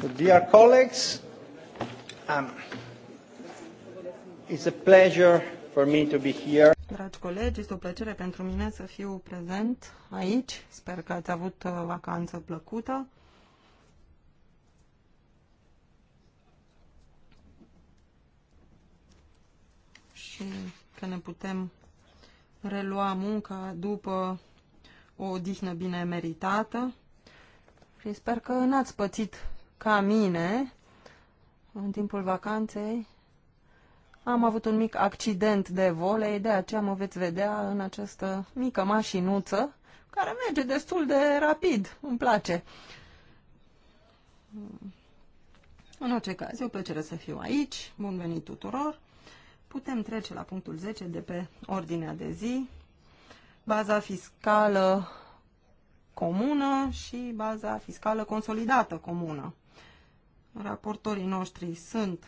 So, dear colleagues, um, it's a pleasure for me to be here. Dragi colegi, este o plăcere pentru mine să fiu prezent aici. Sper că ați avut uh, vacanță plăcută. Și că ne putem relua munca după o odihnă bine meritată. Și sper că n-ați pățit ca mine, în timpul vacanței, am avut un mic accident de volei, de aceea mă veți vedea în această mică mașinuță, care merge destul de rapid, îmi place. În orice caz, e o plăcere să fiu aici, bun venit tuturor. Putem trece la punctul 10 de pe ordinea de zi, baza fiscală comună și baza fiscală consolidată comună. Raportorii noștri sunt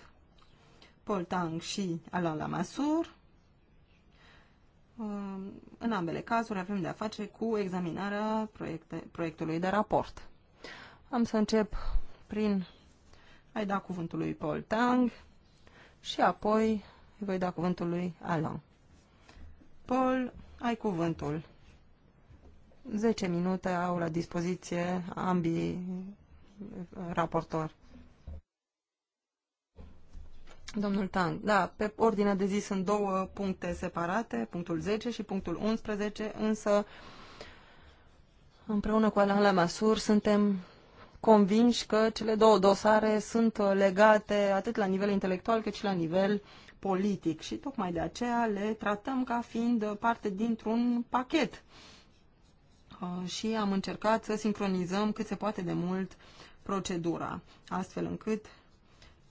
Poltang și Alain Lamassur. Um, în ambele cazuri avem de-a face cu examinarea proiecte, proiectului de raport. Am să încep prin a-i da cuvântul lui Paul Tang și apoi îi voi da cuvântul lui Alain. Paul, ai cuvântul. 10 minute au la dispoziție ambii raportori. Domnul Tang, da, pe ordinea de zi sunt două puncte separate, punctul 10 și punctul 11, însă împreună cu Alain Lamassur suntem convinși că cele două dosare sunt legate atât la nivel intelectual cât și la nivel politic și tocmai de aceea le tratăm ca fiind parte dintr-un pachet. Uh, și am încercat să sincronizăm cât se poate de mult procedura, astfel încât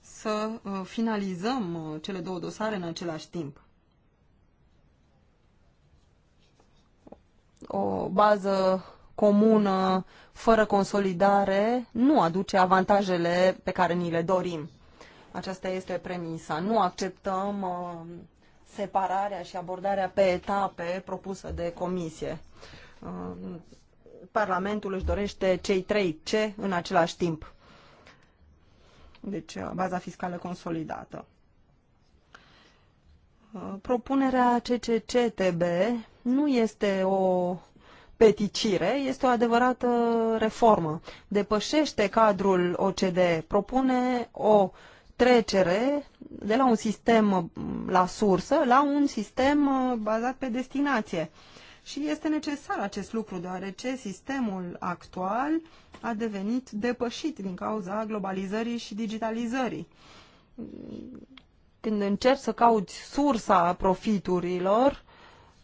să uh, finalizăm uh, cele două dosare în același timp. O bază comună, fără consolidare, nu aduce avantajele pe care ni le dorim. Aceasta este premisa. Nu acceptăm uh, separarea și abordarea pe etape propusă de comisie. Parlamentul își dorește cei trei ce în același timp deci uh, baza fiscală consolidată. Uh, propunerea CCCTB nu este o peticire, este o adevărată reformă. Depășește cadrul OCDE, propune o trecere de la un sistem uh, la sursă la un sistem bazat pe destinație. Și este necesar acest lucru, deoarece sistemul actual uh, a devenit depășit din cauza globalizării și digitalizării. Când încerci să cauți sursa profiturilor,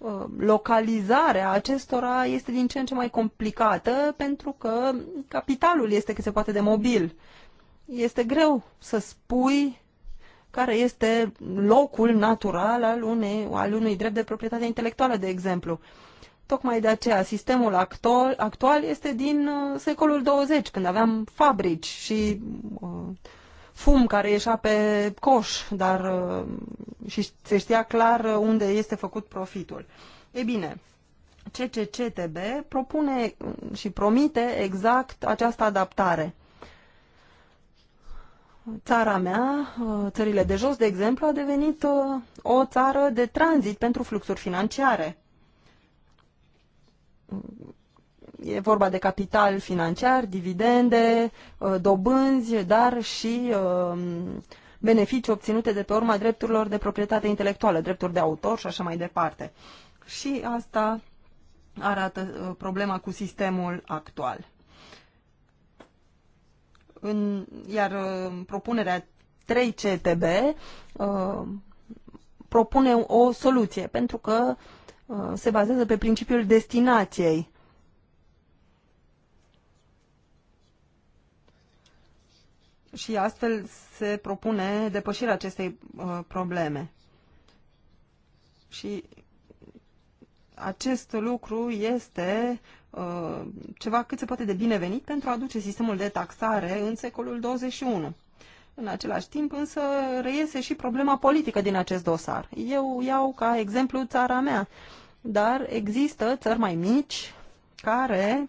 ă, localizarea acestora este din ce în ce mai complicată pentru că capitalul este cât se poate de mobil. Este greu să spui care este locul natural al unei, al unui drept de proprietate intelectuală, de exemplu. Uh, Tocmai de aceea, sistemul actual, actual este din uh, secolul 20, când aveam fabrici și uh, fum care ieșea pe coș, dar uh, și se știa clar uh, unde este făcut profitul. E bine, CCCTB propune uh, și promite exact această adaptare. Țara mea, uh, țările de jos, de exemplu, a devenit o țară de tranzit pentru fluxuri financiare e vorba de capital financiar, dividende, uh, dobânzi, dar și um, beneficii obținute de pe urma drepturilor de proprietate intelectuală, drepturi de autor și așa mai departe. Și asta arată uh, problema cu sistemul actual. În, iar um, propunerea 3CTB uh, propune o soluție, pentru că uh, Uh, se bazează pe principiul destinației. Și astfel se propune depășirea acestei uh, probleme. Și acest lucru este uh, ceva cât se poate de binevenit pentru a aduce sistemul de taxare în secolul 21. În același timp, însă, reiese și problema politică din acest dosar. Eu iau ca exemplu țara mea, dar există țări mai mici care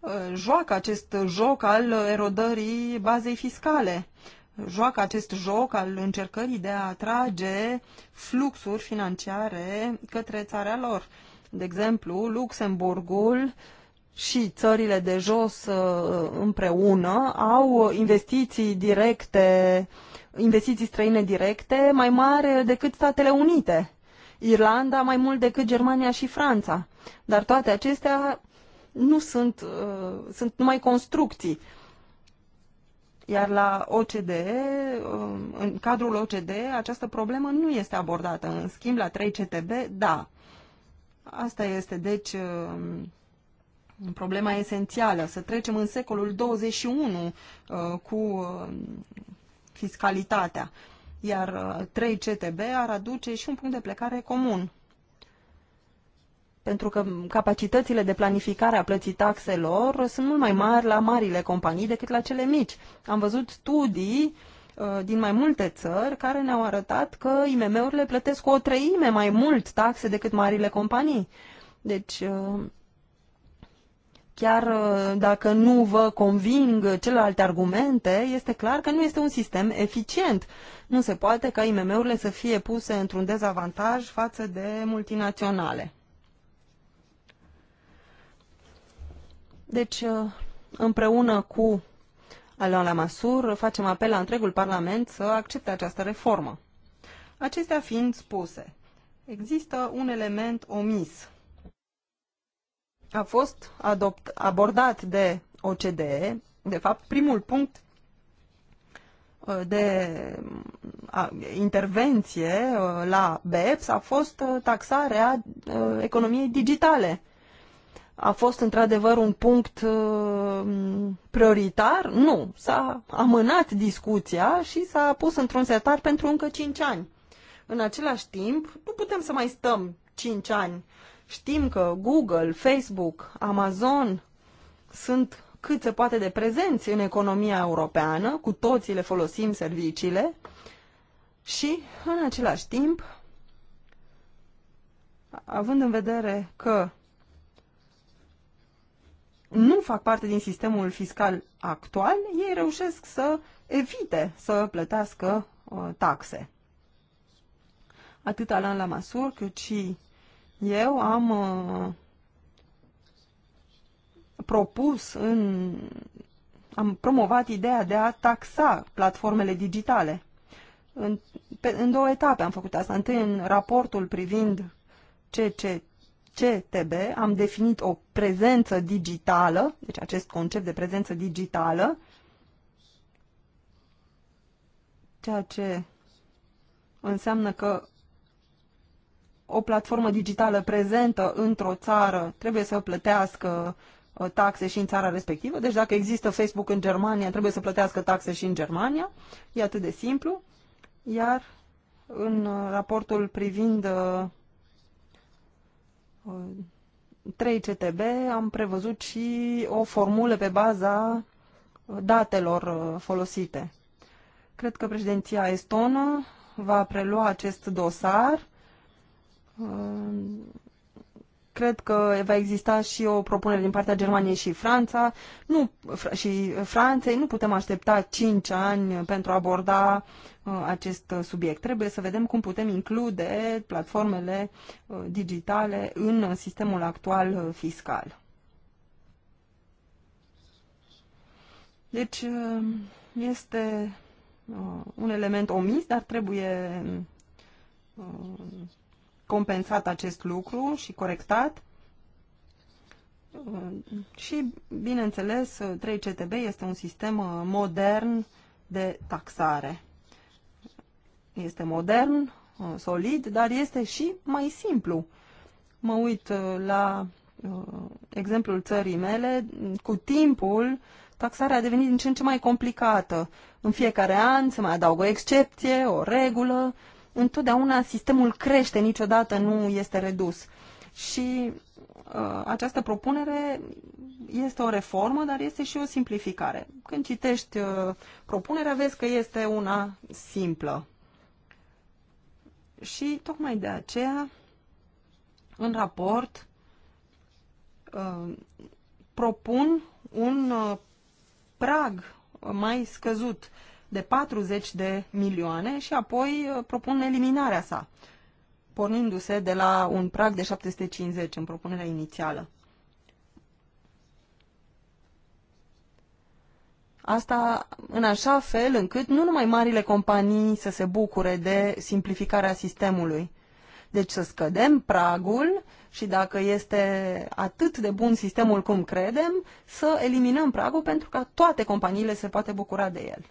uh, joacă acest joc al erodării bazei fiscale, joacă acest joc al încercării de a atrage fluxuri financiare către țara lor. De exemplu, Luxemburgul și țările de jos uh, împreună au investiții directe, investiții străine directe mai mari decât Statele Unite, Irlanda mai mult decât Germania și Franța. Dar toate acestea nu sunt, uh, sunt numai construcții. Iar la OCDE, um, în cadrul OCDE, această problemă nu este abordată. În schimb, la 3CTB, da. Asta este, deci, um, problema esențială, să trecem în secolul 21 uh, cu uh, fiscalitatea, iar 3 uh, CTB ar aduce și un punct de plecare comun. Pentru că capacitățile de planificare a plății taxelor sunt mult mai mari la marile companii decât la cele mici. Am văzut studii din mai multe țări care ne-au arătat că IMM-urile plătesc cu o treime mai mult taxe decât marile companii. Deci chiar uh, dacă nu vă conving celelalte argumente, este clar că nu este un sistem eficient. Nu se poate ca IMM-urile să fie puse într-un dezavantaj față de multinaționale. Deci, uh, împreună cu Alain Lamassur, facem apel la întregul Parlament să accepte această reformă. Acestea fiind spuse, există un element omis a fost adopt, abordat de OCDE, de fapt primul punct uh, de intervenție uh, la BEPS a fost uh, taxarea economiei digitale. A fost într-adevăr un punct prioritar? Nu. S-a amânat discuția și s-a pus într-un setar pentru încă 5 ani. În același timp, nu putem să mai stăm 5 ani Știm că Google, Facebook, Amazon sunt cât se poate de prezenți în economia europeană, cu toții le folosim serviciile și, în același timp, având în vedere că nu fac parte din sistemul fiscal actual, ei reușesc să evite să plătească uh, taxe. Atât Alan Lamassur cât și eu am uh, propus în am promovat ideea de a taxa platformele digitale. În, pe, în două etape am făcut asta. Întâi în raportul privind CCTB, am definit o prezență digitală, deci acest concept de prezență digitală, ceea ce înseamnă că o platformă digitală prezentă într-o țară trebuie să plătească uh, taxe și în țara respectivă. Deci dacă există Facebook în Germania, trebuie să plătească taxe și în Germania. E atât de simplu. Iar în uh, raportul privind 3 uh, CTB am prevăzut și o formulă pe baza datelor folosite. Cred că președinția estonă va prelua acest dosar cred că va exista și o propunere din partea Germaniei și Franța nu, și Franței. Nu putem aștepta 5 ani pentru a aborda uh, acest subiect. Trebuie să vedem cum putem include platformele uh, digitale în sistemul actual fiscal. Deci uh, este un element omis, dar trebuie compensat acest lucru și corectat. Și, bineînțeles, 3CTB este un sistem uh, modern de taxare. Este modern, uh, solid, dar este și mai simplu. Mă uit uh, la exemplul țării mele, cu timpul taxarea a devenit din ce în ce mai complicată. În fiecare an se mai adaugă o excepție, o regulă întotdeauna sistemul crește, niciodată nu este redus. Și uh, această propunere este o reformă, dar este și o simplificare. Când citești uh, propunerea, vezi că este una simplă. Și tocmai de aceea, în raport, uh, propun un uh, prag mai scăzut de 40 de milioane și apoi uh, propun eliminarea sa, pornindu-se de la un prag de 750 în propunerea inițială. Asta în așa fel încât nu numai marile companii să se bucure de simplificarea sistemului. Deci să scădem pragul și dacă este atât de bun sistemul cum credem, să eliminăm pragul pentru ca toate companiile se poate bucura de el.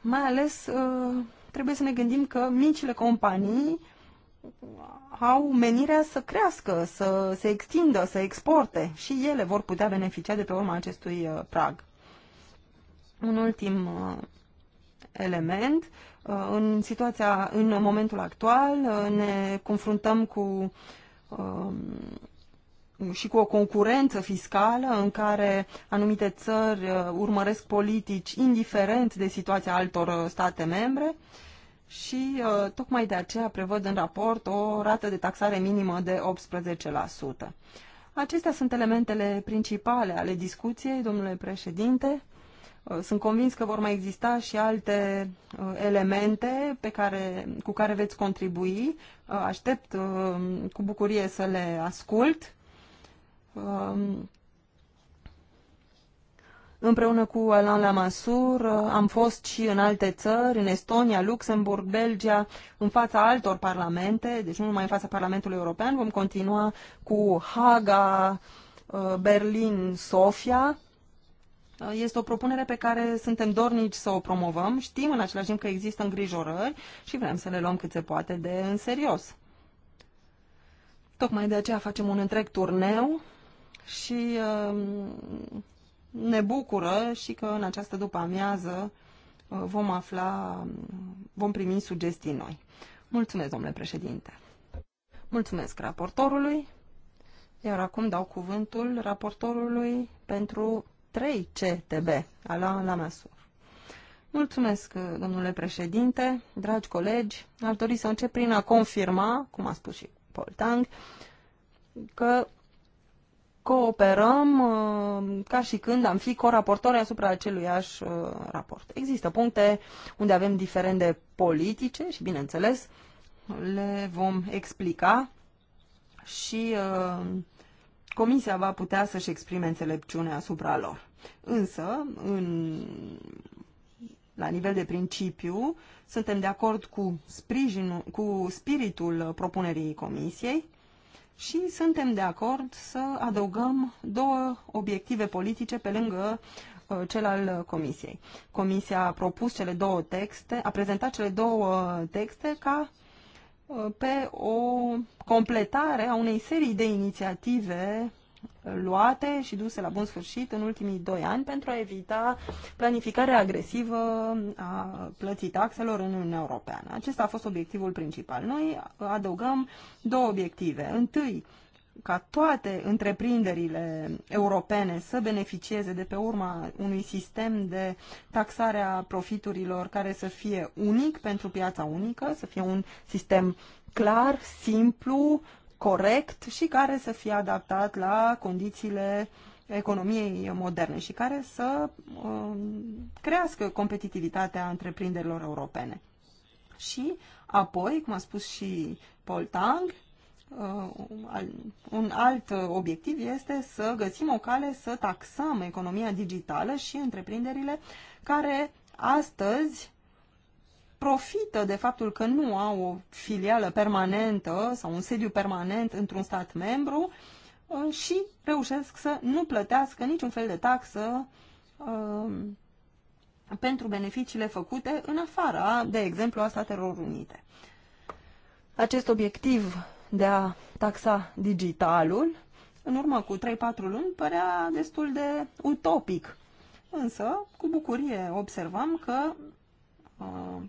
Mai ales uh, trebuie să ne gândim că micile companii au menirea să crească, să se extindă, să exporte și ele vor putea beneficia de pe urma acestui uh, prag. Un ultim uh, element. În situația, în momentul actual, ne confruntăm cu și cu o concurență fiscală în care anumite țări uh, urmăresc politici indiferent de situația altor uh, state membre și uh, tocmai de aceea prevăd în raport o rată de taxare minimă de 18%. Acestea sunt elementele principale ale discuției, domnule președinte. Sunt convins că vor mai exista și alte elemente pe care, cu care veți contribui. Aștept cu bucurie să le ascult um, Împreună cu Alain Lamassur uh, am fost și în alte țări, în Estonia, Luxemburg, Belgia, în fața altor parlamente, deci nu numai în fața Parlamentului European. Vom continua cu Haga, uh, Berlin, Sofia. Uh, este o propunere pe care suntem dornici să o promovăm. Știm în același timp că există îngrijorări și vrem să le luăm cât se poate de în serios. Tocmai de aceea facem un întreg turneu și um, ne bucură și că în această după-amiază uh, vom afla, um, vom primi sugestii noi. Mulțumesc, domnule președinte. Mulțumesc raportorului. Iar acum dau cuvântul raportorului pentru 3 CTB, la Lamasur. Mulțumesc, uh, domnule președinte, dragi colegi. Aș dori să încep prin a confirma, cum a spus și Paul Tang, că cooperăm uh, ca și când am fi coraportori asupra aceluiași uh, raport. Există puncte unde avem diferende politice și, bineînțeles, le vom explica și uh, Comisia va putea să-și exprime înțelepciunea asupra lor. Însă, în, la nivel de principiu, suntem de acord cu, sprijinul, cu spiritul propunerii Comisiei, și suntem de acord să adăugăm două obiective politice pe lângă uh, cel al Comisiei. Comisia a propus cele două texte, a prezentat cele două texte ca uh, pe o completare a unei serii de inițiative luate și duse la bun sfârșit în ultimii doi ani pentru a evita planificarea agresivă a plății taxelor în Uniunea Europeană. Acesta a fost obiectivul principal. Noi adăugăm două obiective. Întâi, ca toate întreprinderile europene să beneficieze de pe urma unui sistem de taxare a profiturilor care să fie unic pentru piața unică, să fie un sistem clar, simplu, corect și care să fie adaptat la condițiile economiei moderne și care să uh, crească competitivitatea întreprinderilor europene. Și apoi, cum a spus și Paul Tang, uh, un alt obiectiv este să găsim o cale să taxăm economia digitală și întreprinderile care astăzi profită de faptul că nu au o filială permanentă sau un sediu permanent într-un stat membru uh, și reușesc să nu plătească niciun fel de taxă uh, pentru beneficiile făcute în afara, de exemplu, a Statelor Unite. Acest obiectiv de a taxa digitalul, în urmă cu 3-4 luni, părea destul de utopic. Însă, cu bucurie observam că uh,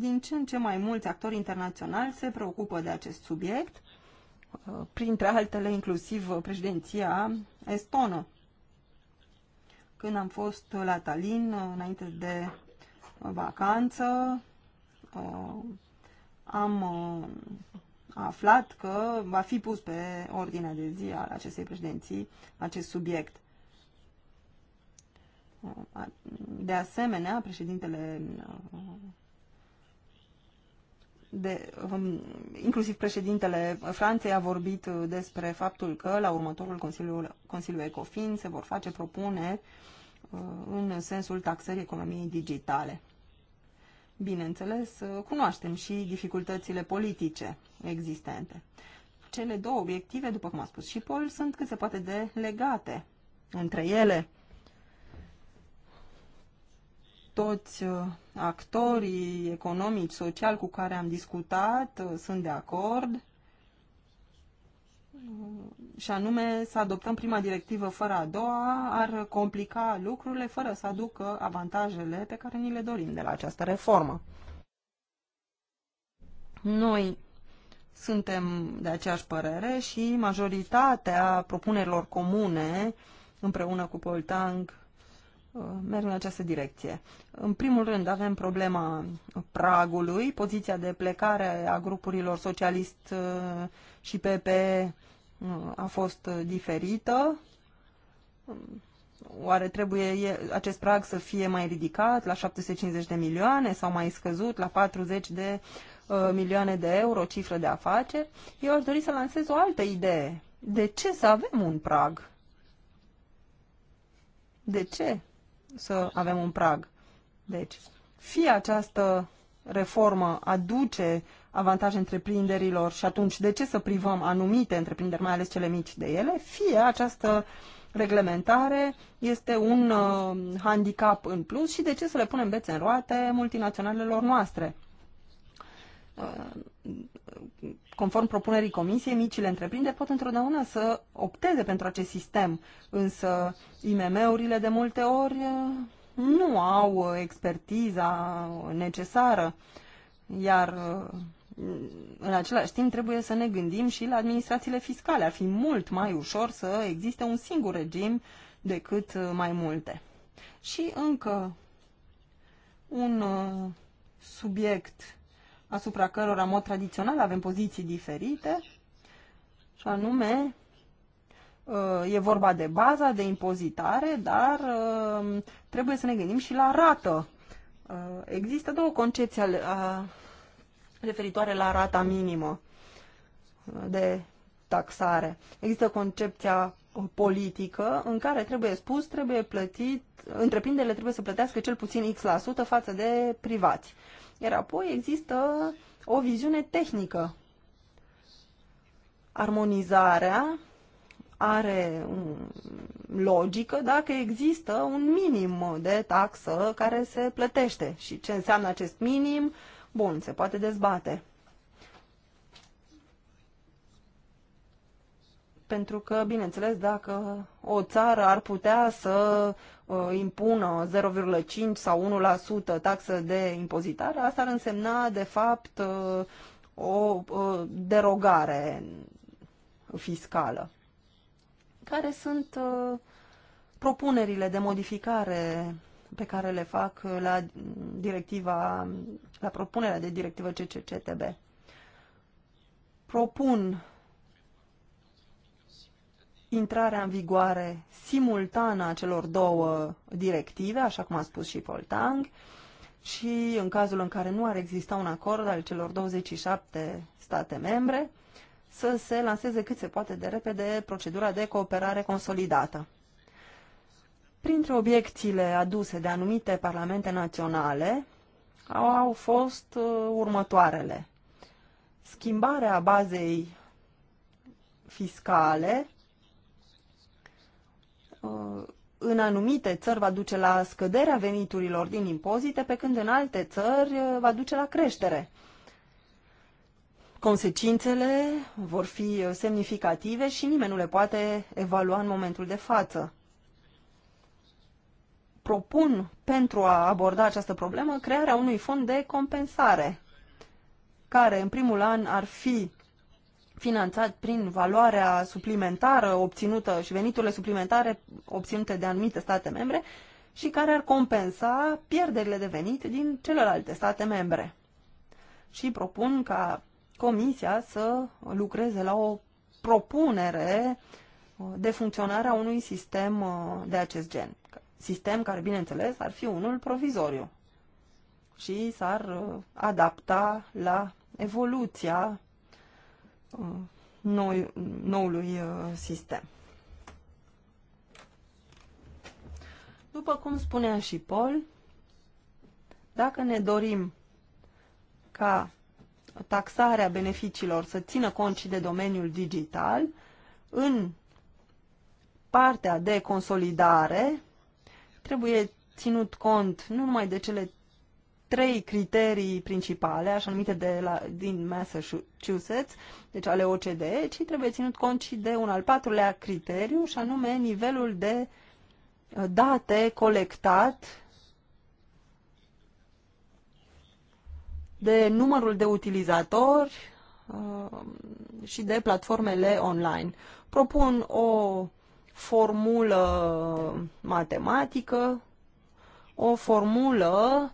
din ce în ce mai mulți actori internaționali se preocupă de acest subiect, uh, printre altele inclusiv președinția estonă. Când am fost la Tallinn, uh, înainte de vacanță, uh, am aflat că va fi pus pe ordinea de zi al acestei președinții acest subiect. De asemenea, președintele de, um, inclusiv președintele Franței a vorbit uh, despre faptul că la următorul Consiliu, Consiliu Ecofin se vor face propuneri uh, în sensul taxării economiei digitale. Bineînțeles, uh, cunoaștem și dificultățile politice existente. Cele două obiective, după cum a spus și Paul, sunt cât se poate de legate între ele toți uh, actorii economici, social cu care am discutat uh, sunt de acord uh, și anume să adoptăm prima directivă fără a doua ar complica lucrurile fără să aducă avantajele pe care ni le dorim de la această reformă. Noi suntem de aceeași părere și majoritatea propunerilor comune împreună cu Poltank merg în această direcție. În primul rând avem problema pragului, poziția de plecare a grupurilor socialist uh, și PP uh, a fost uh, diferită. Oare trebuie acest prag să fie mai ridicat la 750 de milioane sau mai scăzut la 40 de milioane de euro cifră de afaceri? Eu aș dori să lansez o altă idee. De ce să avem un prag? De ce? să avem un prag. Deci, fie această reformă aduce avantaje întreprinderilor și atunci de ce să privăm anumite întreprinderi, mai ales cele mici de ele, fie această reglementare este un uh, handicap în plus și de ce să le punem bețe în roate multinaționalelor noastre conform propunerii comisiei, micile întreprinderi pot întotdeauna să opteze pentru acest sistem, însă IMM-urile de multe ori uh, nu au expertiza necesară, iar uh, în același timp trebuie să ne gândim și la administrațiile fiscale. Ar fi mult mai ușor să existe un singur regim decât uh, mai multe. Și încă un subiect asupra cărora, în mod tradițional, avem poziții diferite, și anume uh, e vorba de baza de impozitare, dar uh, trebuie să ne gândim și la rată. Uh, există două concepții referitoare la rata minimă de taxare. Există concepția politică în care trebuie spus, trebuie plătit, întreprinderile trebuie să plătească cel puțin X% față de privați. Iar apoi există o viziune tehnică. Armonizarea are logică dacă există un minim de taxă care se plătește. Și ce înseamnă acest minim? Bun, se poate dezbate. Pentru că, bineînțeles, dacă o țară ar putea să Uh, impună 0,5 sau 1% taxă de impozitare, asta ar însemna, de fapt, uh, o uh, derogare fiscală. Care sunt propunerile de modificare pe care le fac la directiva, la propunerea de directivă CCCTB? Propun intrarea în vigoare simultană a celor două directive, așa cum a spus și Poltang, și în cazul în care nu ar exista un acord al celor 27 state membre, să se lanseze cât se poate de repede procedura de cooperare consolidată. Printre obiecțiile aduse de anumite parlamente naționale au fost uh, următoarele. Schimbarea bazei fiscale Uh, în anumite țări va duce la scăderea veniturilor din impozite, pe când în alte țări uh, va duce la creștere. Consecințele vor fi uh, semnificative și nimeni nu le poate evalua în momentul de față. Propun pentru a aborda această problemă crearea unui fond de compensare, care în primul an ar fi finanțat prin valoarea suplimentară obținută și veniturile suplimentare obținute de anumite state membre și care ar compensa pierderile de venit din celelalte state membre. Și propun ca Comisia să lucreze la o propunere uh, de funcționare a unui sistem uh, de acest gen. Sistem care, bineînțeles, ar fi unul provizoriu și s-ar uh, adapta la evoluția noi, noului uh, sistem. După cum spunea și Paul, dacă ne dorim ca taxarea beneficiilor să țină cont și de domeniul digital, în partea de consolidare trebuie ținut cont nu numai de cele trei criterii principale, așa numite de la, din Massachusetts, deci ale OCDE, ci trebuie ținut cont și de un al patrulea criteriu, și anume nivelul de uh, date colectat de numărul de utilizatori uh, și de platformele online. Propun o formulă matematică, o formulă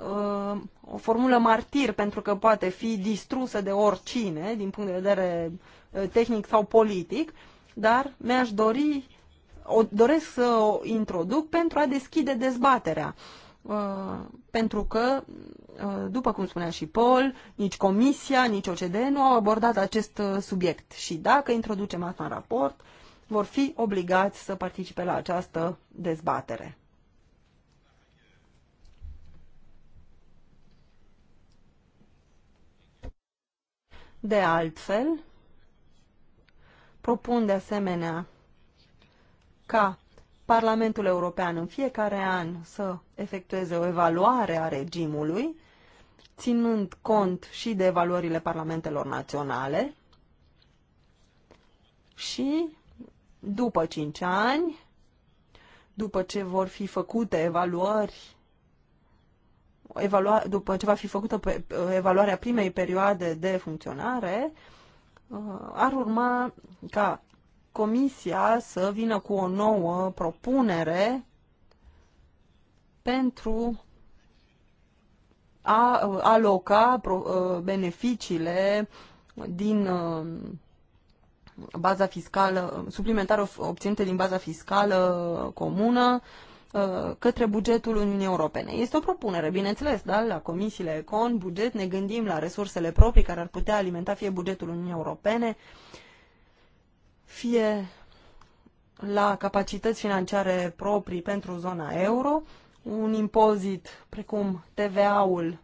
Uh, o formulă martir pentru că poate fi distrusă de oricine din punct de vedere uh, tehnic sau politic, dar mi-aș dori, o, doresc să o introduc pentru a deschide dezbaterea. Uh, pentru că, uh, după cum spunea și Paul, nici Comisia, nici OCDE nu au abordat acest uh, subiect și dacă introducem asta în raport, vor fi obligați să participe la această dezbatere. De altfel, propun de asemenea ca Parlamentul European în fiecare an să efectueze o evaluare a regimului, ținând cont și de evaluările parlamentelor naționale și după 5 ani, după ce vor fi făcute evaluări evalua, după ce va fi făcută pe, evaluarea primei perioade de funcționare, uh, ar urma ca Comisia să vină cu o nouă propunere pentru a uh, aloca uh, beneficiile din baza fiscală, suplimentar obținute din baza fiscală comună, Uh, către bugetul Uniunii Europene. Este o propunere, bineînțeles, da? la comisiile Econ, buget, ne gândim la resursele proprii care ar putea alimenta fie bugetul Uniunii Europene, fie la capacități financiare proprii pentru zona euro, un impozit precum TVA-ul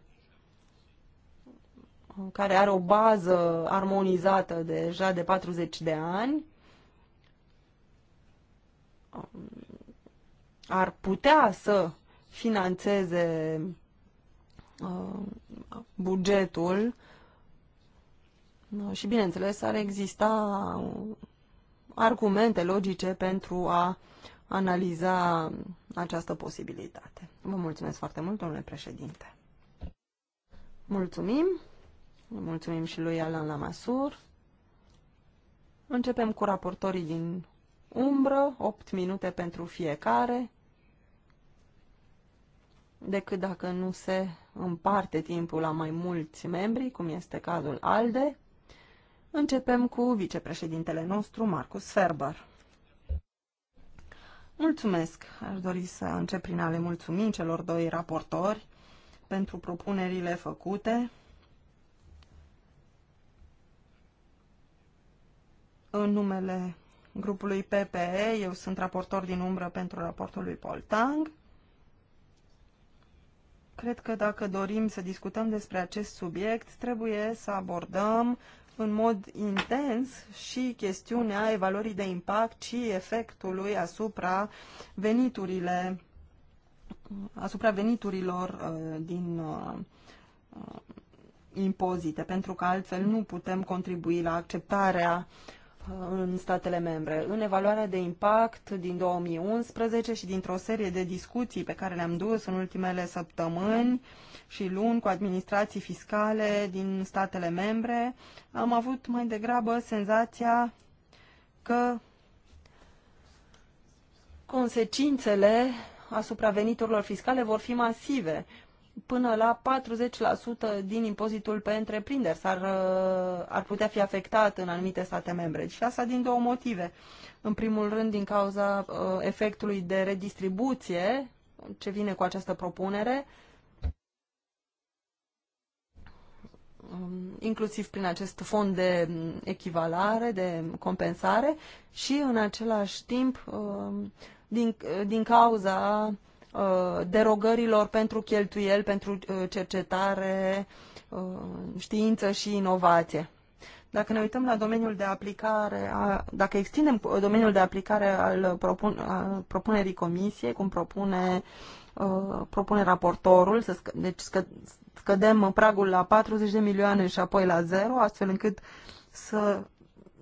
care are o bază armonizată deja de 40 de ani, ar putea să financeze uh, bugetul uh, și, bineînțeles, ar exista argumente logice pentru a analiza această posibilitate. Vă mulțumesc foarte mult, domnule președinte. Mulțumim. Mulțumim și lui Alan Lamasur. Începem cu raportorii din umbră, 8 minute pentru fiecare decât dacă nu se împarte timpul la mai mulți membri, cum este cazul ALDE. Începem cu vicepreședintele nostru, Marcus Ferber. Mulțumesc! Aș dori să încep prin a le mulțumi celor doi raportori pentru propunerile făcute. În numele grupului PPE, eu sunt raportor din umbră pentru raportul lui Paul Tang Cred că dacă dorim să discutăm despre acest subiect, trebuie să abordăm în mod intens și chestiunea evaluării de impact și efectului asupra veniturile asupra veniturilor uh, din uh, uh, impozite, pentru că altfel nu putem contribui la acceptarea uh, în statele membre. În evaluarea de impact din 2011 și dintr-o serie de discuții pe care le-am dus în ultimele săptămâni și luni cu administrații fiscale din statele membre, am avut mai degrabă senzația că consecințele asupra veniturilor fiscale vor fi masive până la 40% din impozitul pe întreprinderi s-ar, uh, ar putea fi afectat în anumite state membre. Și asta din două motive. În primul rând, din cauza uh, efectului de redistribuție ce vine cu această propunere, um, inclusiv prin acest fond de echivalare, de compensare și în același timp um, din, uh, din cauza Uh, derogărilor pentru cheltuieli, pentru uh, cercetare, uh, știință și inovație. Dacă ne uităm la domeniul de aplicare, a, dacă extindem domeniul de aplicare al propun, a propunerii comisiei, cum propune, uh, propune raportorul, să scă, deci scă, scădem pragul la 40 de milioane și apoi la zero, astfel încât să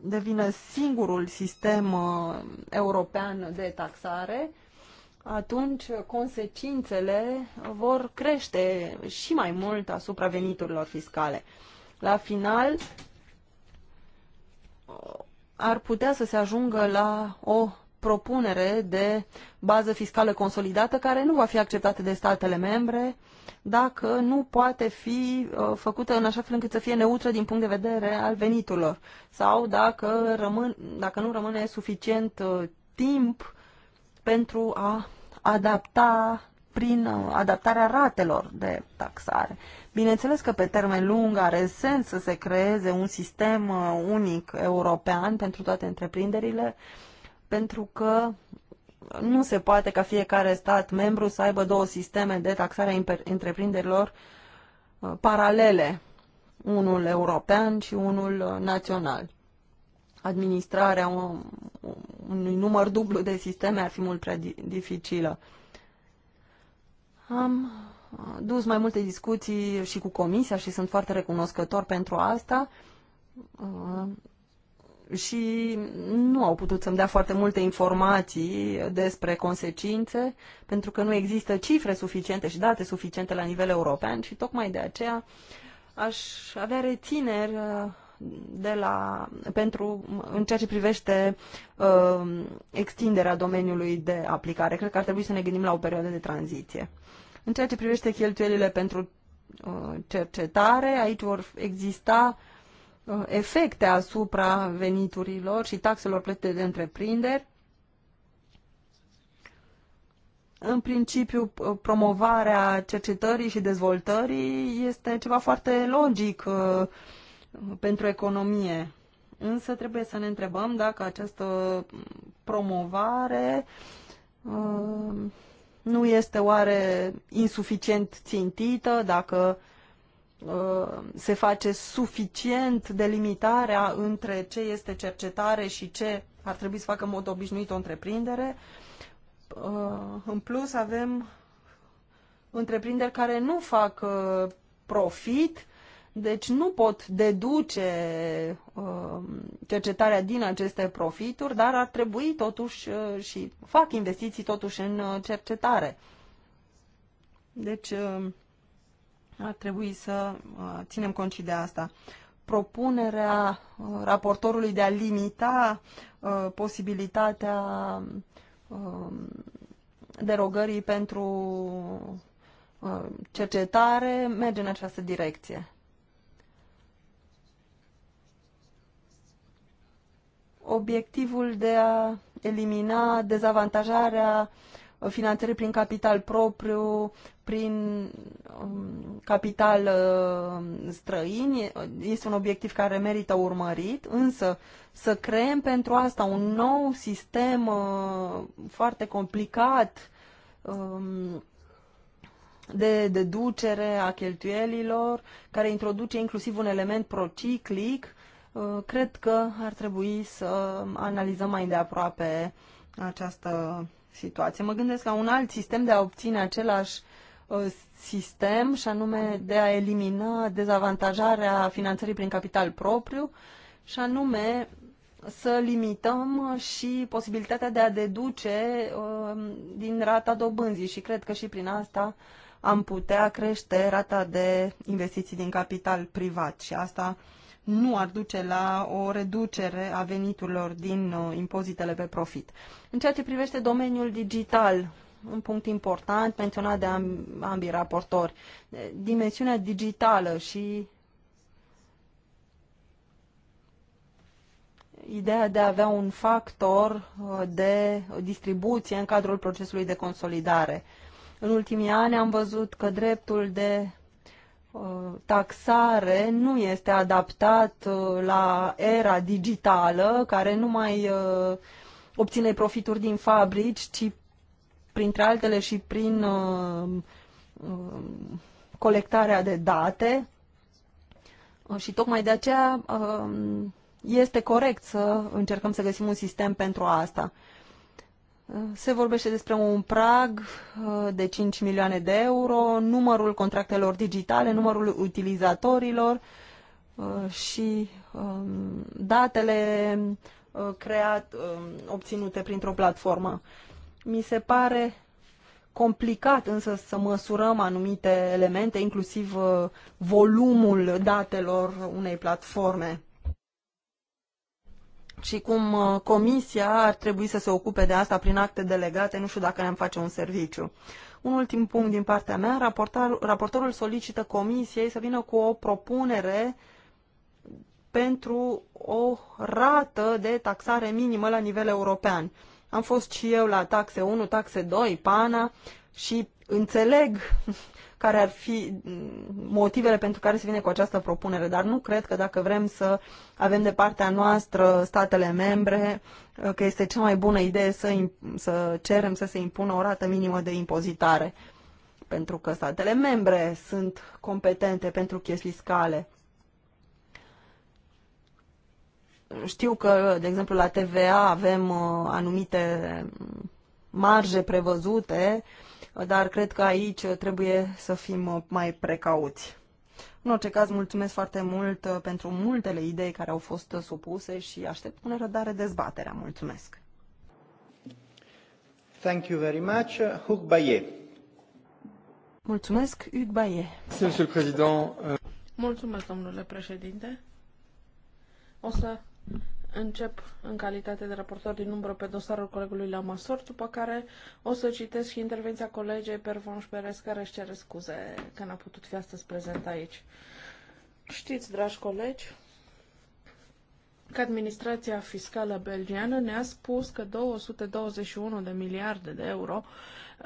devină singurul sistem uh, european de taxare, uh, atunci consecințele vor crește și mai mult asupra veniturilor fiscale. La final, ar putea să se ajungă la o propunere de bază fiscală consolidată care nu va fi acceptată de statele membre dacă nu poate fi uh, făcută în așa fel încât să fie neutră din punct de vedere al veniturilor sau dacă, rămân, dacă nu rămâne suficient uh, timp pentru a adapta prin uh, adaptarea ratelor de taxare. Bineînțeles că pe termen lung are sens să se creeze un sistem uh, unic european pentru toate întreprinderile, pentru că nu se poate ca fiecare stat membru să aibă două sisteme de taxare a întreprinderilor uh, paralele, unul european și unul național administrarea un, unui număr dublu de sisteme ar fi mult prea dificilă. Am uh, dus mai multe discuții și cu comisia și sunt foarte recunoscător pentru asta uh, și nu au putut să-mi dea foarte multe informații despre consecințe, pentru că nu există cifre suficiente și date suficiente la nivel european și tocmai de aceea aș avea rețineri uh, de la, pentru, în ceea ce privește uh, extinderea domeniului de aplicare. Cred că ar trebui să ne gândim la o perioadă de tranziție. În ceea ce privește cheltuielile pentru uh, cercetare, aici vor exista uh, efecte asupra veniturilor și taxelor plătite de întreprinderi. În principiu, promovarea cercetării și dezvoltării este ceva foarte logic uh, pentru economie. Însă trebuie să ne întrebăm dacă această promovare uh, nu este oare insuficient țintită, dacă uh, se face suficient delimitarea între ce este cercetare și ce ar trebui să facă în mod obișnuit o întreprindere. Uh, în plus avem întreprinderi care nu fac profit, deci nu pot deduce uh, cercetarea din aceste profituri, dar ar trebui totuși uh, și fac investiții totuși în uh, cercetare. Deci um, ar trebui să uh, ținem cont și de asta. Propunerea uh, raportorului de a limita uh, posibilitatea um, derogării pentru cercetare merge în această direcție. obiectivul de a elimina dezavantajarea finanțării prin capital propriu, prin um, capital uh, străin. Este un obiectiv care merită urmărit, însă să creăm pentru asta un nou sistem uh, foarte complicat um, de deducere a cheltuielilor, care introduce inclusiv un element prociclic, Uh, cred că ar trebui să analizăm mai de aproape această situație. Mă gândesc la un alt sistem de a obține același uh, sistem și anume de a elimina dezavantajarea finanțării prin capital propriu și anume să limităm și posibilitatea de a deduce uh, din rata dobânzii și cred că și prin asta am putea crește rata de investiții din capital privat și asta uh, nu ar duce la o reducere a veniturilor din uh, impozitele pe profit. În ceea ce privește domeniul digital, un punct important menționat de ambii raportori, dimensiunea digitală și ideea de a avea un factor uh, de distribuție în cadrul procesului de consolidare. În ultimii ani am văzut că dreptul de Uh, taxare nu este adaptat uh, la era digitală, care nu mai uh, obține profituri din fabrici, ci printre altele și prin colectarea de date. Și tocmai de aceea este corect să încercăm să găsim un sistem pentru asta. Se vorbește despre un prag uh, de 5 milioane de euro, numărul contractelor digitale, numărul utilizatorilor uh, și um, datele uh, creat, um, obținute printr-o platformă. Mi se pare complicat însă să măsurăm anumite elemente, inclusiv volumul datelor unei platforme și cum uh, comisia ar trebui să se ocupe de asta prin acte delegate, nu știu dacă ne-am face un serviciu. Un ultim punct din partea mea, raportar, raportorul solicită comisiei să vină cu o propunere pentru o rată de taxare minimă la nivel european. Am fost și eu la taxe 1, taxe 2, PANA și înțeleg care ar fi mm, motivele pentru care se vine cu această propunere, dar nu cred că dacă vrem să avem de partea noastră statele membre, uh, că este cea mai bună idee să, să cerem să se impună o rată minimă de impozitare, pentru că statele membre sunt competente pentru chestii fiscale. Știu că, de exemplu, la TVA avem uh, anumite marje prevăzute uh, dar cred că aici trebuie să fim mai precauți. În orice caz, mulțumesc foarte mult uh, pentru multele idei care au fost supuse și aștept cu nerăbdare dezbaterea. Mulțumesc! Thank you very much. Uh, Huc Baie. Mulțumesc, Huc Baie. Mulțumesc, domnule președinte. O să Încep în calitate de raportor din umbră pe dosarul colegului Masor, după care o să citesc și intervenția colegei Pervon Perez, care își cere scuze că n-a putut fi astăzi prezent aici. Știți, dragi colegi, că administrația fiscală belgiană ne-a spus că 221 de miliarde de euro,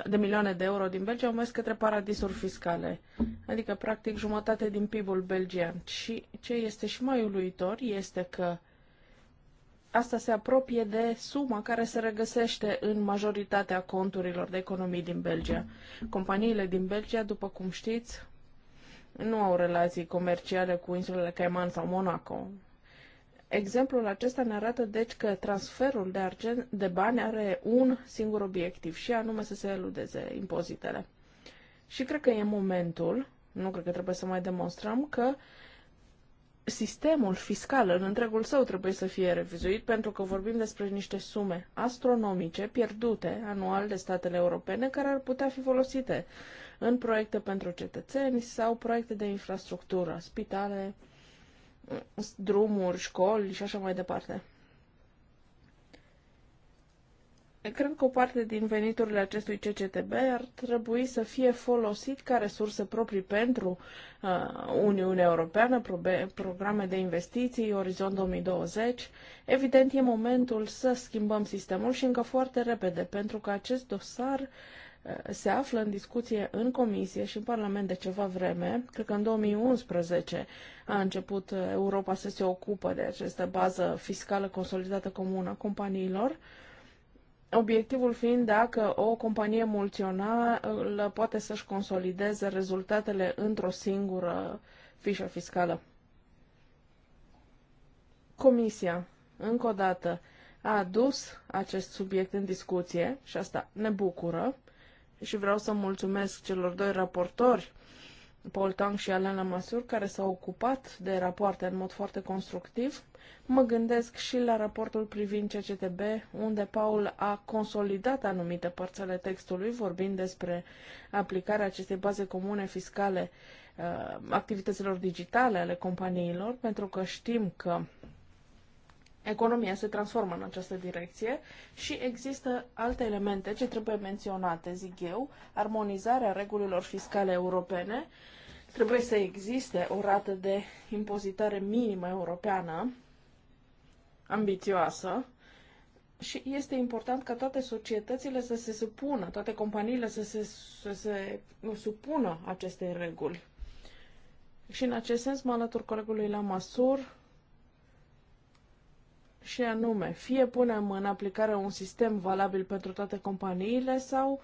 de milioane de euro din Belgia au mers către paradisuri fiscale, adică practic jumătate din PIB-ul belgian. Și ce este și mai uluitor este că asta se apropie de suma care se regăsește în majoritatea conturilor de economii din Belgia. Companiile din Belgia, după cum știți, nu au relații comerciale cu insulele Cayman sau Monaco. Exemplul acesta ne arată deci că transferul de, argent, de bani are un singur obiectiv și anume să se eludeze impozitele. Și cred că e momentul, nu cred că trebuie să mai demonstrăm, că uh, sistemul fiscal în întregul său trebuie să fie revizuit pentru că vorbim despre niște sume astronomice pierdute anual de statele europene care ar putea fi folosite în proiecte pentru cetățeni sau proiecte de infrastructură, spitale, drumuri, școli și așa mai departe. Cred că o parte din veniturile acestui CCTB ar trebui să fie folosit ca resurse proprii pentru uh, Uniunea Europeană, programe de investiții, Orizont 2020. Evident, e momentul să schimbăm sistemul și încă foarte repede, pentru că acest dosar uh, se află în discuție în Comisie și în Parlament de ceva vreme. Cred că în 2011 a început uh, Europa să se ocupă de această bază fiscală consolidată comună companiilor. Obiectivul fiind dacă o companie multinațională poate să-și consolideze rezultatele într-o singură fișă fiscală. Comisia, încă o dată, a adus acest subiect în discuție și asta ne bucură și vreau să mulțumesc celor doi raportori Paul Tang și Alena Masur care s-au ocupat de rapoarte în mod foarte constructiv. Mă gândesc și la raportul privind CCTB, unde Paul a consolidat anumite părți ale textului, vorbind despre aplicarea acestei baze comune fiscale uh, activităților digitale ale companiilor, pentru că știm că economia se transformă în această direcție și există alte elemente ce trebuie menționate, zic eu, armonizarea regulilor fiscale europene, trebuie să existe o rată de impozitare minimă europeană ambițioasă și este important ca toate societățile să se supună, toate companiile să se, să se supună acestei reguli. Și în acest sens mă alătur colegului la măsură și anume, fie punem în aplicare un sistem valabil pentru toate companiile sau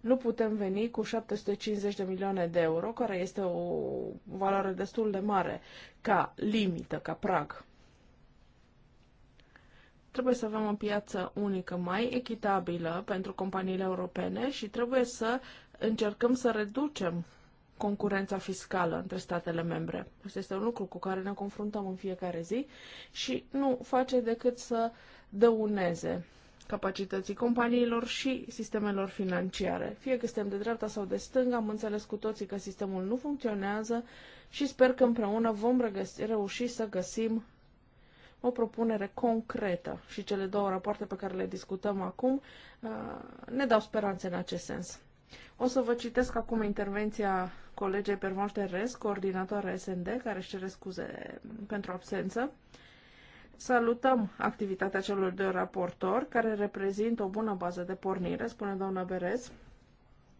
nu putem veni cu 750 de milioane de euro, care este o valoare destul de mare ca limită, ca prag. Trebuie să avem o piață unică mai echitabilă pentru companiile europene și trebuie să încercăm să reducem concurența fiscală între statele membre. Asta este un lucru cu care ne confruntăm în fiecare zi și nu face decât să dăuneze capacității companiilor și sistemelor financiare. Fie că suntem de dreapta sau de stânga, am înțeles cu toții că sistemul nu funcționează și sper că împreună vom regăsi, reuși să găsim o propunere concretă și cele două rapoarte pe care le discutăm acum uh, ne dau speranțe în acest sens. O să vă citesc acum intervenția colegei Pervanș Res, coordinatoare SND, care își cere scuze pentru absență. Salutăm activitatea celor doi raportori, care reprezintă o bună bază de pornire, spune doamna Berez.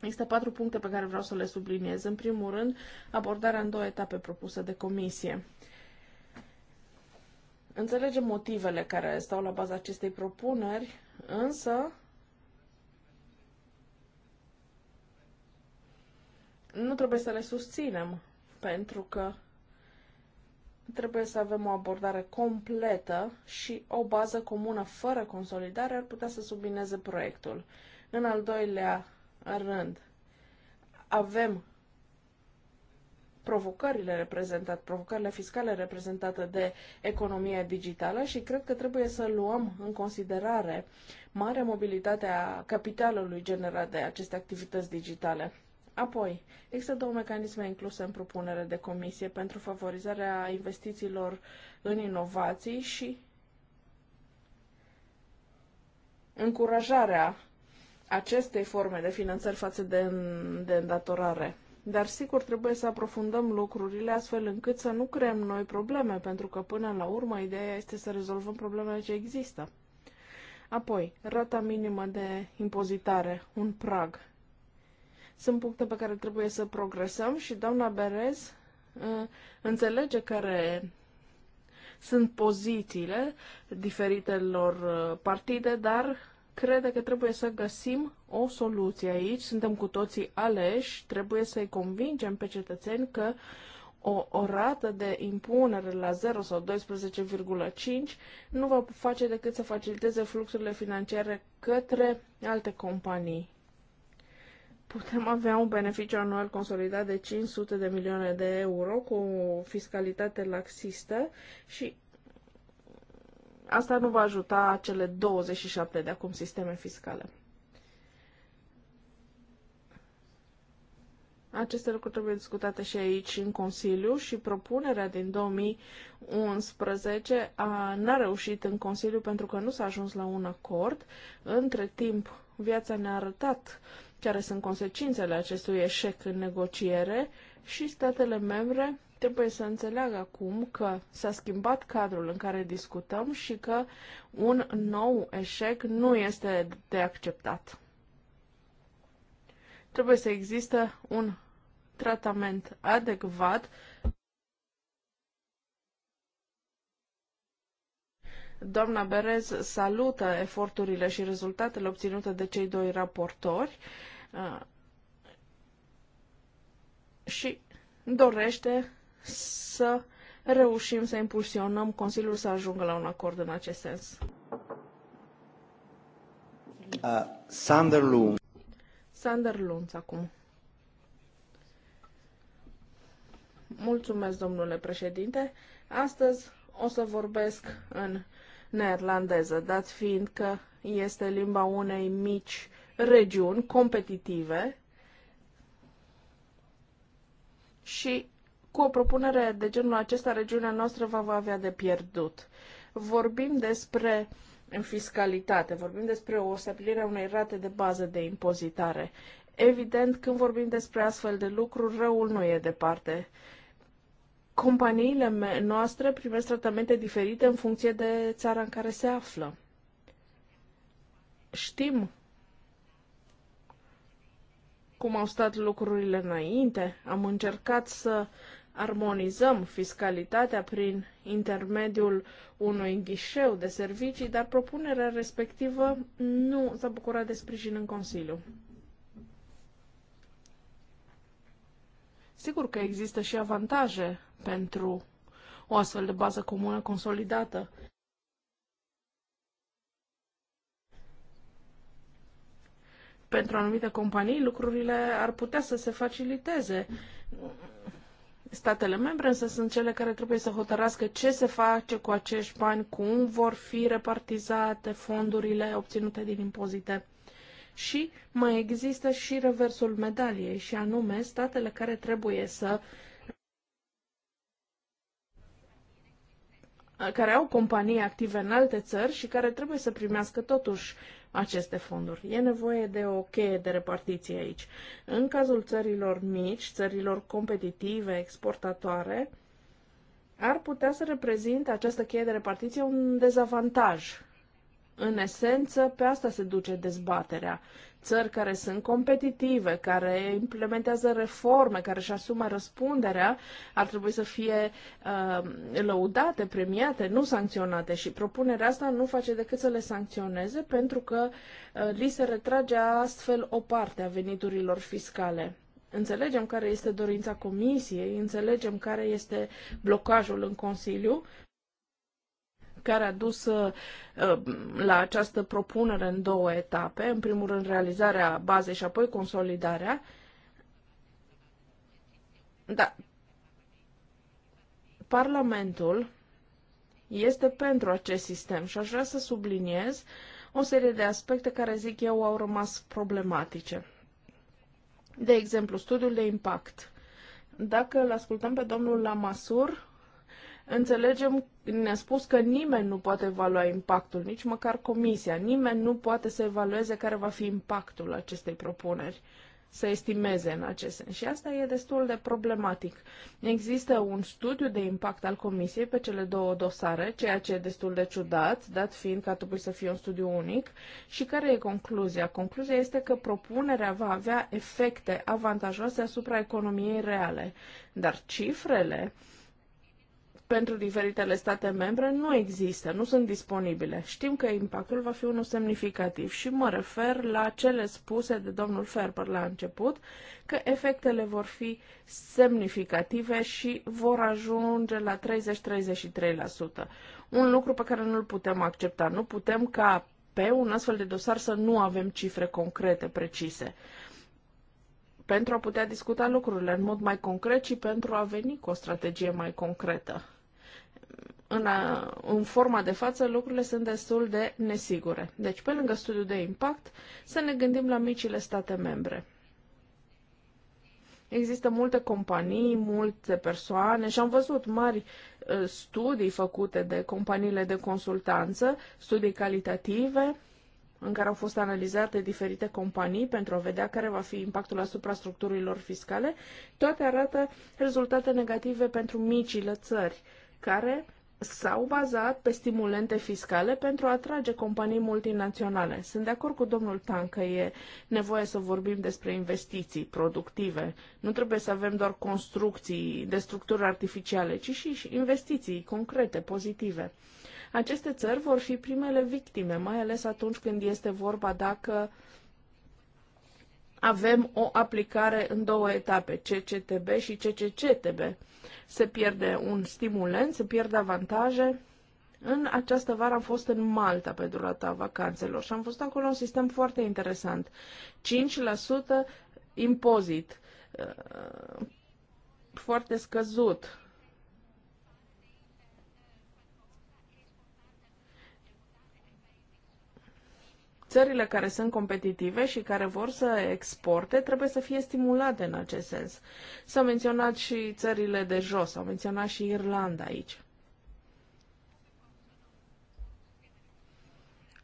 Există patru puncte pe care vreau să le subliniez. În primul rând, abordarea în două etape propusă de comisie. Înțelegem motivele care stau la baza acestei propuneri, însă nu trebuie să le susținem, pentru că trebuie să avem o abordare completă și o bază comună fără consolidare ar putea să submineze proiectul. În al doilea rând, avem provocările reprezentate, provocările fiscale reprezentate de economia digitală și cred că trebuie să luăm în considerare marea mobilitate a capitalului generat de aceste activități digitale. Apoi, există două mecanisme incluse în propunere de comisie pentru favorizarea investițiilor în inovații și încurajarea acestei forme de finanțări față de, de îndatorare. Dar sigur trebuie să aprofundăm lucrurile astfel încât să nu creăm noi probleme, pentru că până la urmă ideea este să rezolvăm problemele ce există. Apoi, rata minimă de impozitare, un prag sunt puncte pe care trebuie să progresăm și doamna Berez ă, înțelege care sunt pozițiile diferitelor ă, partide, dar crede că trebuie să găsim o soluție aici. Suntem cu toții aleși, trebuie să-i convingem pe cetățeni că o, o rată de impunere la 0 sau 12,5 nu va face decât să faciliteze fluxurile financiare către alte companii putem avea un beneficiu anual consolidat de 500 de milioane de euro cu o fiscalitate laxistă și asta nu va ajuta cele 27 de acum sisteme fiscale. Aceste lucruri trebuie discutate și aici în Consiliu și propunerea din 2011 n-a reușit în Consiliu pentru că nu s-a ajuns la un acord. Între timp, viața ne-a arătat uh, care sunt consecințele acestui eșec în negociere și statele membre trebuie să înțeleagă acum că s-a schimbat cadrul în care discutăm și că un nou eșec nu este de acceptat. Trebuie să există un tratament adecvat Doamna Berez salută eforturile și rezultatele obținute de cei doi raportori uh, și dorește să reușim să impulsionăm Consiliul să ajungă la un acord în acest sens. Uh, Sander Lund. Sander Lund, acum. Mulțumesc, domnule președinte. Astăzi o să vorbesc în neerlandeză, dat fiind că este limba unei mici regiuni competitive și cu o propunere de genul acesta, regiunea noastră va avea de pierdut. Vorbim despre fiscalitate, vorbim despre o stabilire a unei rate de bază de impozitare. Evident, când vorbim despre astfel de lucruri, răul nu e departe companiile noastre primesc tratamente diferite în funcție de țara în care se află. Știm cum au stat lucrurile înainte. Am încercat să armonizăm fiscalitatea prin intermediul unui ghișeu de servicii, dar propunerea respectivă nu s-a bucurat de sprijin în Consiliu. Sigur că există și avantaje pentru o astfel de bază comună consolidată. Pentru anumite companii, lucrurile ar putea să se faciliteze. Statele membre însă sunt cele care trebuie să hotărască ce se face cu acești bani, cum vor fi repartizate fondurile obținute din impozite. Și mai există și reversul medaliei, și anume statele care trebuie să care au companii active în alte țări și care trebuie să primească totuși aceste fonduri. E nevoie de o cheie de repartiție aici. În cazul țărilor mici, țărilor competitive, exportatoare, ar putea să reprezinte această cheie de repartiție un dezavantaj în esență, pe asta se duce dezbaterea. Țări care sunt competitive, care implementează reforme, care își asumă răspunderea, ar trebui să fie uh, lăudate, premiate, nu sancționate. Și propunerea asta nu face decât să le sancționeze pentru că uh, li se retrage astfel o parte a veniturilor fiscale. Înțelegem care este dorința Comisiei, înțelegem care este blocajul în Consiliu, care a dus uh, uh, la această propunere în două etape. În primul rând realizarea bazei și apoi consolidarea. Da. Parlamentul este pentru acest sistem și aș vrea să subliniez o serie de aspecte care, zic eu, au rămas problematice. De exemplu, studiul de impact. Dacă îl ascultăm pe domnul Lamasur, Înțelegem, ne-a spus că nimeni nu poate evalua impactul, nici măcar comisia. Nimeni nu poate să evalueze care va fi impactul acestei propuneri să estimeze în acest sens. Și asta e destul de problematic. Există un studiu de impact al Comisiei pe cele două dosare, ceea ce e destul de ciudat, dat fiind că trebuie să fie un studiu unic. Și care e concluzia? Concluzia este că propunerea va avea efecte avantajoase asupra economiei reale. Dar cifrele pentru diferitele state membre nu există, nu sunt disponibile. Știm că impactul va fi unul semnificativ și mă refer la cele spuse de domnul Ferber la început, că efectele vor fi semnificative și vor ajunge la 30-33%. Un lucru pe care nu-l putem accepta. Nu putem ca pe un astfel de dosar să nu avem cifre concrete, precise pentru a putea discuta lucrurile în mod mai concret și pentru a veni cu o strategie mai concretă în, a, în forma de față, lucrurile sunt destul de nesigure. Deci, pe lângă studiul de impact, să ne gândim la micile state membre. Există multe companii, multe persoane și am văzut mari ă, studii făcute de companiile de consultanță, studii calitative, în care au fost analizate diferite companii pentru a vedea care va fi impactul asupra structurilor fiscale, toate arată rezultate negative pentru micile țări, care s-au bazat pe stimulente fiscale pentru a atrage companii multinaționale. Sunt de acord cu domnul Tan că e nevoie să vorbim despre investiții productive. Nu trebuie să avem doar construcții de structuri artificiale, ci și investiții concrete, pozitive. Aceste țări vor fi primele victime, mai ales atunci când este vorba dacă uh, avem o aplicare în două etape, CCTB și CCCTB. Se pierde un stimulent, se pierde avantaje. În această vară am fost în Malta pe durata vacanțelor și am fost acolo un sistem foarte interesant. 5% impozit. Uh, foarte scăzut Țările care sunt competitive și care vor să exporte trebuie să fie stimulate în acest sens. S-au menționat și țările de jos, s-au menționat și Irlanda aici.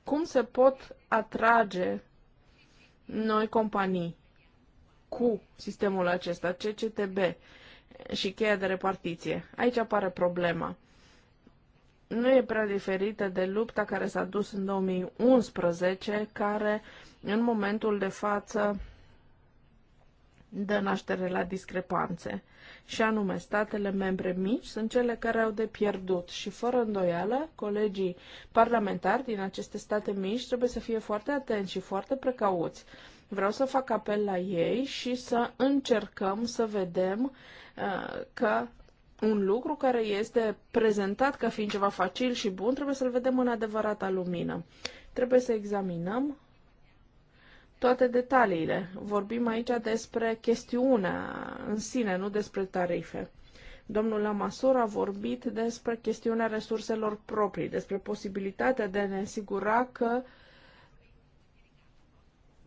Cum se pot atrage noi companii cu sistemul acesta, CCTB și cheia de repartiție? Aici apare problema nu e prea diferită de lupta care s-a dus în 2011, care în momentul de față dă naștere la discrepanțe. Și anume, statele membre mici sunt cele care au de pierdut și, fără îndoială, colegii parlamentari din aceste state mici trebuie să fie foarte atenți și foarte precauți. Vreau să fac apel la ei și să încercăm să vedem uh, că un lucru care este prezentat ca fiind ceva facil și bun, trebuie să-l vedem în adevărata lumină. Trebuie să examinăm toate detaliile. Vorbim aici despre chestiunea în sine, nu despre tarife. Domnul Lamasur a vorbit despre chestiunea resurselor proprii, despre posibilitatea de a ne asigura că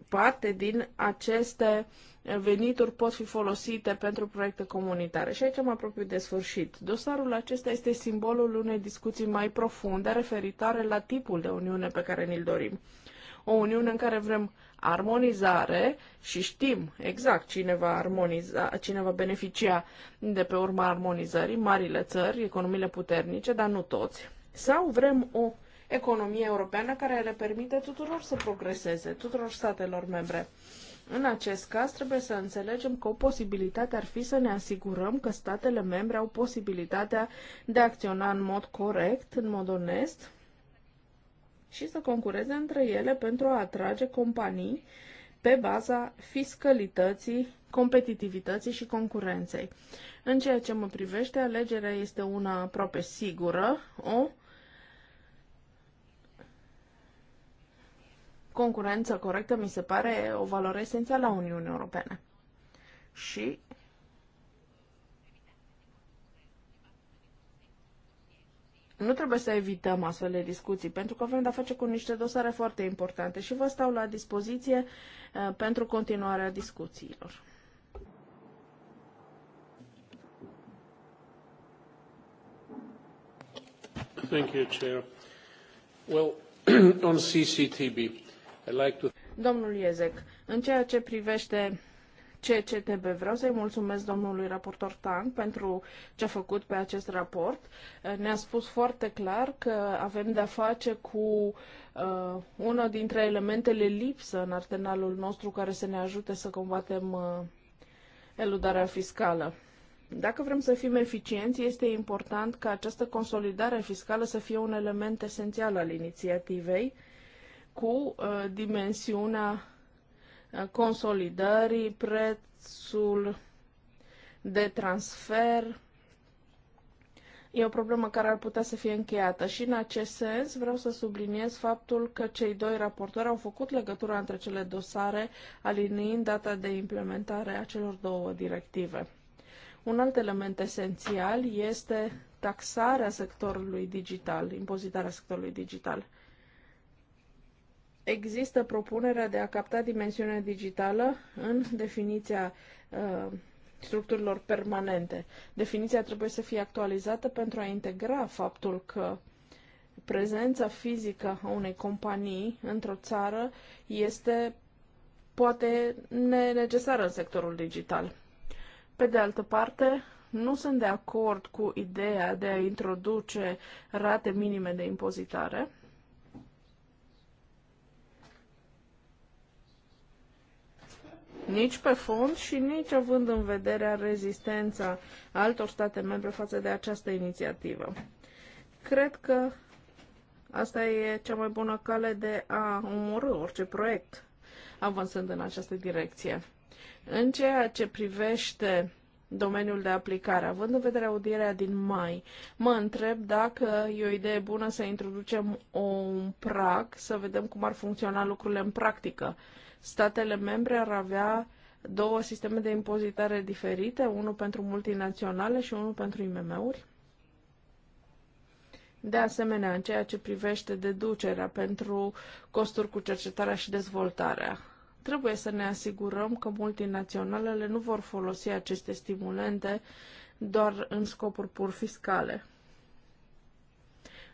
parte din aceste uh, venituri pot fi folosite pentru proiecte comunitare. Și aici mă apropiu de sfârșit. Dosarul acesta este simbolul unei discuții mai profunde referitoare la tipul de uniune pe care ni-l dorim. O uniune în care vrem armonizare și știm exact cine va, armoniza, cine va beneficia de pe urma armonizării, marile țări, economiile puternice, dar nu toți. Sau vrem o economie europeană care le permite tuturor să progreseze, tuturor statelor membre. În acest caz, trebuie să înțelegem că o posibilitate ar fi să ne asigurăm că statele membre au posibilitatea de a acționa în mod corect, în mod onest și să concureze între ele pentru a atrage companii pe baza fiscalității, competitivității și concurenței. În ceea ce mă privește, alegerea este una aproape sigură, o Concurența corectă mi se pare o valoare esențială a Uniunii Europene. Și Nu trebuie să evităm astfel de discuții, pentru că avem de-a face cu niște dosare foarte importante și vă stau la dispoziție uh, pentru continuarea discuțiilor. Thank you, Chair. Well, on CCTB. Domnul Iezec, în ceea ce privește CCTB. Vreau să-i mulțumesc domnului raportor Tang pentru ce a făcut pe acest raport. Ne-a spus foarte clar că avem de-a face cu uh, una dintre elementele lipsă în arsenalul nostru care să ne ajute să combatem uh, eludarea fiscală. Dacă vrem să fim eficienți, este important ca această consolidare fiscală să fie un element esențial al inițiativei cu uh, dimensiunea uh, consolidării, prețul de transfer. E o problemă care ar putea să fie încheiată și în acest sens vreau să subliniez faptul că cei doi raportori au făcut legătura între cele dosare, aliniind data de implementare a celor două directive. Un alt element esențial este taxarea sectorului digital, impozitarea sectorului digital. Există propunerea de a capta dimensiunea digitală în definiția uh, structurilor permanente. Definiția trebuie să fie actualizată pentru a integra faptul că prezența fizică a unei companii într-o țară este poate necesară în sectorul digital. Pe de altă parte, nu sunt de acord cu ideea de a introduce rate minime de impozitare. nici pe fond și nici având în vedere rezistența altor state membre față de această inițiativă. Cred că asta e cea mai bună cale de a omorâ orice proiect avansând în această direcție. În ceea ce privește domeniul de aplicare. Având în vedere audierea din mai, mă întreb dacă e o idee bună să introducem un prag, să vedem cum ar funcționa lucrurile în practică statele membre ar avea două sisteme de impozitare diferite, unul pentru multinaționale și unul pentru IMM-uri. De asemenea, în ceea ce privește deducerea pentru costuri cu cercetarea și dezvoltarea, trebuie să ne asigurăm că multinaționalele nu vor folosi aceste stimulente doar în scopuri pur fiscale.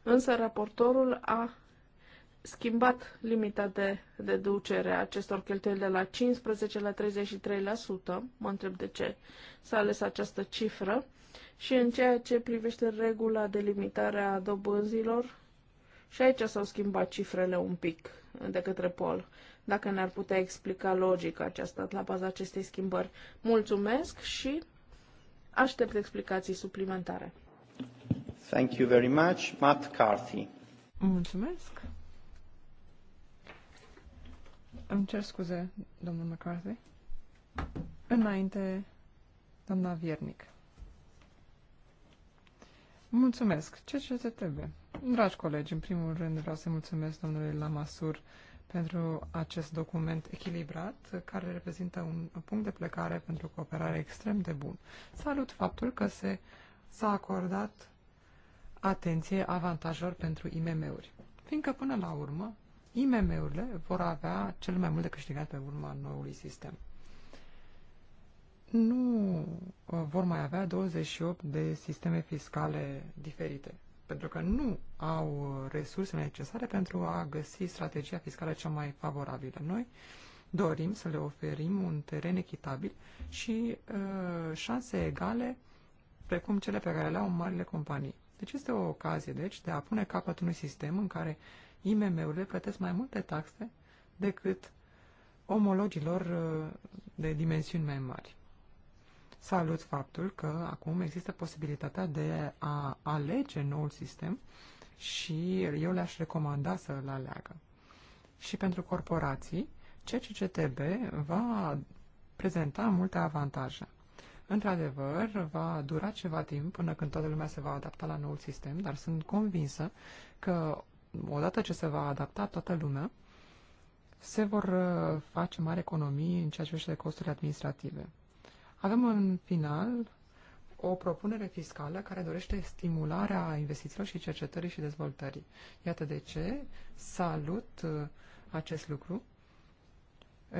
Însă raportorul a schimbat limita de deducere a acestor cheltuieli de la 15 la 33%, mă întreb de ce s-a ales această cifră, și în ceea ce privește regula de limitare a dobânzilor, și aici s-au schimbat cifrele un pic de către Pol. Dacă ne-ar putea explica logica aceasta la baza acestei schimbări. Mulțumesc și aștept explicații suplimentare. Thank you very much, Matt Carthy. Mulțumesc. Îmi cer scuze, domnul McCarthy. Înainte, doamna Viernic. Mulțumesc. Ce ce se trebuie? Dragi colegi, în primul rând vreau să mulțumesc domnului Lamasur pentru acest document echilibrat, care reprezintă un punct de plecare pentru cooperare extrem de bun. Salut faptul că se s-a acordat atenție avantajor pentru IMM-uri, fiindcă până la urmă IMM-urile vor avea cel mai mult de câștigat pe urma noului sistem. Nu uh, vor mai avea 28 de sisteme fiscale diferite, pentru că nu au uh, resursele necesare pentru a găsi strategia fiscală cea mai favorabilă. Noi dorim să le oferim un teren echitabil și uh, șanse egale precum cele pe care le au marile companii. Deci este o ocazie, deci, de a pune capăt unui sistem în care uh, IMM-urile plătesc mai multe taxe decât omologilor uh, de dimensiuni mai mari. Salut faptul că acum există posibilitatea de a alege noul sistem și eu le-aș recomanda să îl aleagă. Și pentru corporații, CCCTB va prezenta multe avantaje. Într-adevăr, va dura ceva timp până când toată lumea se va adapta la noul sistem, dar sunt convinsă că odată ce se va adapta toată lumea, se vor uh, face mari economii în ceea ce privește costurile administrative. Avem în final o propunere fiscală care dorește stimularea investițiilor și cercetării și dezvoltării. Iată de ce salut uh, acest lucru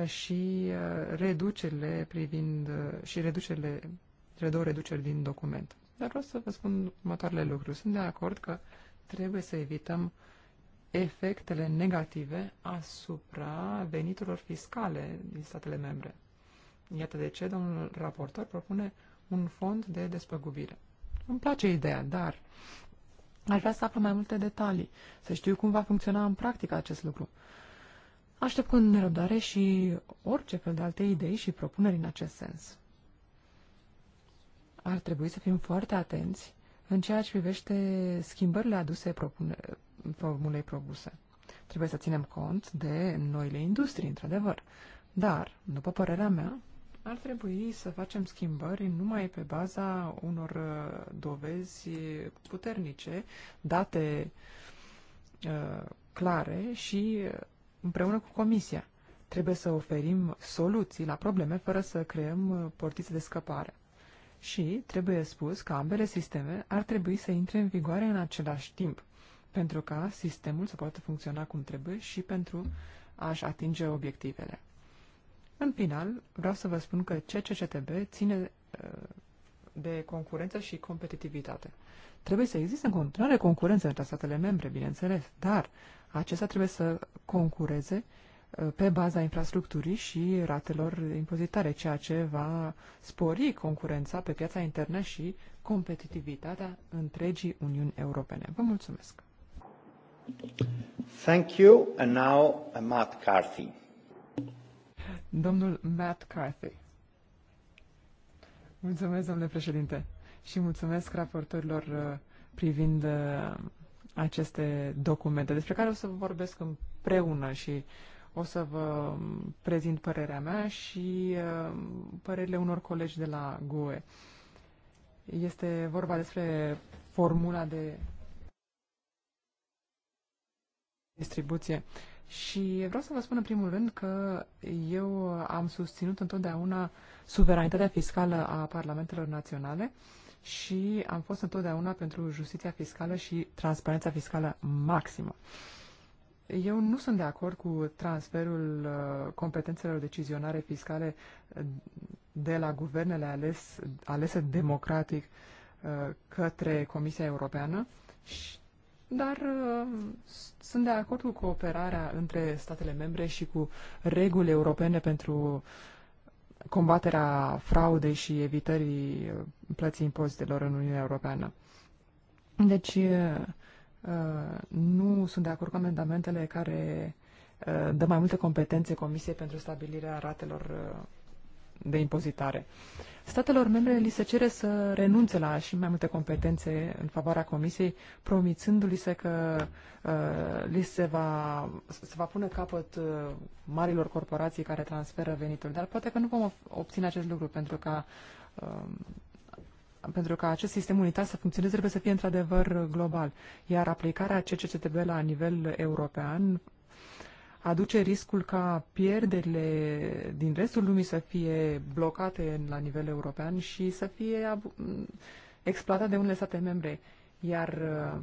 și uh, reducerile privind și reducerile cele două reduceri din document. Dar vreau să vă spun următoarele lucruri. Sunt de acord că trebuie să evităm uh, efectele negative asupra veniturilor fiscale din statele membre. Iată de ce domnul raportor propune un fond de despăgubire. Îmi place ideea, dar aș vrea să aflu mai multe detalii, să știu cum va funcționa în practică acest lucru. Aștept cu nerăbdare și orice fel de alte idei și propuneri în acest sens. Ar trebui să fim foarte atenți în ceea ce privește schimbările aduse propune formulei propuse. Trebuie să ținem cont de noile industrii, într-adevăr. Dar, după părerea mea, ar trebui să facem schimbări numai pe baza unor uh, dovezi puternice, date uh, clare și uh, împreună cu Comisia. Trebuie să oferim soluții la probleme fără să creăm portițe de scăpare. Și trebuie spus că ambele sisteme ar trebui să intre în vigoare în același timp pentru ca sistemul să poată funcționa cum trebuie și pentru a-și atinge obiectivele. În final, vreau să vă spun că CCCTB ține uh, de concurență și competitivitate. Trebuie să existe în continuare concurență între statele membre, bineînțeles, dar acesta trebuie să concureze uh, pe baza infrastructurii și ratelor impozitare, ceea ce va spori concurența pe piața internă și competitivitatea întregii Uniuni Europene. Vă mulțumesc! Thank you. And now uh, Matt Carthy. Domnul Matt Carthy. Mulțumesc, domnule președinte, și mulțumesc raportorilor uh, privind uh, aceste documente, despre care o să vă vorbesc împreună și o să vă um, prezint părerea mea și um, părerile unor colegi de la GUE. Este vorba despre formula de distribuție. Și vreau să vă spun în primul rând că eu am susținut întotdeauna suveranitatea fiscală a parlamentelor naționale și am fost întotdeauna pentru justiția fiscală și transparența fiscală maximă. Eu nu sunt de acord cu transferul uh, competențelor decizionare fiscale uh, de la guvernele ales, alese democratic uh, către Comisia Europeană și dar uh, sunt de acord cu cooperarea între statele membre și cu reguli europene pentru combaterea fraudei și evitării uh, plății impozitelor în Uniunea Europeană. Deci, uh, nu sunt de acord cu amendamentele care uh, dă mai multe competențe Comisiei pentru stabilirea ratelor uh, de impozitare. Statelor membre li se cere să renunțe la și mai multe competențe în favoarea Comisiei, promițându-li se că uh, li se va, se va pune capăt uh, marilor corporații care transferă venituri. Dar poate că nu vom obține acest lucru pentru că uh, pentru ca acest sistem unitar să funcționeze, trebuie să fie într-adevăr global. Iar aplicarea CCCTB la nivel european aduce riscul ca pierderile din restul lumii să fie blocate la nivel european și să fie exploatate de unele state membre. Iar uh,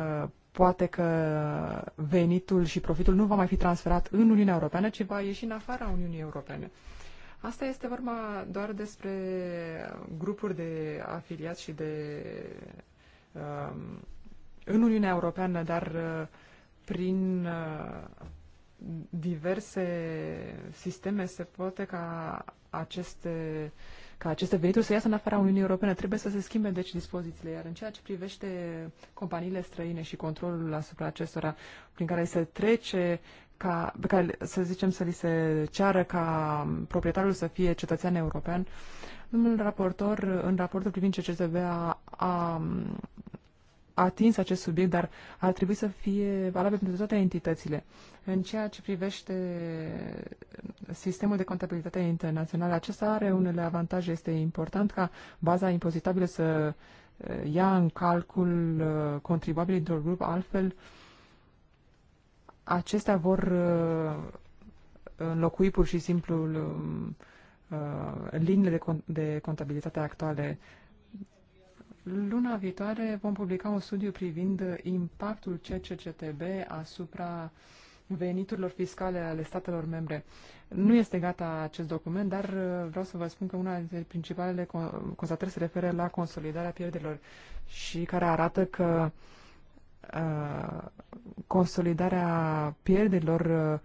uh, poate că venitul și profitul nu va mai fi transferat în Uniunea Europeană, ci va ieși în afara Uniunii Europene. Asta este vorba doar despre grupuri de afiliați și de um, în Uniunea Europeană, dar uh, prin uh, diverse sisteme se poate ca aceste, ca aceste venituri să iasă în afara Uniunii Europene. Trebuie să se schimbe, deci, dispozițiile. Iar în ceea ce privește companiile străine și controlul asupra acestora, prin care se trece ca, pe care, să zicem, să li se ceară ca proprietarul să fie cetățean european, domnul raportor, în raportul privind CCTV, a, a atins acest subiect, dar ar trebui să fie valabil pentru toate entitățile. În ceea ce privește sistemul de contabilitate internațională, acesta are unele avantaje. Este important ca baza impozitabilă să eh, ia în calcul eh, contribuabilii într-un grup, altfel acestea vor eh, înlocui pur și simplu liniile de, de contabilitate actuale Luna viitoare vom publica un studiu privind impactul CCCTB asupra veniturilor fiscale ale statelor membre. Nu este gata acest document, dar uh, vreau să vă spun că una dintre principalele constatări se referă la consolidarea pierderilor și care arată că uh, consolidarea pierderilor uh,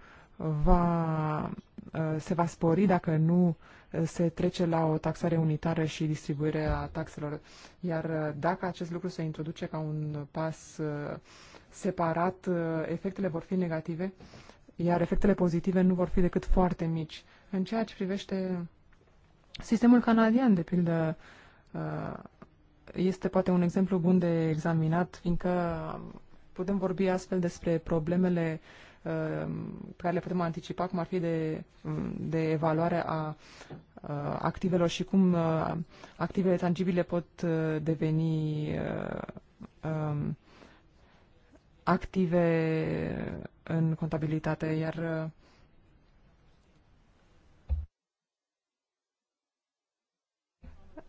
va, uh, se va spori dacă nu uh, se trece la o taxare unitară și distribuirea taxelor. Iar uh, dacă acest lucru se introduce ca un pas uh, separat, uh, efectele vor fi negative, iar efectele pozitive nu vor fi decât foarte mici. În ceea ce privește sistemul canadian, de pildă, este poate un exemplu bun de examinat, fiindcă putem vorbi astfel despre problemele uh, pe care le putem anticipa, cum ar fi de, de evaluare a activelor și cum activele tangibile pot deveni active în contabilitate, iar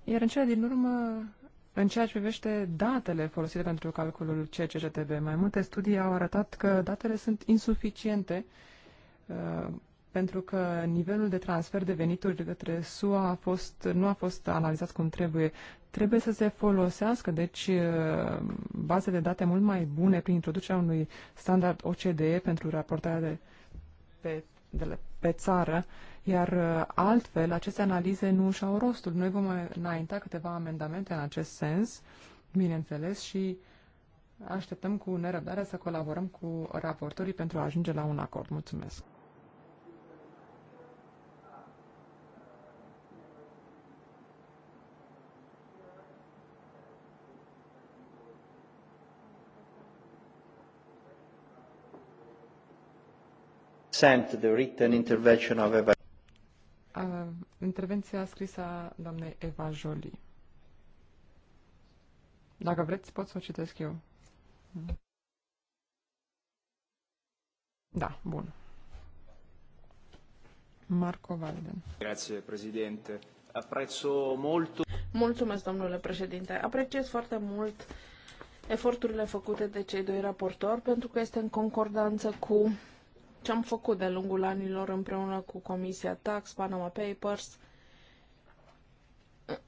iar în cele din urmă în ceea ce privește datele folosite pentru calculul CCCTB, mai multe studii au arătat că datele sunt insuficiente uh, pentru că nivelul de transfer de venituri către SUA a fost, nu a fost analizat cum trebuie. Trebuie să se folosească, deci, uh, baze de date mult mai bune prin introducerea unui standard OCDE pentru raportarea de pe de pe țară, iar uh, altfel aceste analize nu își au rostul. Noi vom înainta câteva amendamente în acest sens, bineînțeles, și așteptăm cu nerăbdare să colaborăm cu raportorii pentru a ajunge la un acord. Mulțumesc! consent the written intervention of Eva. Uh, intervenția scrisă a doamnei Eva Jolie. Dacă vreți, pot să o citesc eu. Da, bun. Marco Valden. Grazie, președinte. Apprezzo molto... Mulțumesc, domnule președinte. Apreciez foarte mult eforturile făcute de cei doi raportori pentru că este în concordanță cu ce am făcut de-a lungul anilor împreună cu Comisia Tax, Panama Papers,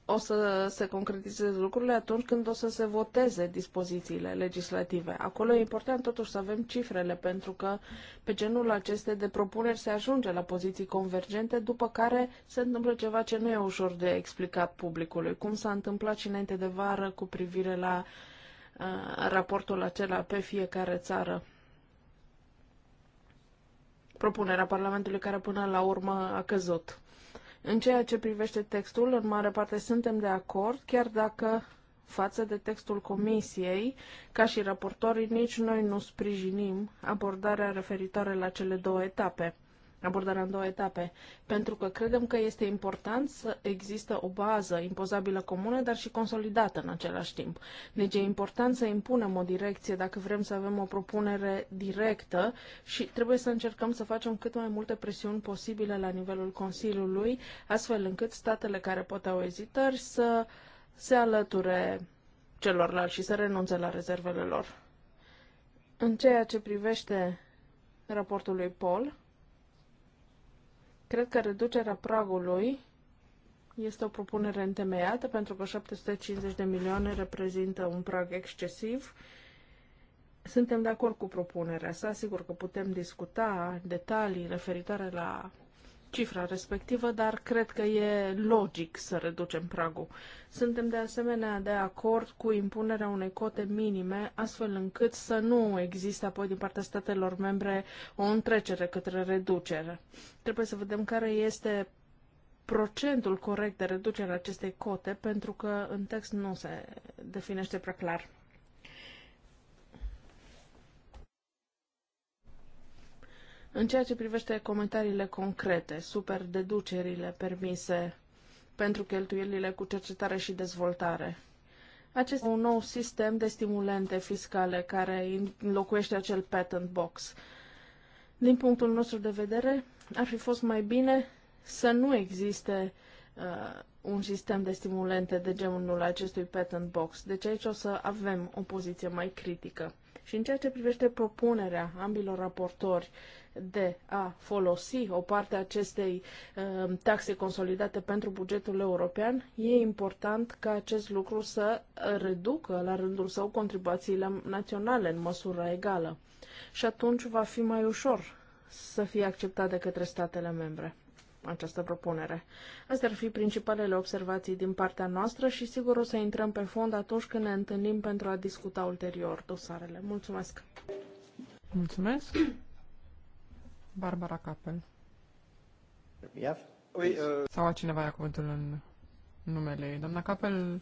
o să se concretizeze lucrurile atunci când o să se voteze dispozițiile legislative. Acolo e important totuși să avem cifrele, pentru că pe genul acesta de propuneri se ajunge la poziții convergente, după care se întâmplă ceva ce nu e ușor de explicat publicului, cum s-a întâmplat și înainte de vară cu privire la uh, raportul acela pe fiecare țară propunerea Parlamentului care până la urmă a căzut. În ceea ce privește textul, în mare parte suntem de acord, chiar dacă față de textul Comisiei, ca și raportorii, nici noi nu sprijinim abordarea referitoare la cele două etape abordarea în două etape, pentru că credem că este important să există o bază impozabilă comună, dar și consolidată în același timp. Deci e important să impunem o direcție dacă vrem să avem o propunere directă și trebuie să încercăm să facem cât mai multe presiuni posibile la nivelul Consiliului, astfel încât statele care pot au ezitări să se alăture celorlalți și să renunțe la rezervele lor. În ceea ce privește raportul lui Paul, Cred că reducerea pragului este o propunere întemeiată pentru că 750 de milioane reprezintă un prag excesiv. Suntem de acord cu propunerea sa, sigur că putem discuta detalii referitoare la cifra respectivă, dar cred că e logic să reducem pragul. Suntem de asemenea de acord cu impunerea unei cote minime, astfel încât să nu există apoi din partea statelor membre o întrecere către reducere. Trebuie să vedem care este procentul corect de reducere a acestei cote, pentru că în text nu se definește prea clar. În ceea ce privește comentariile concrete, superdeducerile permise pentru cheltuielile cu cercetare și dezvoltare, acest un nou sistem de stimulente fiscale care înlocuiește acel patent box. Din punctul nostru de vedere, ar fi fost mai bine să nu existe uh, un sistem de stimulente de genul acestui patent box. Deci aici o să avem o poziție mai critică. Și în ceea ce privește propunerea ambilor raportori de a folosi o parte a acestei uh, taxe consolidate pentru bugetul european, e important ca acest lucru să reducă la rândul său contribuțiile naționale în măsură egală. Și atunci va fi mai ușor să fie acceptat de către statele membre această propunere. Astea ar fi principalele observații din partea noastră și sigur o să intrăm pe fond atunci când ne întâlnim pentru a discuta ulterior dosarele. Mulțumesc! Mulțumesc! Barbara Capel. Uh, Sau a cineva ia cuvântul în numele ei. Doamna Capel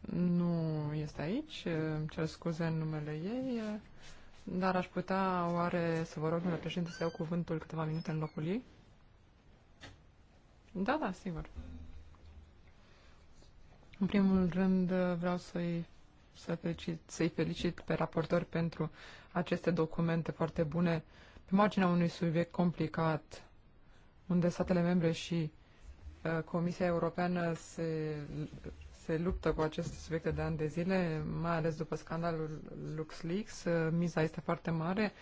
nu este aici, îmi cer scuze în numele ei, dar aș putea oare să vă rog, domnule președinte, să iau cuvântul câteva minute în locul ei? Da, da, sigur. În primul rând uh, vreau să-i să felicit, să felicit pe raportori pentru aceste documente foarte bune pe marginea unui subiect complicat unde statele membre și uh, Comisia Europeană se, se luptă cu aceste subiecte de ani de zile, mai ales după scandalul LuxLeaks. Uh, miza este foarte mare,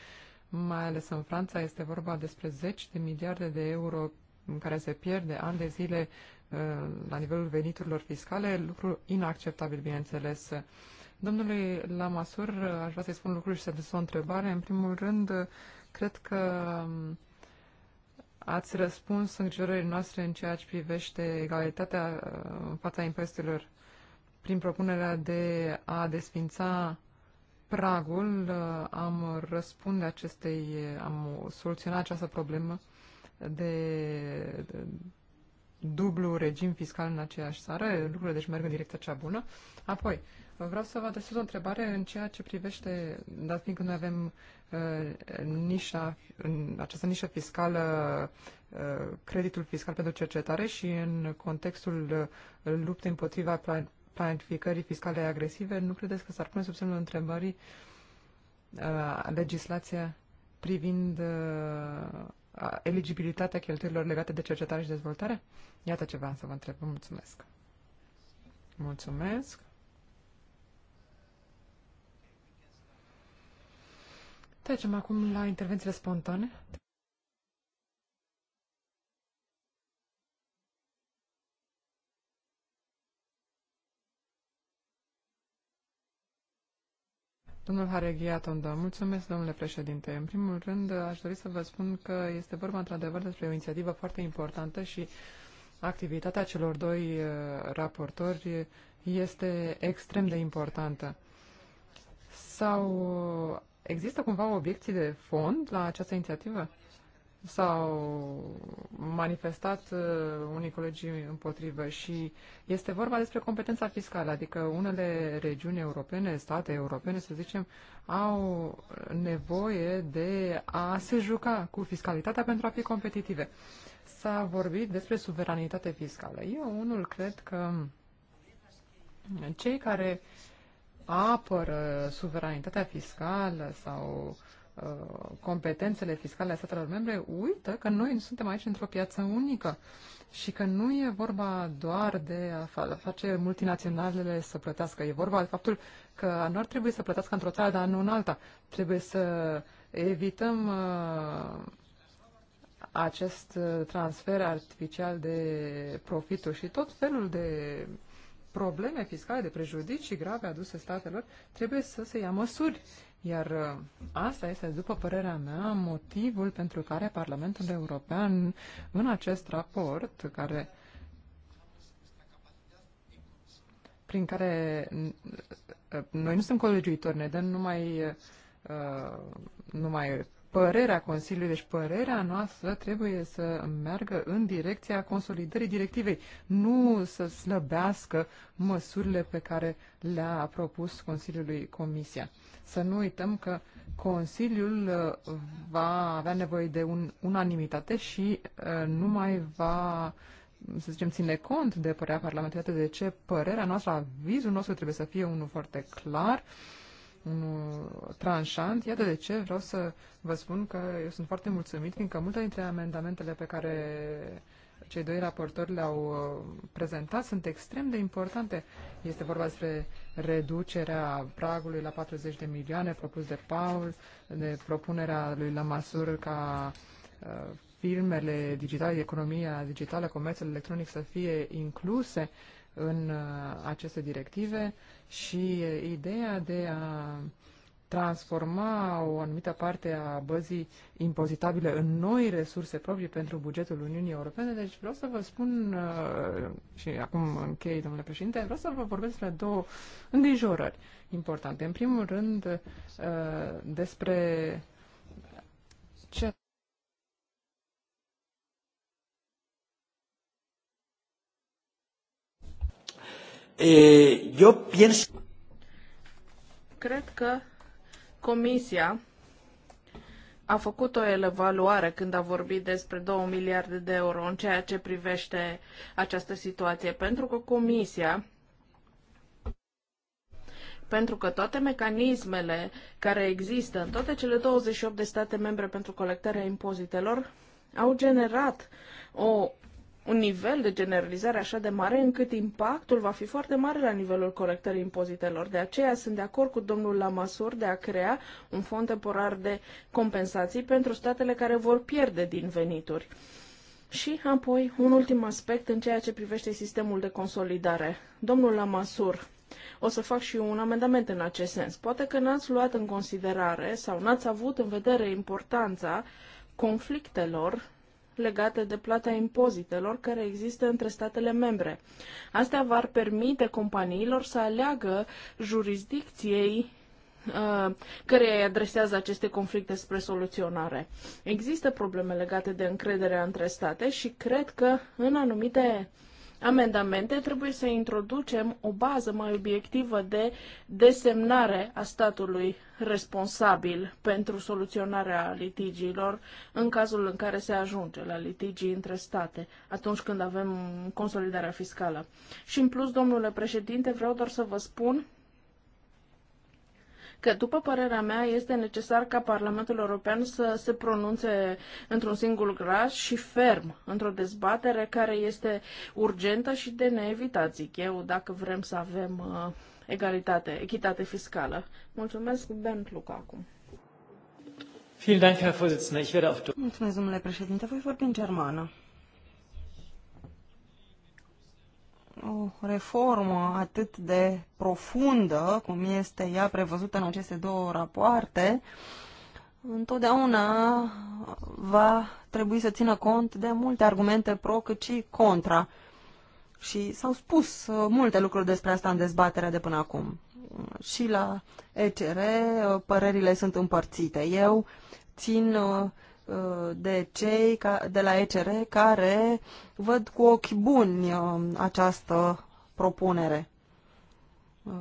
mai ales în Franța. Este vorba despre zeci de miliarde de euro care se pierde ani de zile uh, la nivelul veniturilor fiscale, lucru inacceptabil, bineînțeles. Domnului Lamasur, uh, aș vrea să-i spun lucruri și să adresez o întrebare. În primul rând, uh, cred că um, ați răspuns îngrijorării noastre în ceea ce privește egalitatea în fața impozitelor prin propunerea de a desfința pragul, am răspunde acestei, am soluționat această problemă de dublu regim fiscal în aceeași țară, lucrurile deci merg în direcția cea bună. Apoi, vreau să vă adresez o întrebare în ceea ce privește, dat fiindcă noi avem uh, nișa, în această nișă fiscală, uh, creditul fiscal pentru cercetare și în contextul uh, luptei împotriva plan planificării fiscale agresive, nu credeți că s-ar pune sub semnul întrebării uh, legislația privind uh, eligibilitatea cheltuielor legate de cercetare și dezvoltare? Iată ce vreau să vă întreb. Vă mulțumesc. Mulțumesc. Trecem acum la intervențiile spontane. Domnul Hareghia Tonda, mulțumesc, domnule președinte. În primul rând, aș dori să vă spun că este vorba, într-adevăr, despre o inițiativă foarte importantă și activitatea celor doi uh, raportori este extrem de importantă. Sau uh, există cumva obiecții de fond la această inițiativă? s-au manifestat uh, unii colegi împotrivă și este vorba despre competența fiscală, adică unele regiuni europene, state europene, să zicem, au nevoie de a se juca cu fiscalitatea pentru a fi competitive. S-a vorbit despre suveranitate fiscală. Eu unul cred că cei care apără suveranitatea fiscală sau uh, Uh, competențele fiscale a statelor membre uită că noi suntem aici într-o piață unică și că nu e vorba doar de a face multinaționalele să plătească. E vorba de faptul că nu ar trebui să plătească într-o țară, dar nu în alta. Trebuie să evităm uh, acest uh, transfer artificial de profituri și tot felul de probleme fiscale, de prejudicii grave aduse statelor, trebuie să se ia măsuri. Iar uh, asta este, după părerea mea, motivul pentru care Parlamentul European, în acest raport, care prin care uh, noi nu suntem colegiuitori, ne dăm numai, uh, numai părerea Consiliului, deci părerea noastră trebuie să meargă în direcția consolidării directivei, nu să slăbească măsurile pe care le-a propus Consiliului Comisia. Să nu uităm că Consiliul uh, va avea nevoie de un, unanimitate și uh, nu mai va, să zicem, ține cont de părerea parlamentară. De ce părerea noastră, avizul nostru trebuie să fie unul foarte clar unul tranșant. Iată de ce vreau să vă spun că eu sunt foarte mulțumit, fiindcă multe dintre amendamentele pe care cei doi raportori le-au uh, prezentat sunt extrem de importante. Este vorba despre reducerea pragului la 40 de milioane propus de Paul, de propunerea lui Lamasur ca uh, filmele digitale, economia digitală, comerțul electronic să fie incluse în uh, aceste directive și ideea de a uh, transforma o anumită parte a băzii impozitabile în noi resurse proprii pentru bugetul Uniunii Europene. Deci vreau să vă spun, uh, și acum închei, domnule președinte, vreau să vă vorbesc despre două îngrijorări importante. În primul rând, uh, despre ce Eu eh, pierd. Cred că Comisia a făcut o evaluare când a vorbit despre 2 miliarde de euro în ceea ce privește această situație, pentru că Comisia pentru că toate mecanismele care există în toate cele 28 de state membre pentru colectarea impozitelor au generat o un nivel de generalizare așa de mare încât impactul va fi foarte mare la nivelul corectării impozitelor. De aceea sunt de acord cu domnul Lamasur de a crea un fond temporar de compensații pentru statele care vor pierde din venituri. Și apoi un ultim aspect în ceea ce privește sistemul de consolidare. Domnul Lamasur, o să fac și eu un amendament în acest sens. Poate că n-ați luat în considerare sau n-ați avut în vedere importanța conflictelor legate de plata impozitelor care există între statele membre. Asta va permite companiilor să aleagă jurisdicției uh, care îi adresează aceste conflicte spre soluționare. Există probleme legate de încrederea între state și cred că în anumite uh, amendamente, trebuie să introducem o bază mai obiectivă de desemnare a statului responsabil pentru soluționarea litigiilor în cazul în care se ajunge la litigii între state, atunci când avem consolidarea fiscală. Și în plus, domnule președinte, vreau doar să vă spun că, după părerea mea, este necesar ca Parlamentul European să se pronunțe într-un singur glas și ferm într-o dezbatere care este urgentă și de neevitat, zic eu, dacă vrem să avem uh, egalitate, echitate fiscală. Mulțumesc, Bernd Luca, acum. Mulțumesc, domnule președinte. Voi vorbi în germană. o reformă atât de profundă cum este ea prevăzută în aceste două rapoarte, întotdeauna va trebui să țină cont de multe argumente pro cât și contra. Și s-au spus uh, multe lucruri despre asta în dezbaterea de până acum. Și la ECR uh, părerile sunt împărțite. Eu țin uh, de cei de la ECR care văd cu ochi buni uh, această propunere. Uh,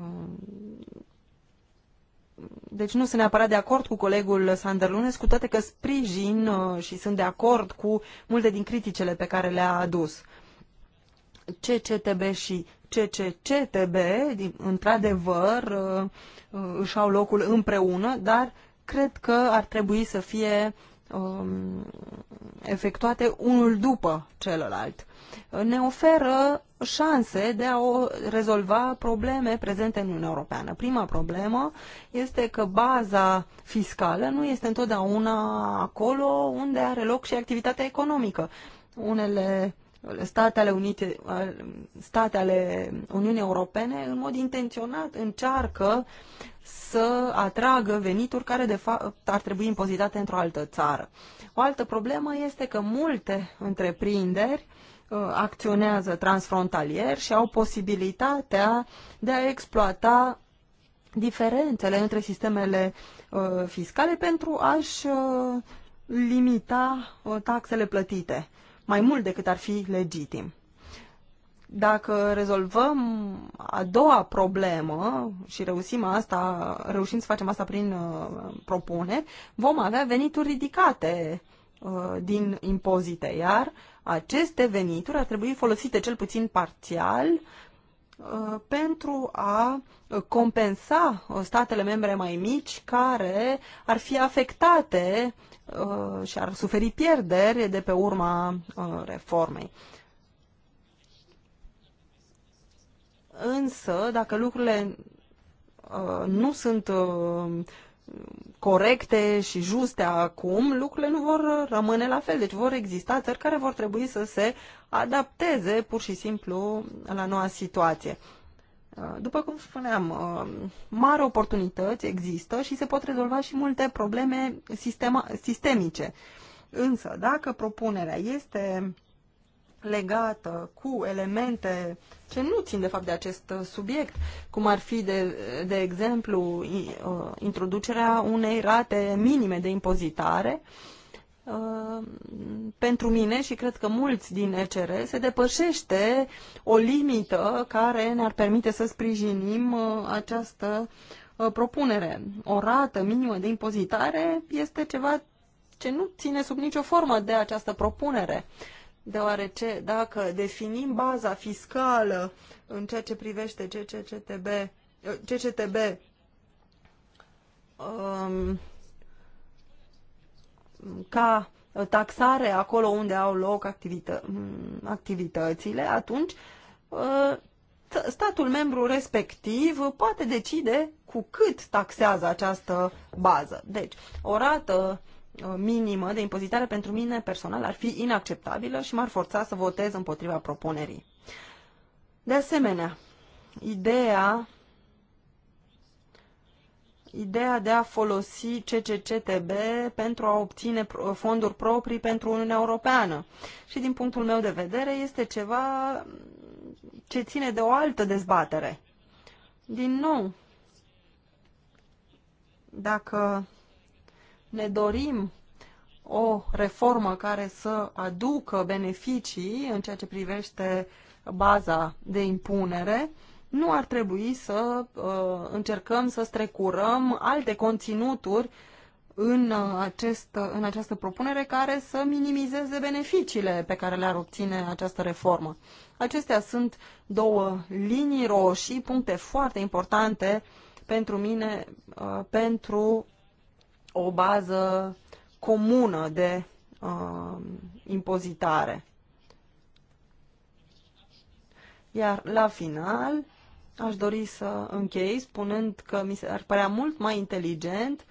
deci nu sunt neapărat de acord cu colegul Sander Lunes, cu toate că sprijin uh, și sunt de acord cu multe din criticele pe care le-a adus. CCTB și CCCTB, într-adevăr, își au locul împreună, dar cred că ar trebui să fie Um, efectuate unul după celălalt. Ne oferă șanse de a o rezolva probleme prezente în Uniunea Europeană. Prima problemă este că baza fiscală nu este întotdeauna acolo unde are loc și activitatea economică. Unele state ale, Unite, state ale Uniunii Europene în mod intenționat încearcă să atragă venituri care de fapt ar trebui impozitate într-o altă țară. O altă problemă este că multe întreprinderi uh, acționează transfrontalier și au posibilitatea de a exploata diferențele între sistemele uh, fiscale pentru a-și uh, limita taxele plătite, mai mult decât ar fi legitim dacă rezolvăm a doua problemă și reușim asta, reușim să facem asta prin uh, propuneri, vom avea venituri ridicate uh, din impozite, iar aceste venituri ar trebui folosite cel puțin parțial uh, pentru a compensa uh, statele membre mai mici care ar fi afectate și ar suferi pierderi de pe urma reformei. Însă, dacă lucrurile uh, nu sunt uh, corecte și juste acum, lucrurile nu vor rămâne la fel. Deci vor exista țări care vor trebui să se adapteze pur și simplu la noua situație. Uh, după cum spuneam, uh, mari oportunități există și se pot rezolva și multe probleme sistema, sistemice. Însă, dacă propunerea este legată cu elemente ce nu țin de fapt de acest uh, subiect, cum ar fi de, de exemplu uh, introducerea unei rate minime de impozitare, uh, pentru mine și cred că mulți din ECR se depășește o limită care ne-ar permite să sprijinim această propunere. O rată minimă de impozitare este ceva ce nu ține sub nicio formă de această propunere deoarece dacă definim baza fiscală în ceea ce privește CCCTB, CCTB um, ca taxare acolo unde au loc activită, mm, activitățile, atunci uh, statul membru respectiv poate decide cu cât taxează această bază. Deci, o rată uh, Uh, minimă de impozitare pentru mine personal ar fi inacceptabilă și m-ar forța să votez împotriva propunerii. De asemenea, ideea ideea de a folosi CCCTB pentru a obține fonduri proprii pentru Uniunea Europeană. Și din punctul meu de vedere este ceva ce ține de o altă dezbatere. Din nou, dacă ne dorim o reformă care să aducă beneficii în ceea ce privește baza de impunere, nu ar trebui să uh, încercăm să strecurăm alte conținuturi în, uh, acest, uh, în această propunere care să minimizeze beneficiile pe care le-ar obține această reformă. Acestea sunt două linii roșii, puncte foarte importante pentru mine, uh, pentru o bază comună de uh, impozitare. Iar la final, aș dori să închei spunând că mi se ar părea mult mai inteligent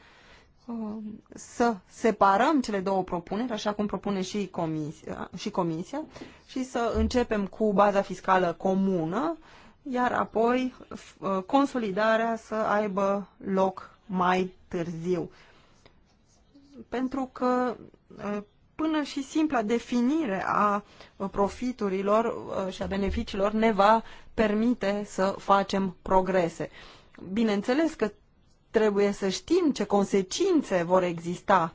uh, să separăm cele două propuneri, așa cum propune și comisia, și comisia, și să începem cu baza fiscală comună, iar apoi uh, consolidarea să aibă loc mai târziu pentru că uh, până și simpla definire a uh, profiturilor uh, și a beneficiilor ne va permite să facem progrese. Bineînțeles că trebuie să știm ce consecințe vor exista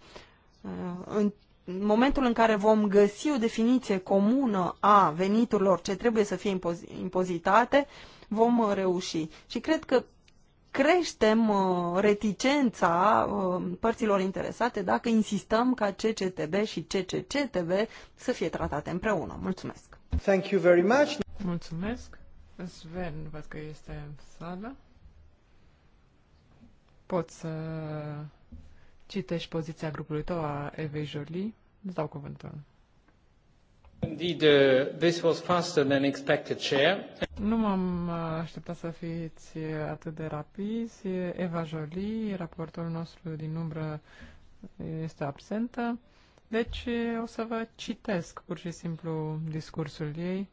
în momentul în care vom găsi o definiție comună a veniturilor ce trebuie să fie impozitate, vom reuși. Și cred că creștem uh, reticența uh, părților interesate dacă insistăm ca CCTB și CCCTB să fie tratate împreună. Mulțumesc! Thank you very much. Mulțumesc! Sven, văd că este în sală. Poți să citești poziția grupului tău a Evei Jolie? Îți dau cuvântul. Indeed, uh, this was faster than expected, Chair. Nu m-am uh, așteptat să fiți uh, atât de rapizi. Eva Jolie, raportorul nostru din umbră, este absentă. Deci uh, o să vă citesc pur și simplu discursul ei.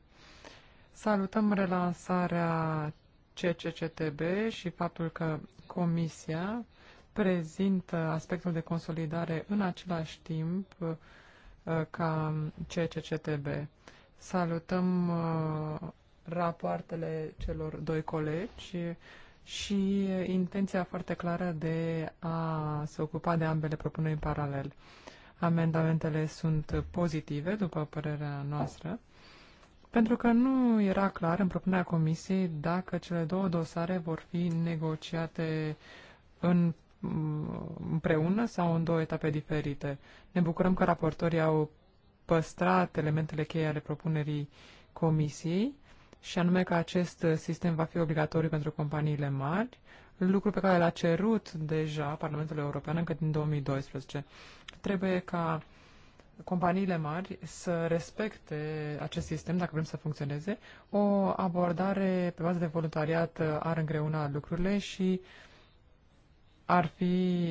Salutăm relansarea CCCTB și faptul că Comisia prezintă aspectul de consolidare în același timp Uh, ca CCCTB. Salutăm uh, rapoartele celor doi colegi și intenția foarte clară de a se ocupa de ambele propuneri în paralel. Amendamentele sunt pozitive, după părerea noastră, pentru că nu era clar în propunerea comisiei dacă cele două dosare vor fi negociate în Mm, împreună sau în două etape diferite. Ne bucurăm că raportorii au păstrat elementele cheie ale propunerii comisiei și anume că acest sistem va fi obligatoriu pentru companiile mari, lucru pe care l-a cerut deja Parlamentul European încă din 2012. Trebuie ca companiile mari să respecte acest sistem dacă vrem să funcționeze. O abordare pe bază de voluntariat ar îngreuna lucrurile și uh, ar fi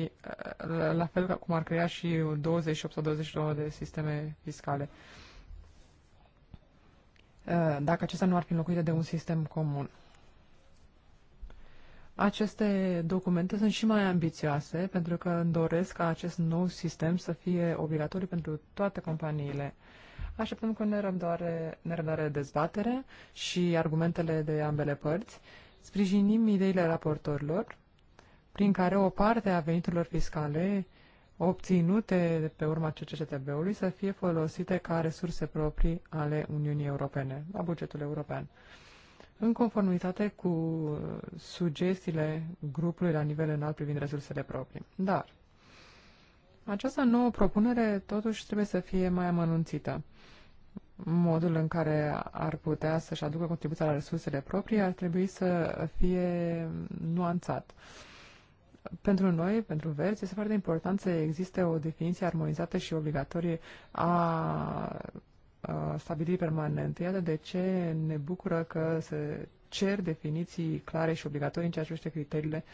uh, la fel ca cum ar crea și 28 sau 29 de sisteme fiscale. Uh, dacă acestea nu ar fi înlocuite de un sistem comun. Aceste documente sunt și mai ambițioase pentru că îmi doresc ca acest nou sistem să fie obligatoriu pentru toate companiile. Așteptăm cu nerăbdare, nerăbdare dezbatere și argumentele de ambele părți. Sprijinim ideile raportorilor prin care o parte a veniturilor fiscale obținute pe urma CCCTB-ului să fie folosite ca resurse proprii ale Uniunii Europene, la bugetul european. În conformitate cu uh, sugestiile grupului la nivel înalt privind resursele proprii. Dar această nouă propunere totuși trebuie să fie mai amănunțită. Modul în care ar putea să-și aducă contribuția la resursele proprii ar trebui să fie mm, nuanțat. Uh, pentru noi, pentru verzi, este foarte important să existe o definiție armonizată și obligatorie a, stabilirii permanente. Iată de ce ne bucură că se cer definiții clare și obligatorii în ceea ce privește criteriile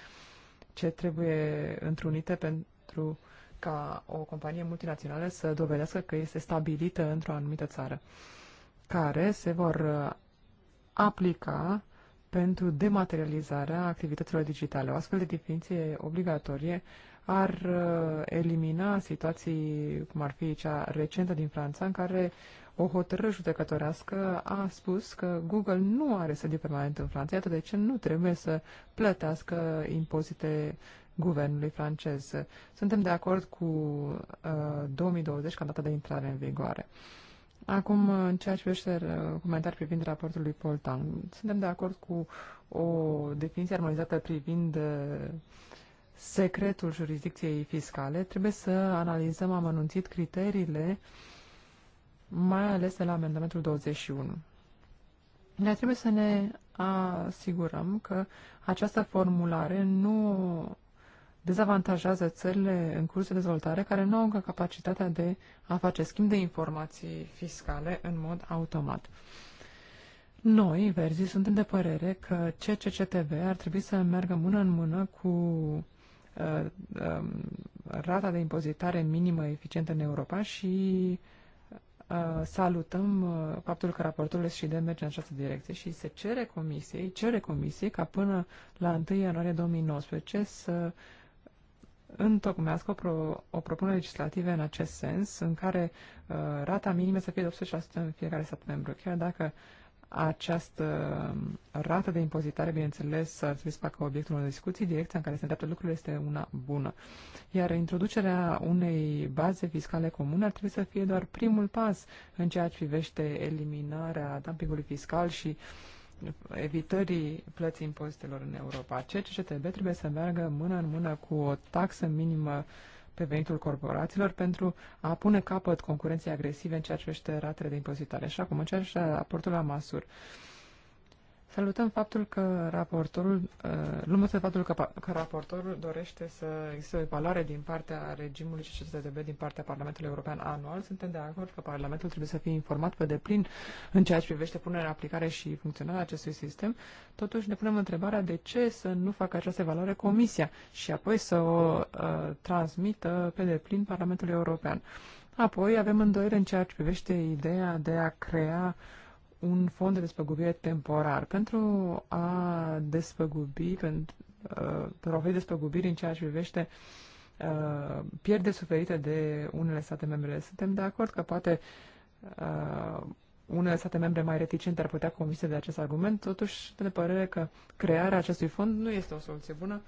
ce trebuie întrunite pentru ca o companie multinațională să dovedească că este stabilită într-o anumită țară, care se vor aplica pentru dematerializarea activităților digitale. O astfel de definiție obligatorie ar uh, elimina situații cum ar fi cea recentă din Franța, în care o hotărâre judecătorească a spus că Google nu are sediu permanent în Franța, iată de ce nu trebuie să plătească impozite guvernului francez. Suntem de acord cu uh, 2020 ca data de intrare în vigoare. Uh, Acum, în ceea ce privește uh, comentarii privind raportul lui Poltan, suntem de acord cu o definiție armonizată privind uh, secretul jurisdicției fiscale. Trebuie să analizăm amănunțit criteriile, mai ales de la amendamentul 21. Ne trebuie să ne asigurăm că această formulare nu dezavantajează țările în curs de dezvoltare care nu au încă capacitatea de a face schimb de informații fiscale în mod automat. Noi, verzii, suntem de părere că CCCTV ar trebui să meargă mână în mână cu uh, um, rata de impozitare minimă eficientă în Europa și uh, salutăm uh, faptul că raportul SCD merge în această direcție și se cere comisiei, cere comisiei ca până la 1 ianuarie 2019 să întocmească o, pro, o propunere legislativă în acest sens, în care uh, rata minimă să fie de 80% în fiecare stat membru. Chiar dacă această um, rată de impozitare, bineînțeles, ar trebui să facă obiectul unor discuții, direcția în care se îndreaptă lucrurile este una bună. Iar introducerea unei baze fiscale comune ar trebui să fie doar primul pas în ceea ce privește eliminarea dumpingului fiscal și uh, evitării plății impozitelor în Europa. CCCTB trebuie să meargă mână în mână cu o taxă minimă pe venitul corporațiilor pentru a pune capăt concurenței agresive în ceea ce privește ratele de impozitare. Și acum, în ceea ce raportul la masuri. Uh, Salutăm faptul că raportorul, uh, lumăță faptul că, că raportorul dorește să existe o evaluare din partea regimului CCTB din partea Parlamentului European anual. Suntem de acord că Parlamentul trebuie să fie informat pe deplin în ceea ce privește punerea aplicare și funcționarea acestui sistem. Totuși ne punem întrebarea de ce să nu facă această evaluare Comisia și apoi să o uh, transmită pe deplin Parlamentului European. Apoi avem îndoire în ceea ce privește ideea de a crea uh, un fond de despăgubire temporar pentru a despăgubi, pentru, uh, pentru a oferi despăgubiri în ceea ce privește uh, pierde suferite de unele state membre. Suntem de acord că poate uh, unele state membre mai reticente ar putea convinse de acest argument, totuși de părere că crearea acestui fond nu este o soluție bună.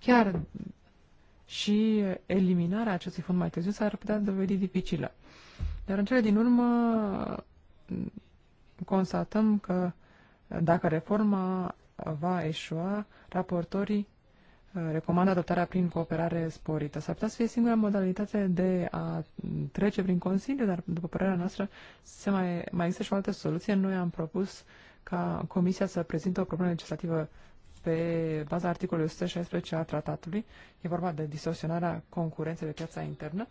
Chiar și eliminarea acestui fond mai târziu s-ar putea dovedi dificilă. Dar în cele din urmă constatăm că dacă reforma va eșua, raportorii uh, recomandă adoptarea prin cooperare sporită. S-ar putea să fie singura modalitate de a trece prin Consiliu, dar după părerea noastră se mai, mai există și o altă soluție. Noi am propus ca Comisia să prezinte o problemă legislativă pe baza articolului 116 a tratatului. E vorba de distorsionarea concurenței pe piața internă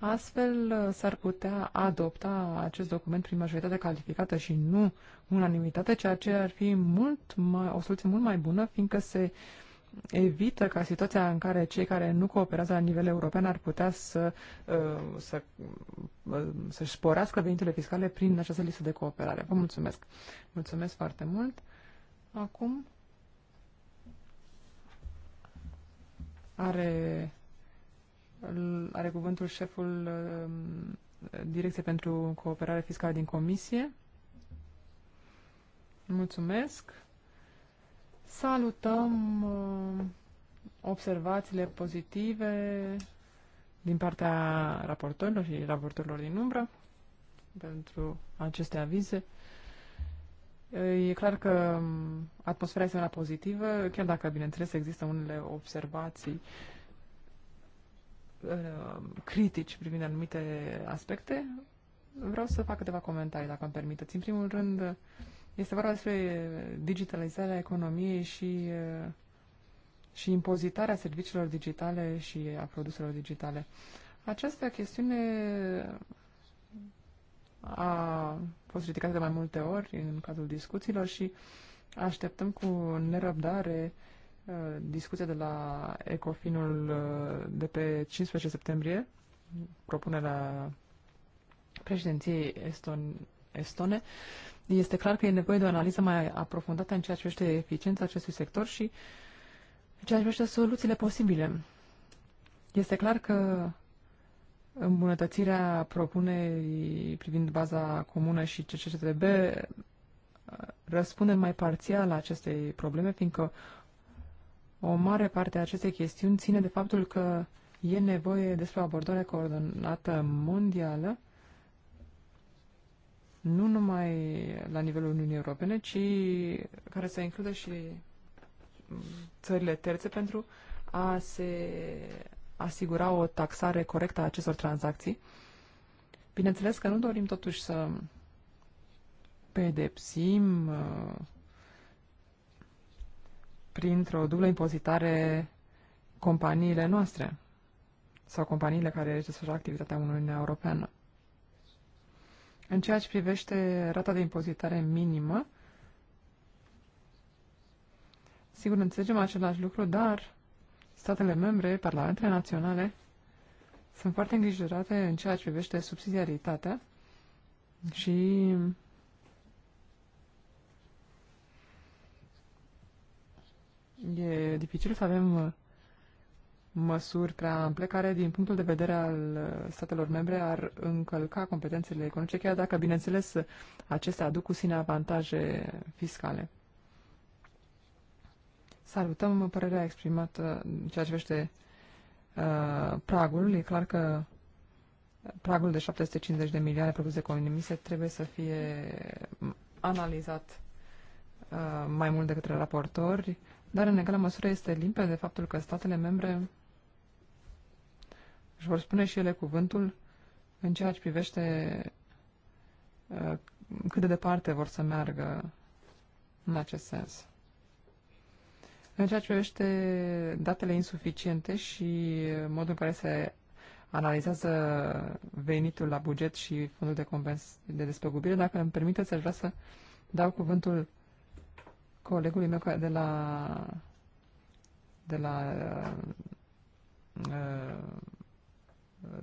Astfel uh, s-ar putea adopta acest document prin majoritate calificată și nu unanimitate, ceea ce ar fi mult mai, o soluție mult mai bună, fiindcă se evită ca situația în care cei care nu cooperează la nivel european ar putea să, uh, să, uh, să-și sporească veniturile fiscale prin această listă de cooperare. Vă mulțumesc! Mulțumesc foarte mult! Acum are are cuvântul șeful um, Direcției pentru Cooperare Fiscală din Comisie. Mulțumesc. Salutăm um, observațiile pozitive din partea raportorilor și raportorilor din umbră pentru aceste avize. E clar că um, atmosfera este una pozitivă, chiar dacă, bineînțeles, există unele observații uh, Uh, critici privind anumite aspecte, vreau să fac câteva comentarii, dacă îmi permiteți. În primul rând, este vorba despre digitalizarea economiei și, uh, și impozitarea serviciilor digitale și a produselor digitale. Această chestiune a fost ridicată de mai multe ori în cadrul discuțiilor și așteptăm cu nerăbdare uh, Uh, discuția de la Ecofinul uh, de pe 15 septembrie, propunerea președinției eston, estone, este clar că e nevoie de o analiză mai aprofundată în ceea ce privește eficiența acestui sector și în ceea ce privește soluțiile posibile. Este clar că îmbunătățirea propunerii privind baza comună și CCCTB uh, răspunde mai parțial la acestei probleme, fiindcă o mare parte a acestei chestiuni ține de faptul că e nevoie despre o abordare coordonată mondială, nu numai la nivelul Uniunii Europene, ci care să includă și țările terțe pentru a se asigura o taxare corectă a acestor tranzacții. Bineînțeles că nu dorim totuși să pedepsim uh, printr-o dublă impozitare companiile noastre sau companiile care desfășoară activitatea în Uniunea Europeană. În ceea ce privește rata de impozitare minimă, sigur înțelegem același lucru, dar statele membre, parlamentele naționale, sunt foarte îngrijorate în ceea ce privește subsidiaritatea și E dificil să avem uh, măsuri prea ample care, din punctul de vedere al uh, statelor membre, ar încălca competențele economice, chiar dacă, bineînțeles, acestea aduc cu sine avantaje fiscale. Salutăm părerea exprimată în ceea ce vește uh, pragul. E clar că pragul de 750 de milioane propus de comise trebuie să fie analizat uh, mai mult de către raportori. Dar în egală măsură este limpede faptul că statele membre își vor spune și ele cuvântul în ceea ce privește uh, cât de departe vor să meargă în acest sens. În ceea ce privește datele insuficiente și modul în care se analizează venitul la buget și fondul de, compens- de despăgubire, dacă îmi permiteți, aș vrea să dau cuvântul colegului meu de la de la uh, uh,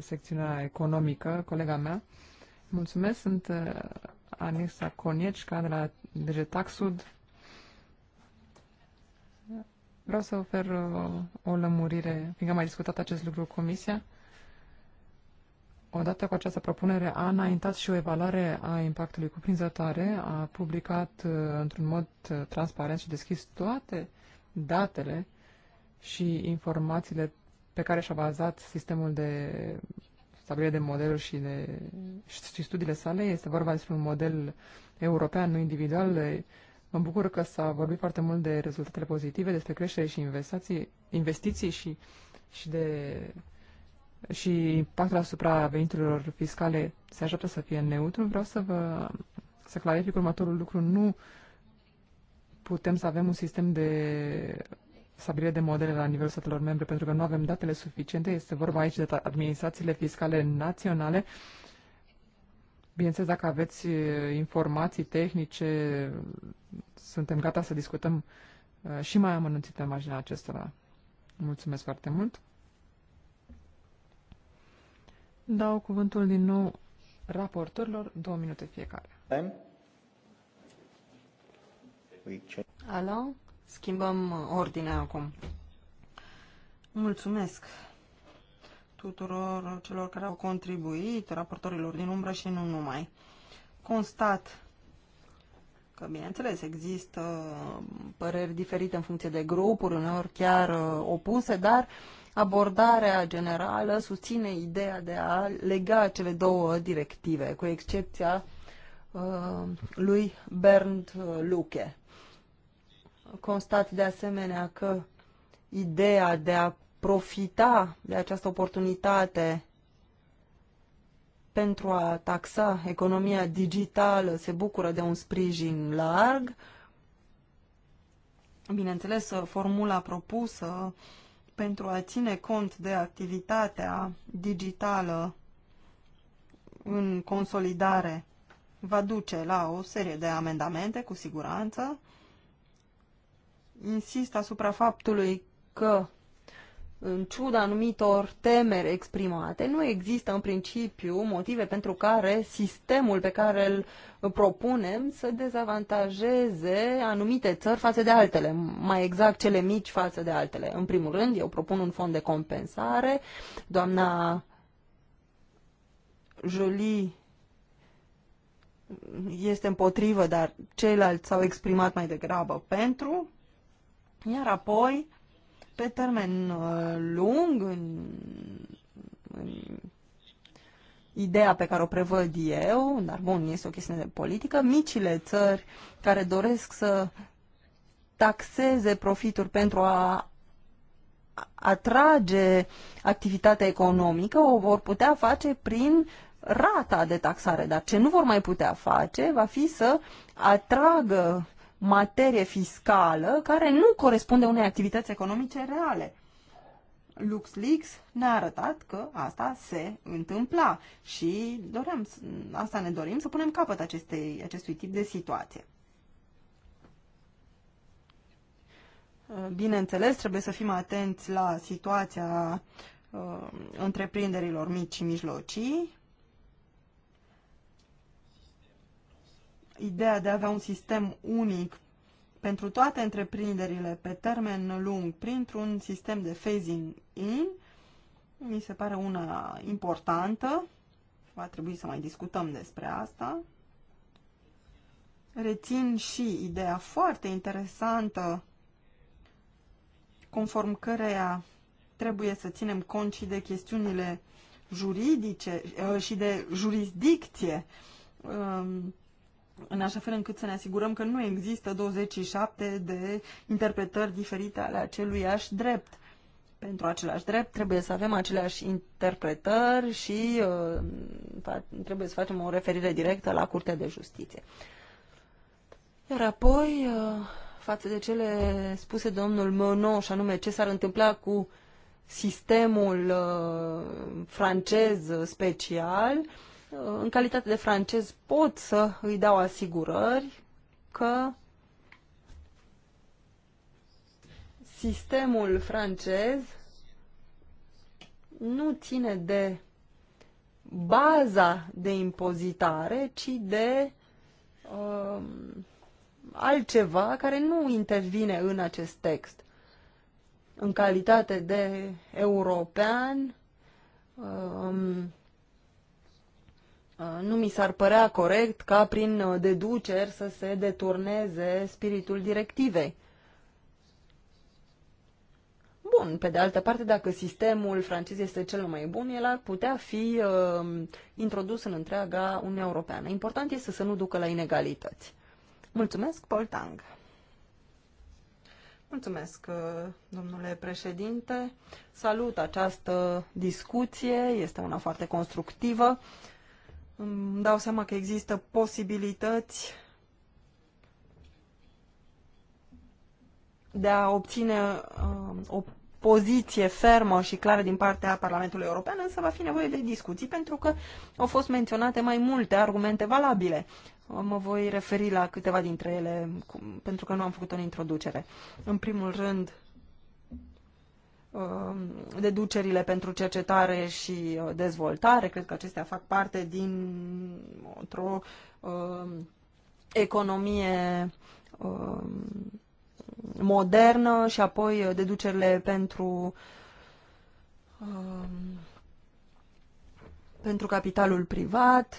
secțiunea economică, colega mea. Mulțumesc, sunt uh, Anisa Coniecica de la DG Taxud. Vreau să ofer uh, o lămurire, fiindcă am mai discutat acest lucru cu Comisia. Odată cu această propunere a înaintat și o evaluare a impactului cuprinzătoare, a publicat uh, într-un mod uh, transparent și deschis toate datele și informațiile pe care și-a bazat sistemul de stabilire de modeluri și, de, și studiile sale. Este vorba despre un model european, nu individual. Mă bucur că s-a vorbit foarte mult de rezultatele pozitive, despre creștere și investiții, investiții și, și de și impactul asupra veniturilor fiscale se ajută să fie neutru, vreau să vă să clarific următorul lucru. Nu putem să avem un sistem de stabilire de modele la nivelul statelor membre, pentru că nu avem datele suficiente. Este vorba aici de administrațiile fiscale naționale. Bineînțeles, dacă aveți informații tehnice, suntem gata să discutăm și mai amănunțit pe marginea acestora. Mulțumesc foarte mult! Dau cuvântul din nou raportorilor, două minute fiecare. Păi Alo? Schimbăm uh, ordinea acum. Mulțumesc tuturor celor care au contribuit, raportorilor din umbră și nu numai. Constat că, bineînțeles, există păreri diferite în funcție de grupuri, uneori chiar uh, opuse, dar abordarea generală susține ideea de a lega cele două directive, cu excepția uh, lui Bernd uh, Luke. Constat de asemenea că ideea de a profita de această oportunitate pentru a taxa economia digitală se bucură de un sprijin larg. Bineînțeles, formula propusă pentru a ține cont de activitatea digitală în consolidare va duce la o serie de amendamente, cu siguranță. Insist asupra faptului că în ciuda anumitor temeri exprimate, nu există în principiu motive pentru care sistemul pe care îl propunem să dezavantajeze anumite țări față de altele, mai exact cele mici față de altele. În primul rând, eu propun un fond de compensare. Doamna Jolie este împotrivă, dar ceilalți s-au exprimat mai degrabă pentru. Iar apoi, pe termen uh, lung, în, în ideea pe care o prevăd eu, dar bun, este o chestiune de politică, micile țări care doresc să taxeze profituri pentru a atrage activitatea economică, o vor putea face prin rata de taxare, dar ce nu vor mai putea face va fi să atragă materie fiscală care nu corespunde unei activități economice reale. LuxLeaks ne-a arătat că asta se întâmpla și doream, asta ne dorim, să punem capăt acestei, acestui tip de situație. Bineînțeles, trebuie să fim atenți la situația uh, întreprinderilor mici și mijlocii, ideea de a avea un sistem unic pentru toate întreprinderile pe termen lung printr-un sistem de phasing in mi se pare una importantă. Va trebui să mai discutăm despre asta. Rețin și ideea foarte interesantă conform căreia trebuie să ținem cont și de chestiunile juridice uh, și de jurisdicție um, în așa fel încât să ne asigurăm că nu există 27 de interpretări diferite ale aceluiași drept. Pentru același drept trebuie să avem aceleași interpretări și uh, trebuie să facem o referire directă la Curtea de Justiție. Iar apoi, uh, față de cele spuse domnul Mono, și anume ce s-ar întâmpla cu sistemul uh, francez special, uh, în calitate de francez, pot să îi dau asigurări că sistemul francez nu ține de baza de impozitare, ci de uh, altceva care nu intervine în acest text. În calitate de european, um, Uh, nu mi s-ar părea corect ca prin uh, deduceri să se deturneze spiritul directivei. Bun, pe de altă parte, dacă sistemul francez este cel mai bun, el ar putea fi uh, introdus în întreaga Uniunea Europeană. Important este să nu ducă la inegalități. Mulțumesc, Paul Tang. Mulțumesc, uh, domnule președinte. Salut această discuție, este una foarte constructivă. Uh, îmi dau seama că există posibilități de a obține uh, o poziție fermă și clară din partea Parlamentului European, însă va fi nevoie de discuții pentru că au fost menționate mai multe argumente valabile. Mă voi referi la câteva dintre ele pentru că nu am făcut o introducere. În primul rând, Um, deducerile pentru cercetare și uh, dezvoltare. Cred că acestea fac parte din o um, economie um, modernă și apoi uh, deducerile pentru pentru capitalul privat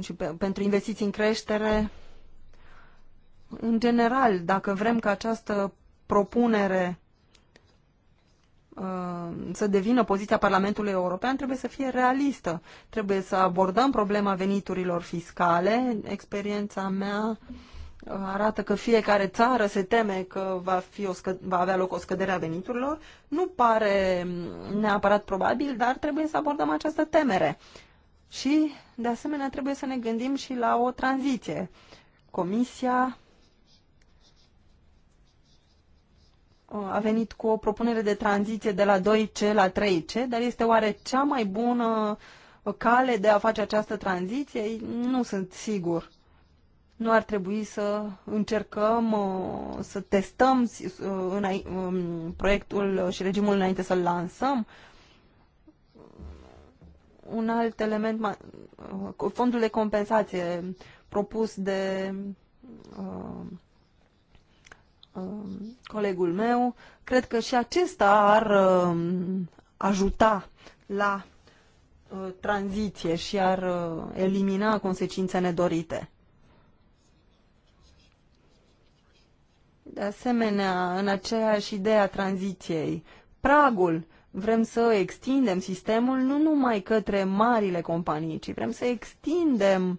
și pentru investiții în creștere. În general, dacă vrem ca această propunere Uh, să devină poziția Parlamentului European trebuie să fie realistă. Trebuie să abordăm problema veniturilor fiscale. Experiența mea uh, arată că fiecare țară se teme că va, fi o scă- va avea loc o scădere a veniturilor. Nu pare neapărat probabil, dar trebuie să abordăm această temere. Și, de asemenea, trebuie să ne gândim și la o tranziție. Comisia a venit cu o propunere de tranziție de la 2C la 3C, dar este oare cea mai bună cale de a face această tranziție? Nu sunt sigur. Nu ar trebui să încercăm uh, să testăm uh, um, proiectul și regimul înainte să-l lansăm? Un alt element, uh, fondul de compensație propus de Um, colegul meu, cred că și acesta ar um, ajuta la uh, tranziție și ar uh, elimina consecințe nedorite. De asemenea, în aceeași idee a tranziției, pragul, vrem să extindem sistemul nu numai către marile companii, ci vrem să extindem uh,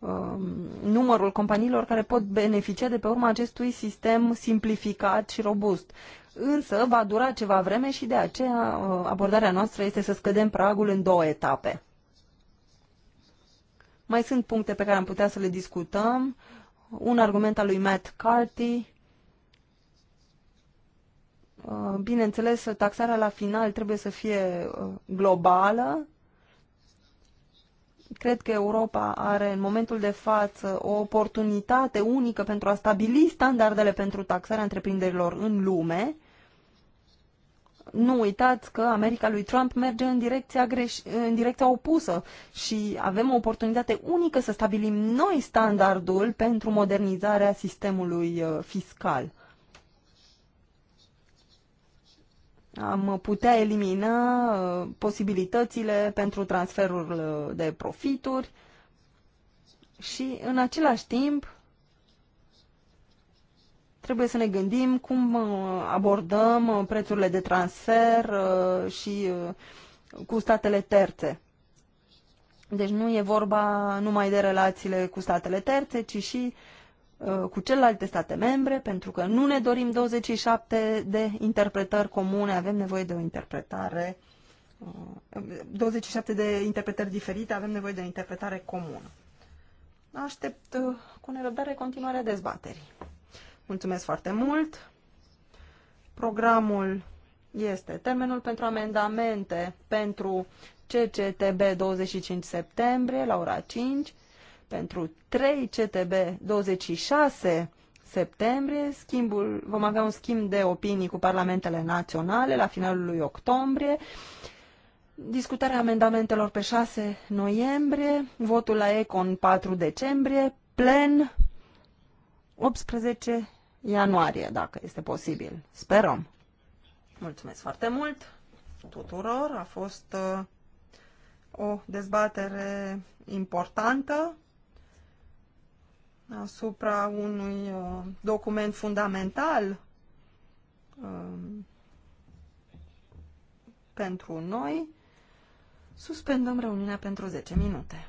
Um, numărul companiilor care pot beneficia de pe urma acestui sistem simplificat și robust. Însă va dura ceva vreme și de aceea uh, abordarea noastră este să scădem pragul în două etape. Mai sunt puncte pe care am putea să le discutăm. Un argument al lui Matt Carty. Uh, bineînțeles, taxarea la final trebuie să fie uh, globală, Cred că Europa are în momentul de față o oportunitate unică pentru a stabili standardele pentru taxarea întreprinderilor în lume. Nu uitați că America lui Trump merge în direcția, greș- în direcția opusă și avem o oportunitate unică să stabilim noi standardul pentru modernizarea sistemului uh, fiscal. am putea elimina uh, posibilitățile pentru transferul uh, de profituri și în același timp trebuie să ne gândim cum uh, abordăm prețurile de transfer și cu statele terțe. Deci nu e vorba numai de relațiile cu statele terțe, ci și uh, Uh, cu celelalte state membre, pentru că nu ne dorim 27 de interpretări comune, avem nevoie de o interpretare, 27 uh, de interpretări diferite, avem nevoie de o interpretare comună. Aștept uh, cu nerăbdare continuarea dezbaterii. Mulțumesc foarte mult! Programul este termenul pentru amendamente pentru CCTB 25 septembrie la ora 5 pentru 3 CTB 26 septembrie, schimbul, vom avea un schimb de opinii cu parlamentele naționale la finalul lui octombrie, discutarea amendamentelor pe 6 noiembrie, votul la ECON 4 decembrie, plen 18 ianuarie, dacă este posibil. Sperăm. Mulțumesc foarte mult tuturor. A fost uh, o dezbatere importantă asupra unui uh, document fundamental uh, pentru noi. Suspendăm reuniunea pentru 10 minute.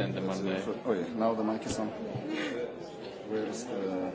understand them, Oh yeah, now the mic is on. Where is the...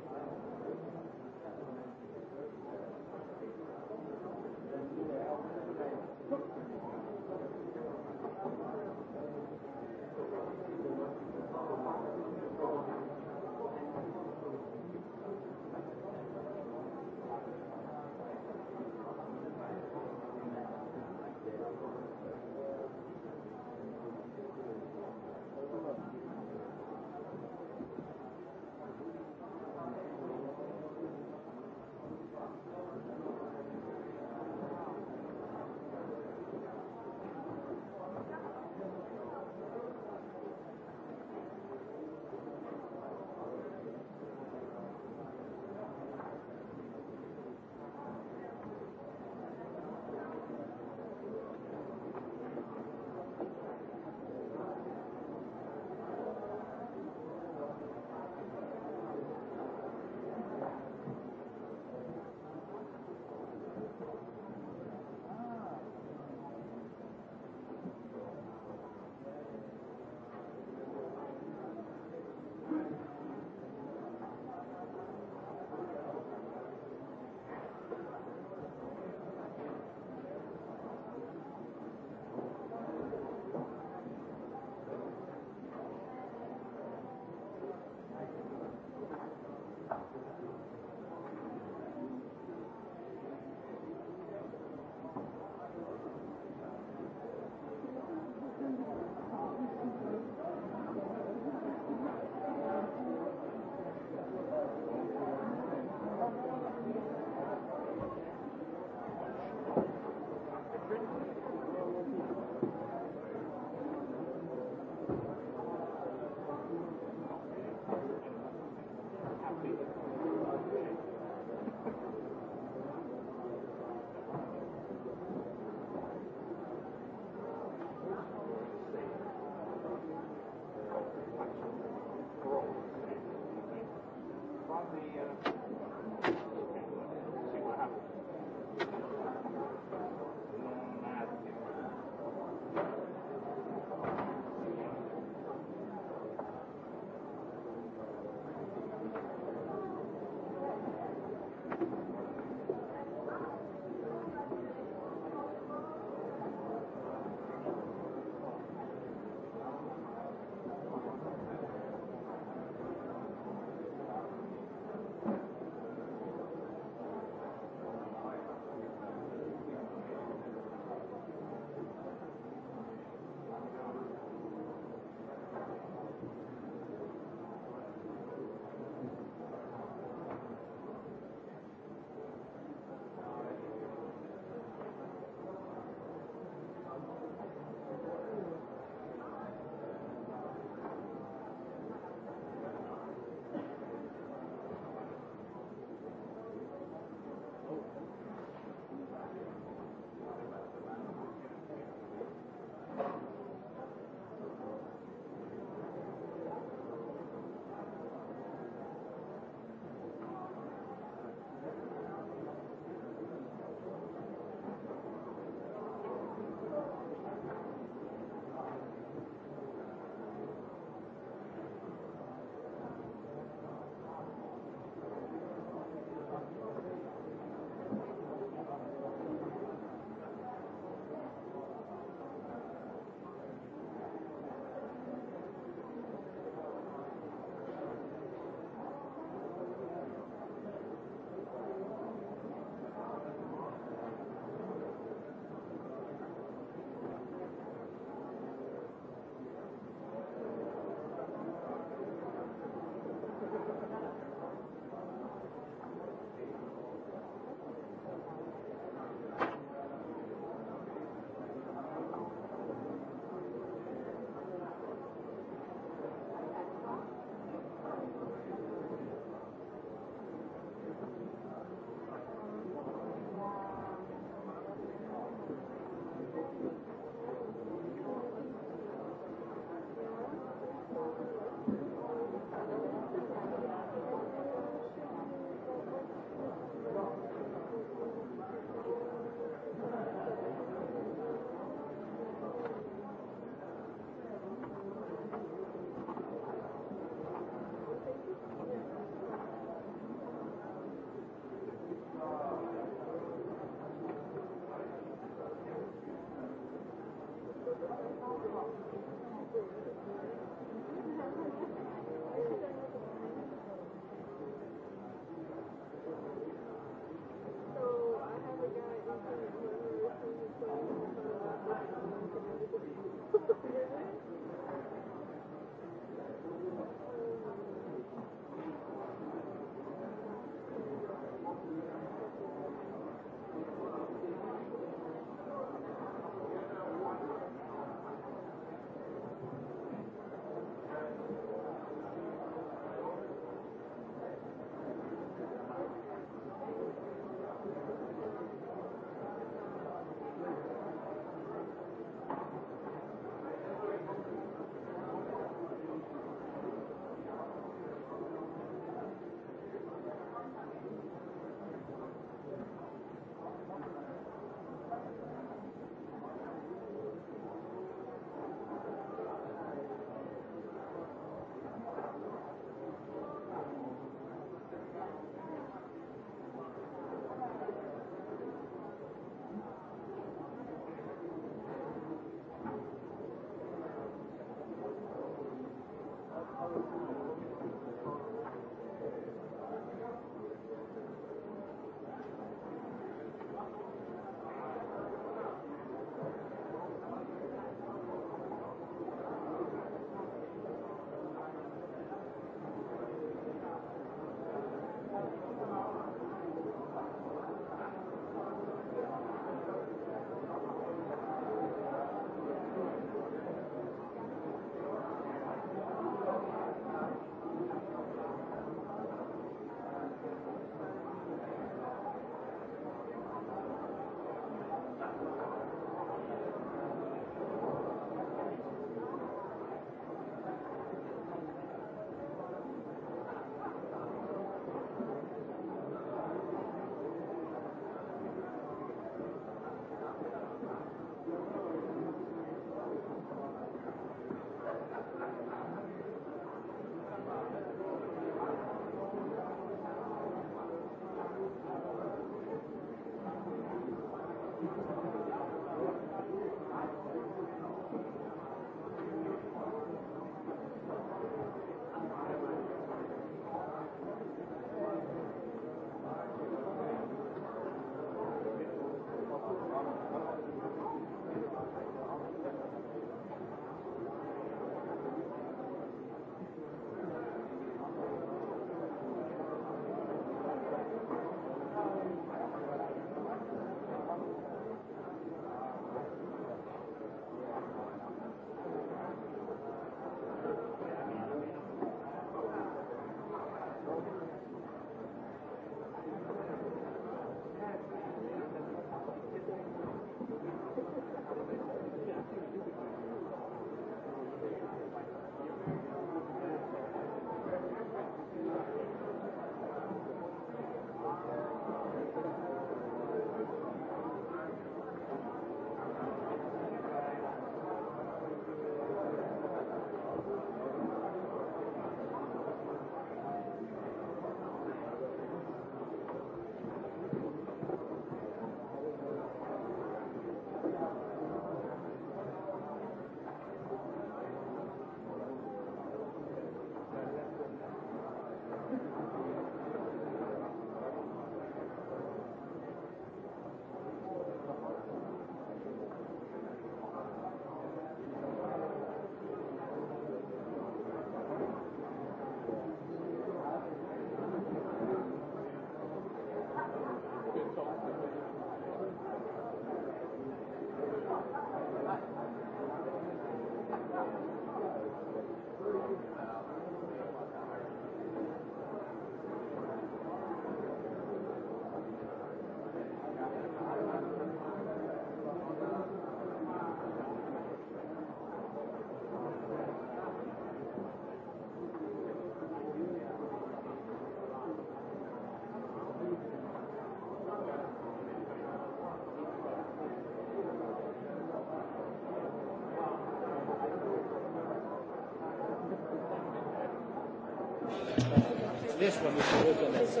this one was can vote on it. So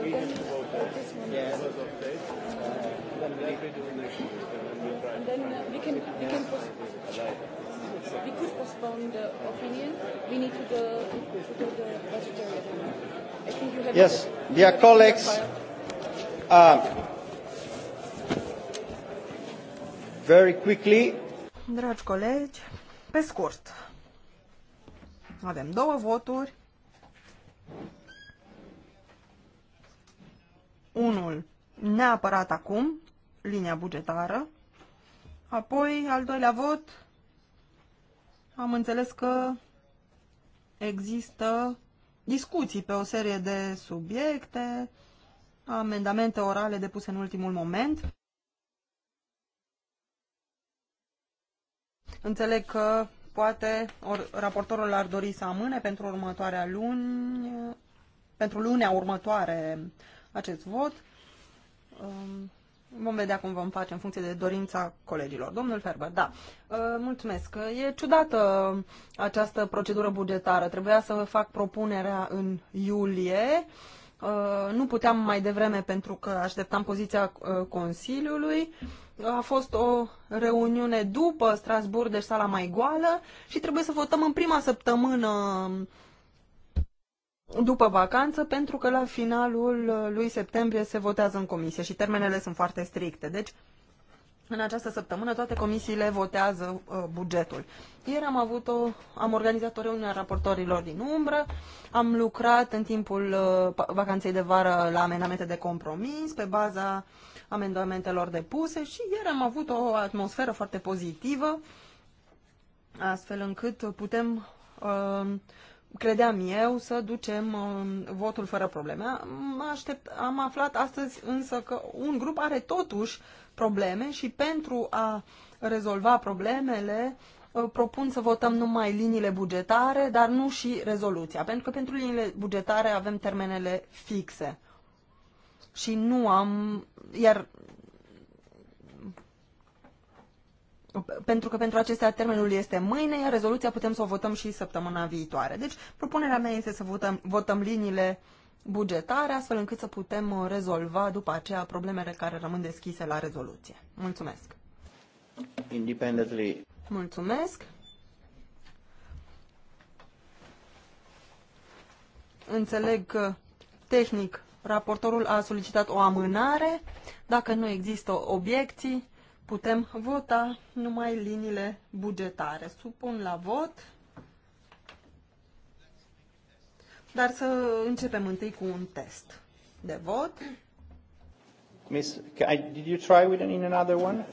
Yeah. Uh, then we can do next And then we can we can postpone. We could postpone the opinion. We need to do to the vegetarian. I think you have. Yes, dear colleagues. Uh, very quickly. Dragi colegi, pe scurt, avem două voturi unul neapărat acum, linia bugetară, apoi al doilea vot, am înțeles că există discuții pe o serie de subiecte, amendamente orale depuse în ultimul moment. Înțeleg că poate or, raportorul ar dori să amâne pentru următoarea luni, pentru lunea următoare acest vot. Um, vom vedea cum vom face în funcție de dorința colegilor. Domnul Ferber, da, uh, mulțumesc. E ciudată această procedură bugetară. Trebuia să vă fac propunerea în iulie. Uh, nu puteam mai devreme pentru că așteptam poziția uh, Consiliului. A fost o reuniune după Strasburg, deci sala mai goală și trebuie să votăm în prima săptămână după vacanță, pentru că la finalul lui septembrie se votează în comisie și termenele sunt foarte stricte. Deci, în această săptămână toate comisiile votează uh, bugetul. Ieri am avut o, am organizat o reuniune a raportorilor din umbră, am lucrat în timpul uh, vacanței de vară la amendamente de compromis pe baza amendamentelor depuse și ieri am avut o atmosferă foarte pozitivă, astfel încât putem uh, credeam eu, să ducem um, votul fără probleme. Am, aștept, am aflat astăzi însă că un grup are totuși probleme și pentru a rezolva problemele uh, propun să votăm numai liniile bugetare, dar nu și rezoluția, pentru că pentru liniile bugetare avem termenele fixe. Și nu am, iar pentru că pentru acestea termenul este mâine, iar rezoluția putem să o votăm și săptămâna viitoare. Deci, propunerea mea este să votăm, votăm liniile bugetare, astfel încât să putem uh, rezolva după aceea problemele care rămân deschise la rezoluție. Mulțumesc! Independently. Mulțumesc! Înțeleg că tehnic raportorul a solicitat o amânare. Dacă nu există obiecții, putem vota numai liniile bugetare. Supun la vot, dar să începem întâi cu un test de vot. Miss, I, did you try with an, in another one?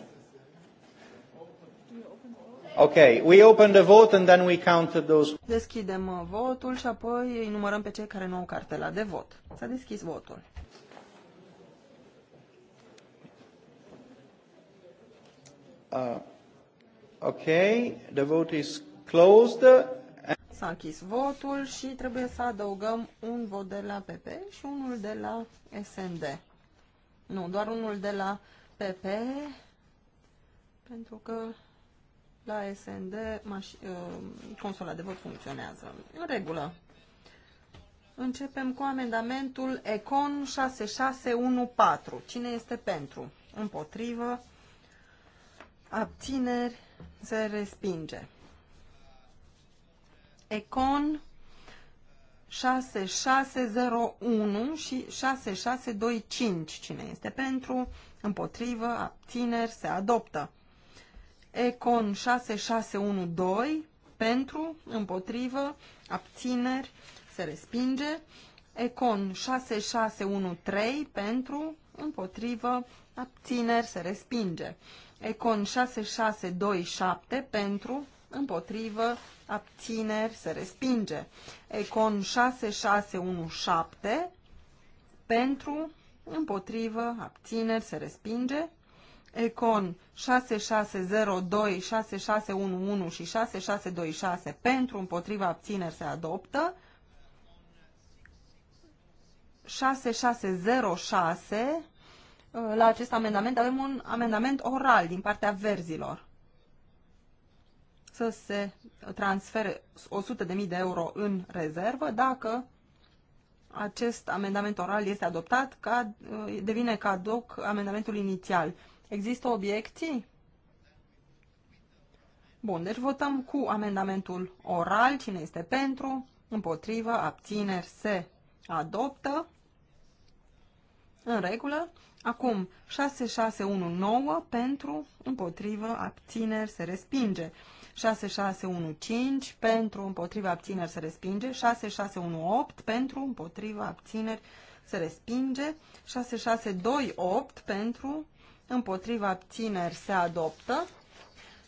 Okay, we open the vote and then we counted those. Deschidem uh, votul și apoi îi numărăm pe cei care nu au cartela de vot. S-a deschis votul. Uh, ok, the vote is closed. S-a închis votul și trebuie să adăugăm un vot de la PP și unul de la SND. Nu, doar unul de la PP, pentru că la SND uh, consola de vot funcționează. În regulă. Începem cu amendamentul Econ 6614. Cine este pentru? Împotrivă? abțineri, se respinge. Econ 6601 și 6625, cine este pentru, împotrivă, abțineri, se adoptă. Econ 6612, pentru, împotrivă, abțineri, se respinge. Econ 6613, pentru, împotrivă, abțineri, se respinge. Econ 6627 pentru, împotrivă, abțineri, se respinge. Econ 6617 pentru, împotrivă, abțineri, se respinge. Econ 6602, 6611 și 6626 pentru, împotriva, abțineri, se adoptă. 6606 Uh, la acest amendament avem un amendament oral din partea verzilor să se transfere 100.000 de euro în rezervă dacă acest amendament oral este adoptat, ca, uh, devine caduc amendamentul inițial. Există obiecții? Bun, deci votăm cu amendamentul oral. Cine este pentru? Împotrivă? Abțineri? Se adoptă. În regulă. Acum, 6619 pentru, împotrivă, abțineri, se respinge. 6615 pentru, împotrivă, abțineri, se respinge. 6618 pentru, împotrivă, abțineri, se respinge. 6628 pentru, împotrivă, abțineri, se adoptă.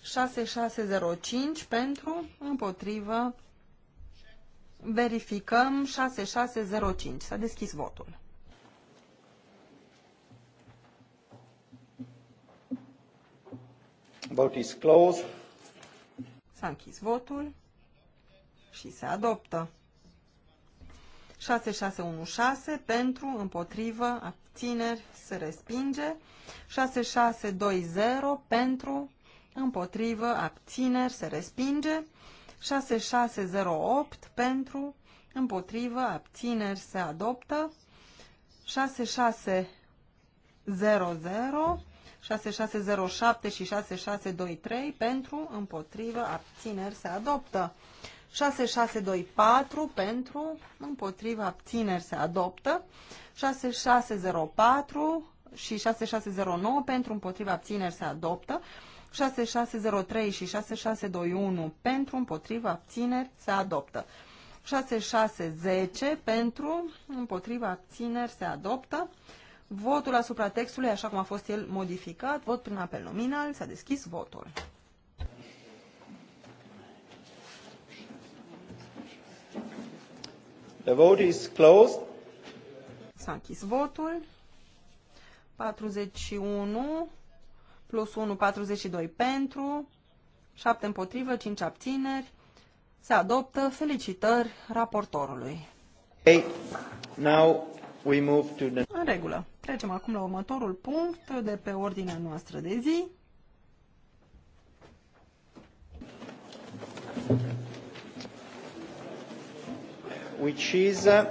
6605 pentru, împotrivă, verificăm 6605. S-a deschis votul. Vote is closed. S-a închis votul și se adoptă. 6616 pentru, împotrivă, abțineri, se respinge. 6620 pentru, împotrivă, abțineri, se respinge. 6608 pentru, împotrivă, abțineri, se adoptă. 6600 6607 și 6623 pentru, împotrivă, abțineri se adoptă. 6624 pentru, împotrivă, abțineri se adoptă. 6604 și 6609 pentru, împotrivă, abțineri se adoptă. 6603 și 6621 pentru, împotrivă, abțineri se adoptă. 6610 pentru, împotrivă, abțineri se adoptă, Votul asupra textului, așa cum a fost el modificat, vot prin apel nominal, s-a deschis votul. The vote is closed. S-a închis votul. 41 plus 1, 42 pentru, 7 împotrivă, 5 abțineri. Se adoptă. Felicitări raportorului. Okay. Now we move to the... În regulă. Trecem acum la următorul punct de pe ordinea noastră de zi. Which is uh,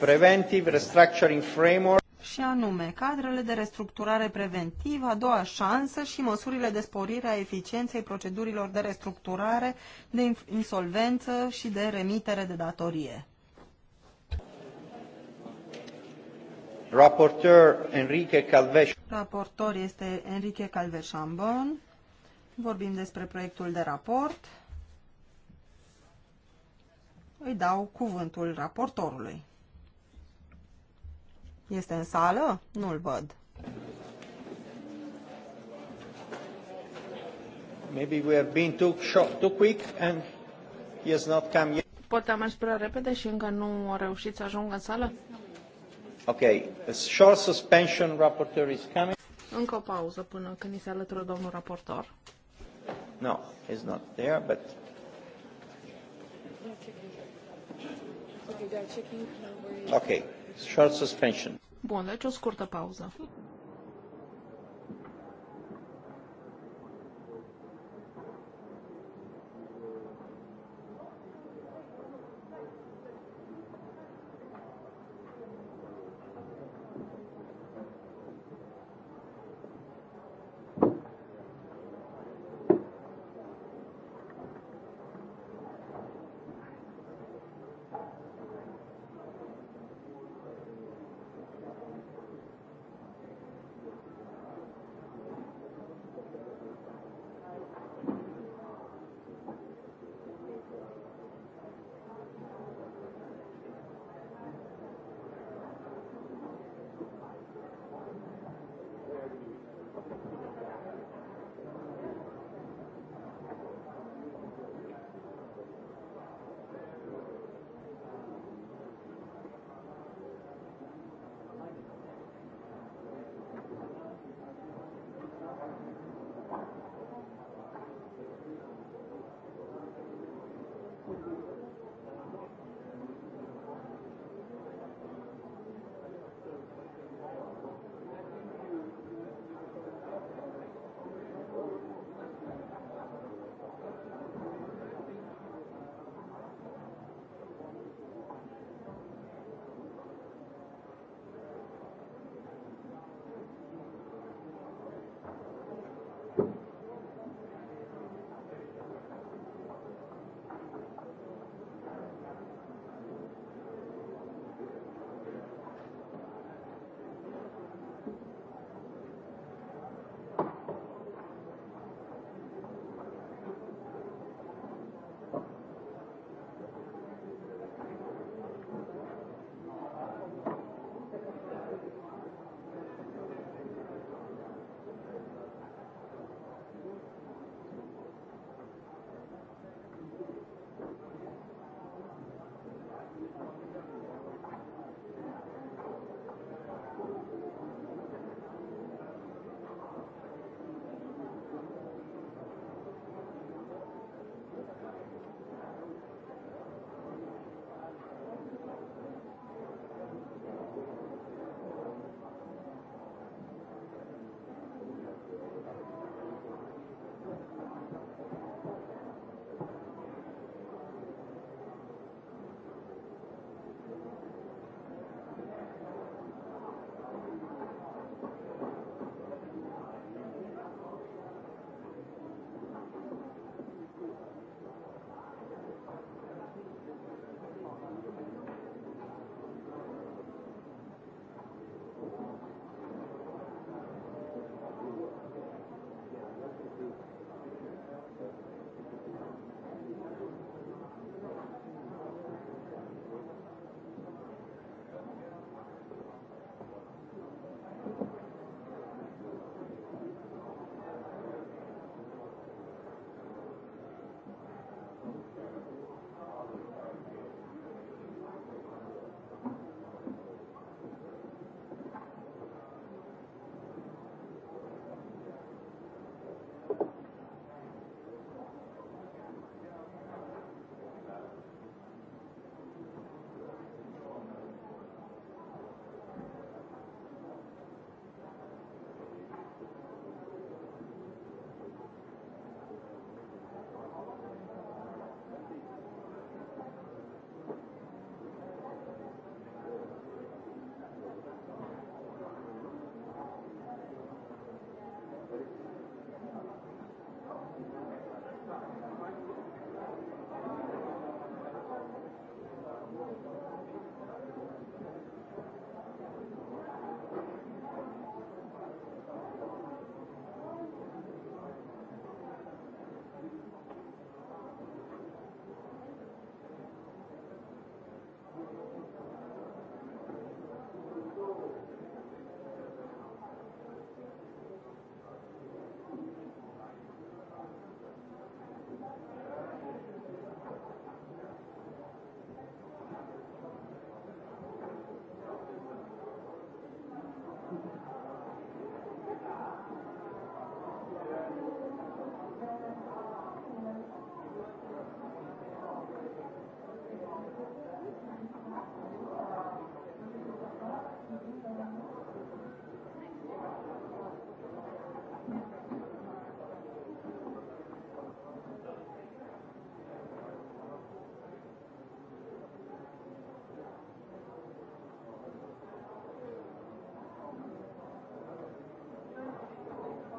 Preventive Restructuring Framework și anume cadrele de restructurare preventivă, a doua șansă și măsurile de sporire a eficienței procedurilor de restructurare, de insolvență și de remitere de datorie. Raportor Enrique Calveș. Raportor este Enrique Calveșambon. Vorbim despre proiectul de raport. Îi dau cuvântul raportorului. Este în sală? Nu-l văd. Maybe we have been too short, too quick and he has not come yet. Poate am mers prea repede și încă nu a reușit să ajungă în sală? Okay, a short suspension, rapporteur is coming. Încă o pauză până când ni se alătură domnul raportor. No, he's not there, but... Okay, short suspension. Bun, deci o scurtă pauză.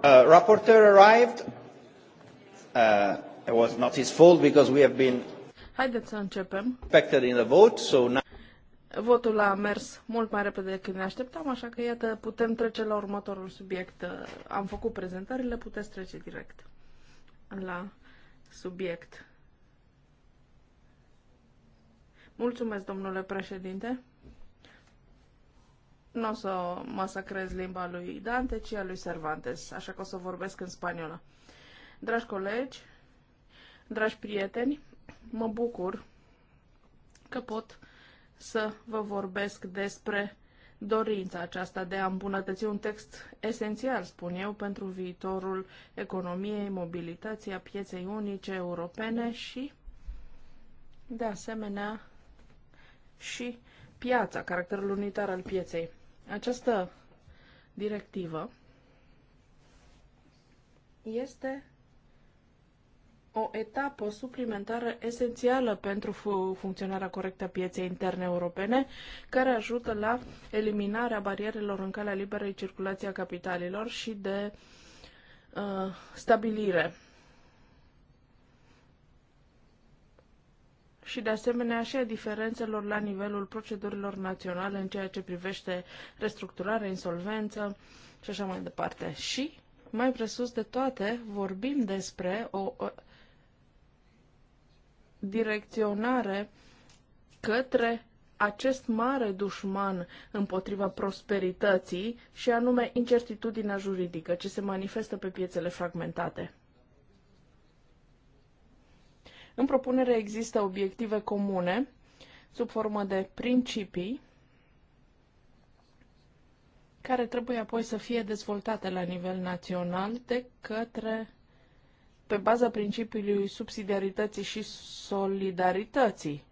Uh, rapporteur arrived. Uh, it was not his fault because we have been Haideți să începem. Expected in the vote, so now... Votul a mers mult mai repede decât ne așteptam, așa că iată, putem trece la următorul subiect. Uh, am făcut prezentările, puteți trece direct la subiect. Mulțumesc, domnule președinte nu o să masacrez limba lui Dante, ci a lui Cervantes, așa că o să vorbesc în spaniolă. Dragi colegi, dragi prieteni, mă bucur că pot să vă vorbesc despre dorința aceasta de a îmbunătăți un text esențial, spun eu, pentru viitorul economiei, mobilității, a pieței unice europene și, de asemenea, și piața, caracterul unitar al pieței. Această directivă este o etapă suplimentară esențială pentru funcționarea corectă a pieței interne europene, care ajută la eliminarea barierelor în calea liberei circulației a capitalilor și de uh, stabilire și de asemenea și a diferențelor la nivelul procedurilor naționale în ceea ce privește restructurare, insolvență și așa mai departe. Și, mai presus de toate, vorbim despre o, o direcționare către acest mare dușman împotriva prosperității și anume incertitudinea juridică ce se manifestă pe piețele fragmentate. În propunere există obiective comune sub formă de principii care trebuie apoi să fie dezvoltate la nivel național de către pe baza principiului subsidiarității și solidarității.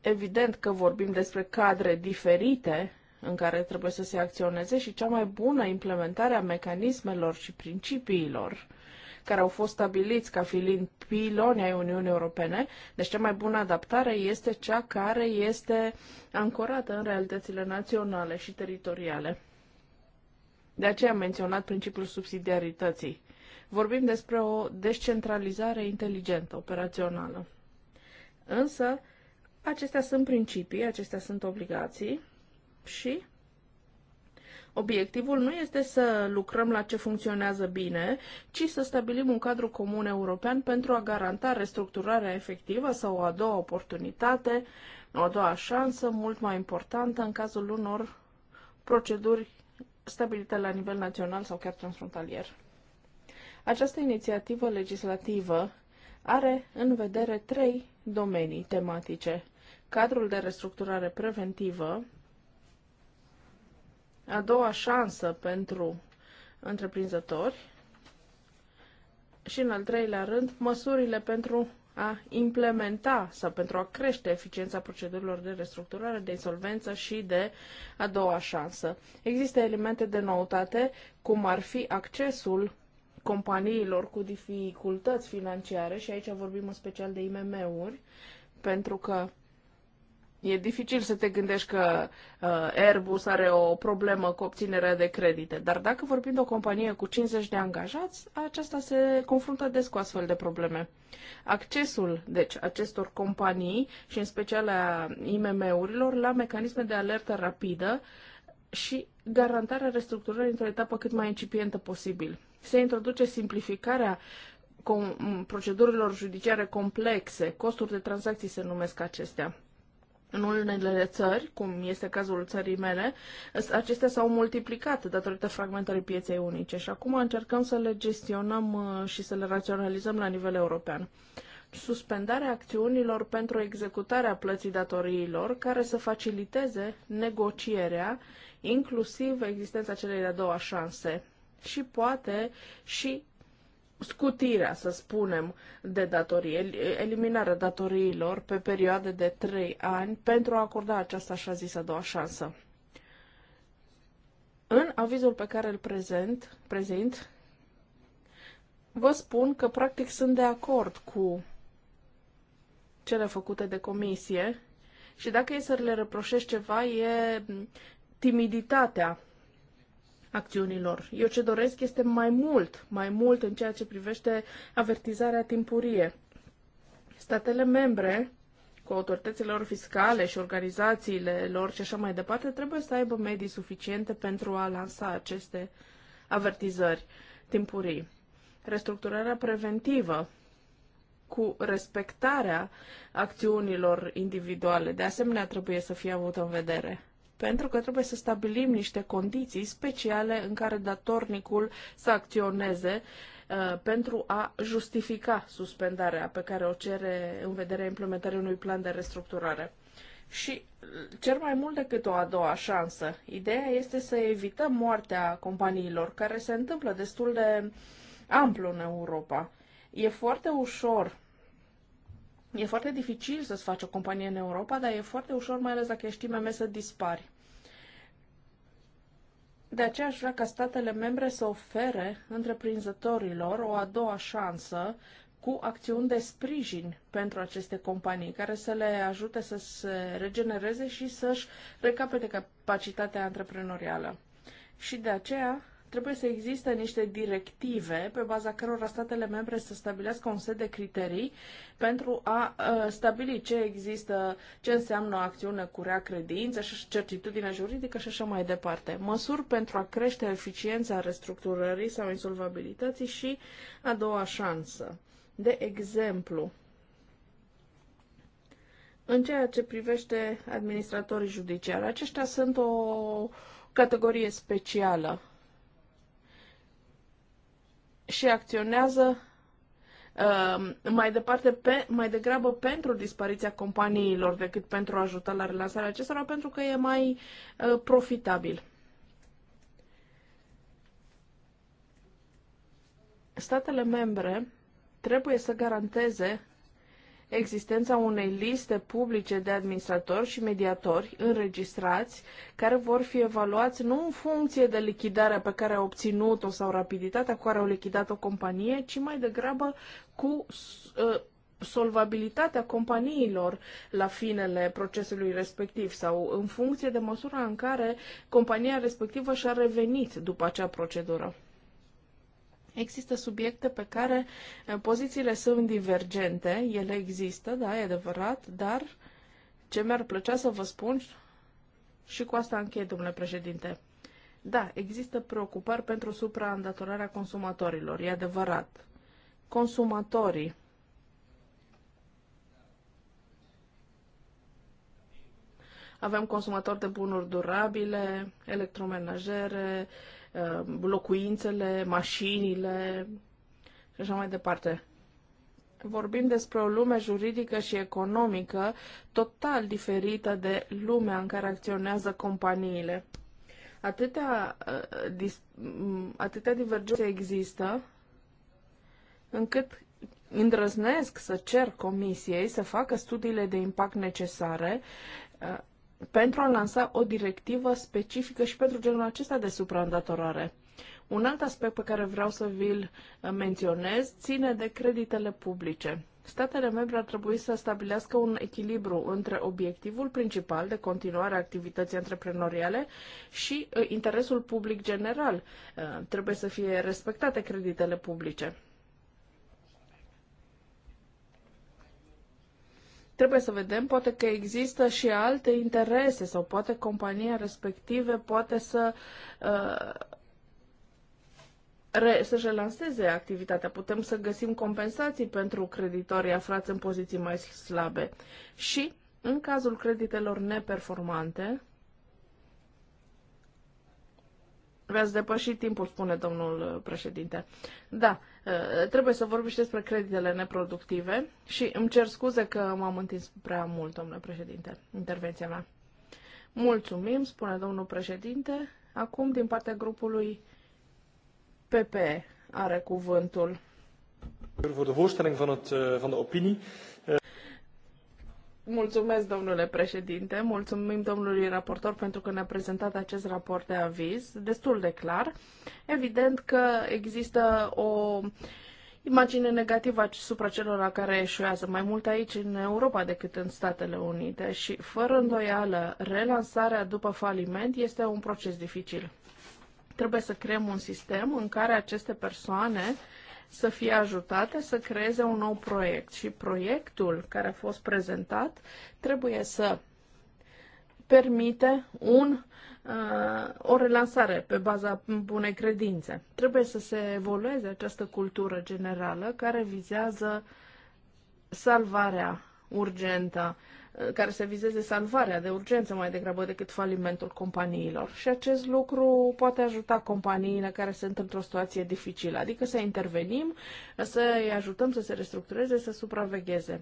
Evident că vorbim despre cadre diferite în care trebuie să se acționeze și cea mai bună implementare a mecanismelor și principiilor care au fost stabiliți ca fiind piloni ai Uniunii Europene. Deci cea mai bună adaptare este cea care este ancorată în realitățile naționale și teritoriale. De aceea am menționat principiul subsidiarității. Vorbim despre o descentralizare inteligentă, operațională. Însă, acestea sunt principii, acestea sunt obligații și Obiectivul nu este să lucrăm la ce funcționează bine, ci să stabilim un cadru comun european pentru a garanta restructurarea efectivă sau o a doua oportunitate, o a doua șansă mult mai importantă în cazul unor proceduri stabilite la nivel național sau chiar transfrontalier. Această inițiativă legislativă are în vedere trei domenii tematice. Cadrul de restructurare preventivă, a doua șansă pentru întreprinzători și, în al treilea rând, măsurile pentru a implementa sau pentru a crește eficiența procedurilor de restructurare, de insolvență și de a doua șansă. Există elemente de noutate, cum ar fi accesul companiilor cu dificultăți financiare, și aici vorbim în special de IMM-uri, pentru că E dificil să te gândești că uh, Airbus are o problemă cu obținerea de credite, dar dacă vorbim de o companie cu 50 de angajați, aceasta se confruntă des cu astfel de probleme. Accesul, deci, acestor companii și în special a IMM-urilor la mecanisme de alertă rapidă și garantarea restructurării într-o etapă cât mai incipientă posibil. Se introduce simplificarea procedurilor judiciare complexe, costuri de tranzacții se numesc acestea în unele țări, cum este cazul țării mele, acestea s-au multiplicat datorită fragmentării pieței unice și acum încercăm să le gestionăm uh, și să le raționalizăm la nivel european suspendarea acțiunilor pentru executarea plății datoriilor care să faciliteze negocierea, inclusiv existența celei de-a doua șanse și poate și scutirea, să spunem, de datorie, eliminarea datoriilor pe perioade de 3 ani pentru a acorda această așa zisă a doua șansă. În avizul pe care îl prezent, prezint, vă spun că practic sunt de acord cu cele făcute de comisie și dacă e să le reproșești ceva, e timiditatea acțiunilor. Eu ce doresc este mai mult, mai mult în ceea ce privește avertizarea timpurie. Statele membre cu autoritățile lor fiscale și organizațiile lor și așa mai departe, trebuie să aibă medii suficiente pentru a lansa aceste avertizări timpurii. Restructurarea preventivă cu respectarea acțiunilor individuale, de asemenea, trebuie să fie avută în vedere pentru că trebuie să stabilim niște condiții speciale în care datornicul să acționeze uh, pentru a justifica suspendarea pe care o cere în vederea implementării unui plan de restructurare. Și cer mai mult decât o a doua șansă. Ideea este să evităm moartea companiilor, care se întâmplă destul de amplu în Europa. E foarte ușor E foarte dificil să-ți faci o companie în Europa, dar e foarte ușor, mai ales dacă ești IMM, să dispari. De aceea aș vrea ca statele membre să ofere întreprinzătorilor o a doua șansă cu acțiuni de sprijin pentru aceste companii, care să le ajute să se regenereze și să-și recapete capacitatea antreprenorială. Și de aceea trebuie să existe niște directive pe baza cărora statele membre să stabilească un set de criterii pentru a uh, stabili ce există, ce înseamnă o acțiune cu rea credință și certitudine juridică și așa mai departe. Măsuri pentru a crește eficiența restructurării sau insolvabilității și a doua șansă. De exemplu, în ceea ce privește administratorii judiciari, aceștia sunt o categorie specială și acționează uh, mai departe, pe, mai degrabă pentru dispariția companiilor decât pentru a ajuta la relansarea acestora, pentru că e mai uh, profitabil. Statele membre trebuie să garanteze existența unei liste publice de administratori și mediatori înregistrați, care vor fi evaluați nu în funcție de lichidarea pe care a obținut-o sau rapiditatea cu care au lichidat o companie, ci mai degrabă cu uh, solvabilitatea companiilor la finele procesului respectiv sau în funcție de măsura în care compania respectivă și-a revenit după acea procedură. Există subiecte pe care eh, pozițiile sunt divergente, ele există, da, e adevărat, dar ce mi-ar plăcea să vă spun și cu asta închei, domnule președinte. Da, există preocupări pentru supraîndatorarea consumatorilor, e adevărat. Consumatorii Avem consumatori de bunuri durabile, electromenajere, uh, Uh, locuințele, mașinile și așa mai departe. Vorbim despre o lume juridică și economică total diferită de lumea în care acționează companiile. Atâtea, uh, mm, atâtea divergențe există încât îndrăznesc să cer comisiei să facă studiile de impact necesare uh, pentru a lansa o directivă specifică și pentru genul acesta de supraîndatorare. Un alt aspect pe care vreau să vi-l uh, menționez ține de creditele publice. Statele membre ar trebui să stabilească un echilibru între obiectivul principal de continuare a activității antreprenoriale și uh, interesul public general. Uh, trebuie să fie respectate creditele publice. Trebuie să vedem, poate că există și alte interese sau poate compania respective poate să uh, re, să-și relanseze activitatea. Putem să găsim compensații pentru creditorii aflați în poziții mai slabe. Și, în cazul creditelor neperformante, Trebuie ați depășit timpul, spune domnul uh, președinte. Da, uh, trebuie să vorbim și despre creditele neproductive și îmi cer scuze că m-am întins prea mult, domnule președinte, intervenția mea. Mulțumim, spune domnul președinte. Acum, din partea grupului PP, are cuvântul. Voor de voorstelling van, het, uh, van de opinie. Mulțumesc, domnule președinte, mulțumim domnului raportor pentru că ne-a prezentat acest raport de aviz, destul de clar. Evident că există o imagine negativă asupra celor la care eșuează, mai mult aici în Europa decât în Statele Unite și, fără îndoială, relansarea după faliment este un proces dificil. Trebuie să creăm un sistem în care aceste persoane să fie ajutate să creeze un nou proiect și proiectul care a fost prezentat trebuie să permite un, uh, o relansare pe baza bunei credințe. Trebuie să se evolueze această cultură generală care vizează salvarea urgentă Eh, care se vizeze salvarea de urgență mai degrabă decât falimentul companiilor. Și acest lucru poate ajuta companiile care sunt într-o situație dificilă, adică să intervenim, să îi ajutăm să se restructureze, să supravegheze.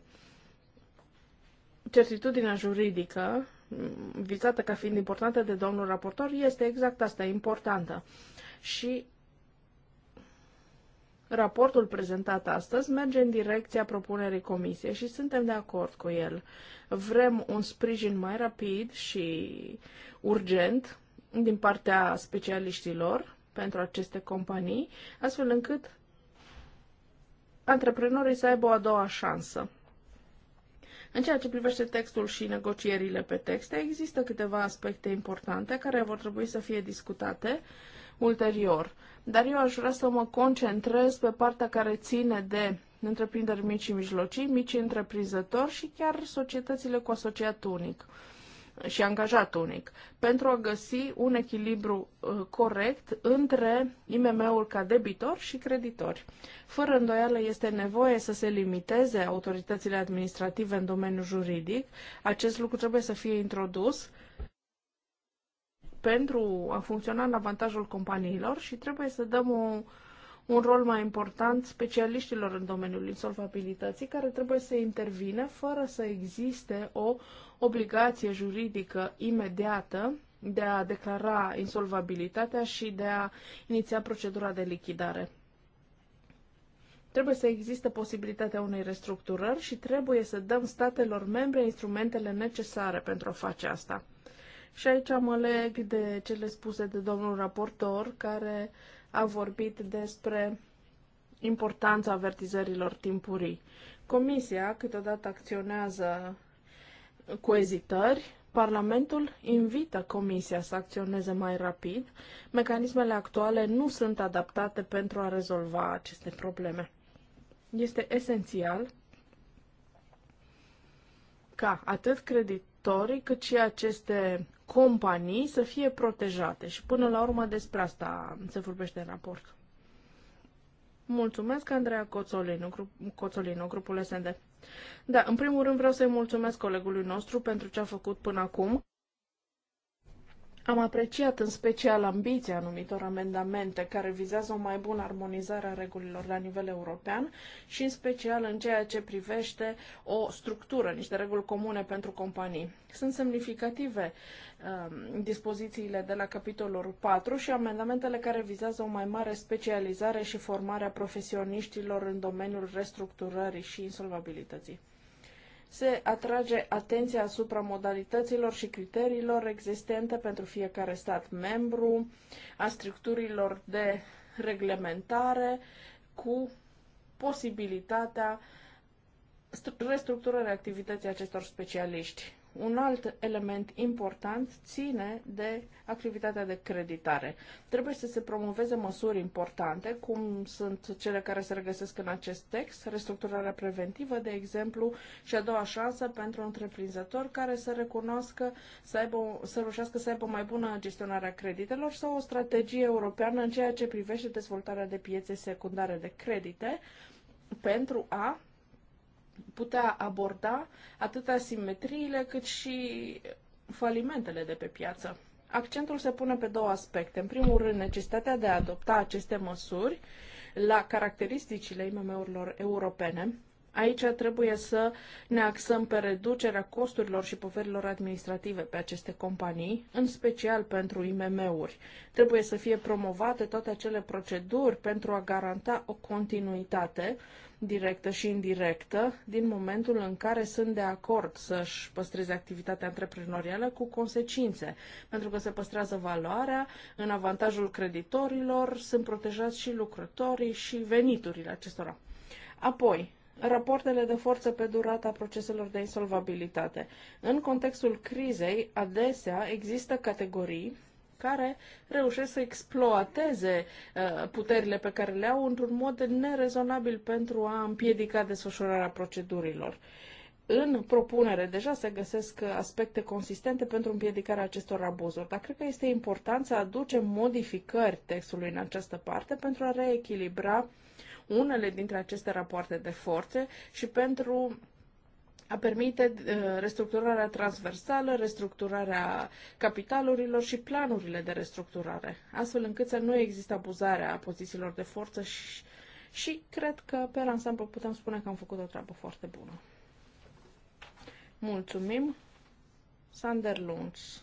Certitudinea juridică, mm, vizată ca fiind importantă de domnul raportor, este exact asta, importantă. Și Raportul prezentat astăzi merge în direcția propunerii comisiei și suntem de acord cu el. Vrem un sprijin mai rapid și urgent din partea specialiștilor pentru aceste companii, astfel încât antreprenorii să aibă o a doua șansă. În ceea ce privește textul și negocierile pe texte, există câteva aspecte importante care vor trebui să fie discutate ulterior. Dar eu aș vrea să mă concentrez pe partea care ține de întreprinderi mici și mijlocii, mici întreprinzători și chiar societățile cu asociat unic și angajat unic, pentru a găsi un echilibru uh, corect între IMM-ul ca debitor și creditori. Fără îndoială este nevoie să se limiteze autoritățile administrative în domeniul juridic. Acest lucru trebuie să fie introdus pentru a funcționa în avantajul companiilor și trebuie să dăm o, un rol mai important specialiștilor în domeniul insolvabilității care trebuie să intervină fără să existe o obligație juridică imediată de a declara insolvabilitatea și de a iniția procedura de lichidare. Trebuie să existe posibilitatea unei restructurări și trebuie să dăm statelor membre instrumentele necesare pentru a face asta. Și aici mă leg de cele spuse de domnul raportor, care a vorbit despre importanța avertizărilor timpurii. Comisia câteodată acționează cu ezitări, Parlamentul invită Comisia să acționeze mai rapid. Mecanismele actuale nu sunt adaptate pentru a rezolva aceste probleme. Este esențial ca atât creditorii cât și aceste companii să fie protejate. Și până la urmă despre asta se vorbește în raport. Mulțumesc, Andreea Coțolinu, grup, Coțolinu grupul SND. Da, în primul rând vreau să-i mulțumesc colegului nostru pentru ce a făcut până acum. Am apreciat în special ambiția anumitor amendamente care vizează o mai bună armonizare a regulilor la nivel european și în special în ceea ce privește o structură, niște reguli comune pentru companii. Sunt semnificative uh, dispozițiile de la capitolul 4 și amendamentele care vizează o mai mare specializare și formare a profesioniștilor în domeniul restructurării și insolvabilității se atrage atenția asupra modalităților și criteriilor existente pentru fiecare stat membru, a structurilor de reglementare cu posibilitatea restructurării activității acestor specialiști. Un alt element important ține de activitatea de creditare. Trebuie să se promoveze măsuri importante, cum sunt cele care se regăsesc în acest text, restructurarea preventivă, de exemplu, și a doua șansă pentru întreprinzători care să recunoască, să, aibă, să reușească să aibă mai bună gestionarea creditelor sau o strategie europeană în ceea ce privește dezvoltarea de piețe secundare de credite pentru a putea aborda atât asimetriile cât și falimentele de pe piață. Accentul se pune pe două aspecte. În primul rând, necesitatea de a adopta aceste măsuri la caracteristicile IMM-urilor europene. Aici trebuie să ne axăm pe reducerea costurilor și poverilor administrative pe aceste companii, în special pentru IMM-uri. Trebuie să fie promovate toate acele proceduri pentru a garanta o continuitate directă și indirectă, din momentul în care sunt de acord să-și păstreze activitatea antreprenorială cu consecințe, pentru că se păstrează valoarea în avantajul creditorilor, sunt protejați și lucrătorii și veniturile acestora. Apoi, rapoartele de forță pe durata proceselor de insolvabilitate. În contextul crizei, adesea există categorii care reușesc să exploateze uh, puterile pe care le au într-un mod nerezonabil pentru a împiedica desfășurarea procedurilor. În propunere deja se găsesc aspecte consistente pentru împiedicarea acestor abuzuri, dar cred că este important să aducem modificări textului în această parte pentru a reechilibra unele dintre aceste rapoarte de forțe și pentru a permite uh, restructurarea transversală, restructurarea capitalurilor și planurile de restructurare, astfel încât să nu există abuzarea pozițiilor de forță și, și cred că pe ansamblu putem spune că am făcut o treabă foarte bună. Mulțumim! Sander Luntz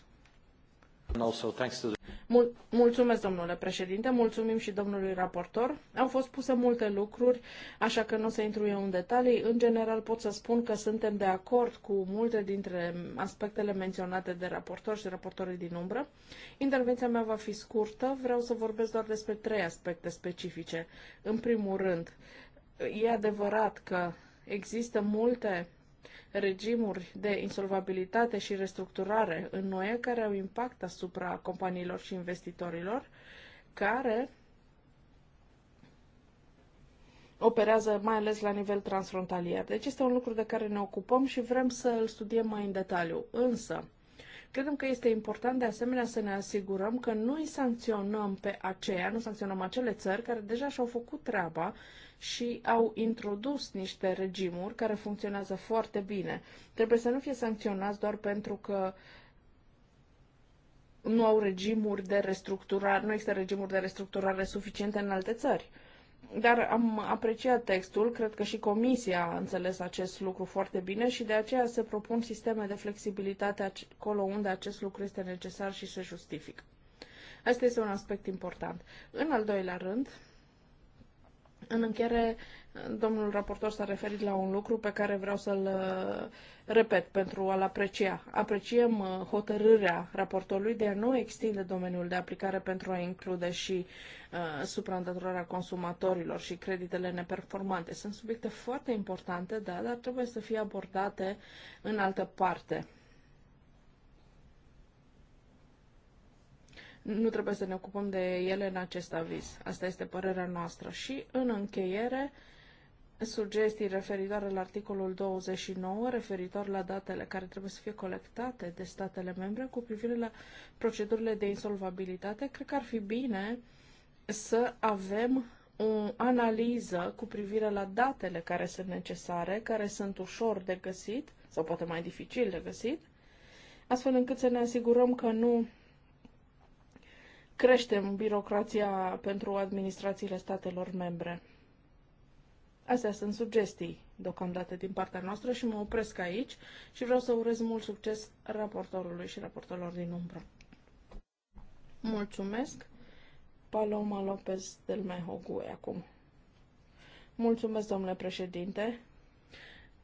mulțumesc, domnule președinte, mulțumim și domnului raportor. Au fost puse multe lucruri, așa că nu o să intru eu în detalii. În general pot să spun că suntem de acord cu multe dintre aspectele menționate de raportor și raportorii din umbră. Intervenția mea va fi scurtă, vreau să vorbesc doar despre trei aspecte specifice. În primul rând, e adevărat că există multe regimuri de insolvabilitate și restructurare în UE care au impact asupra companiilor și investitorilor care operează mai ales la nivel transfrontalier. Deci este un lucru de care ne ocupăm și vrem să îl studiem mai în detaliu. Însă, Credem că este important de asemenea să ne asigurăm că nu îi sancționăm pe aceia, nu sancționăm acele țări care deja și-au făcut treaba și au introdus niște regimuri care funcționează foarte bine. Trebuie să nu fie sancționați doar pentru că nu au regimuri de restructurare, nu există regimuri de restructurare suficiente în alte țări. Dar am apreciat textul, cred că și Comisia a înțeles acest lucru foarte bine și de aceea se propun sisteme de flexibilitate acolo unde acest lucru este necesar și se justifică. Asta este un aspect important. În al doilea rând, în încheiere, domnul raportor s-a referit la un lucru pe care vreau să-l uh, repet pentru a-l aprecia. Apreciem uh, hotărârea raportorului de a nu extinde domeniul de aplicare pentru a include și uh, supraîndatorarea consumatorilor și creditele neperformante. Sunt subiecte foarte importante, da, dar trebuie să fie abordate în altă parte. Nu trebuie să ne ocupăm de ele în acest aviz. Asta este părerea noastră. Și, în încheiere, sugestii referitoare la articolul 29, referitor la datele care trebuie să fie colectate de statele membre cu privire la procedurile de insolvabilitate, cred că ar fi bine să avem o analiză cu privire la datele care sunt necesare, care sunt ușor de găsit sau poate mai dificil de găsit, astfel încât să ne asigurăm că nu creștem birocrația pentru administrațiile statelor membre. Astea sunt sugestii deocamdată din partea noastră și mă opresc aici și vreau să urez mult succes raportorului și raportorilor din umbră. Mulțumesc! Paloma Lopez del Mehogue acum. Mulțumesc, domnule președinte!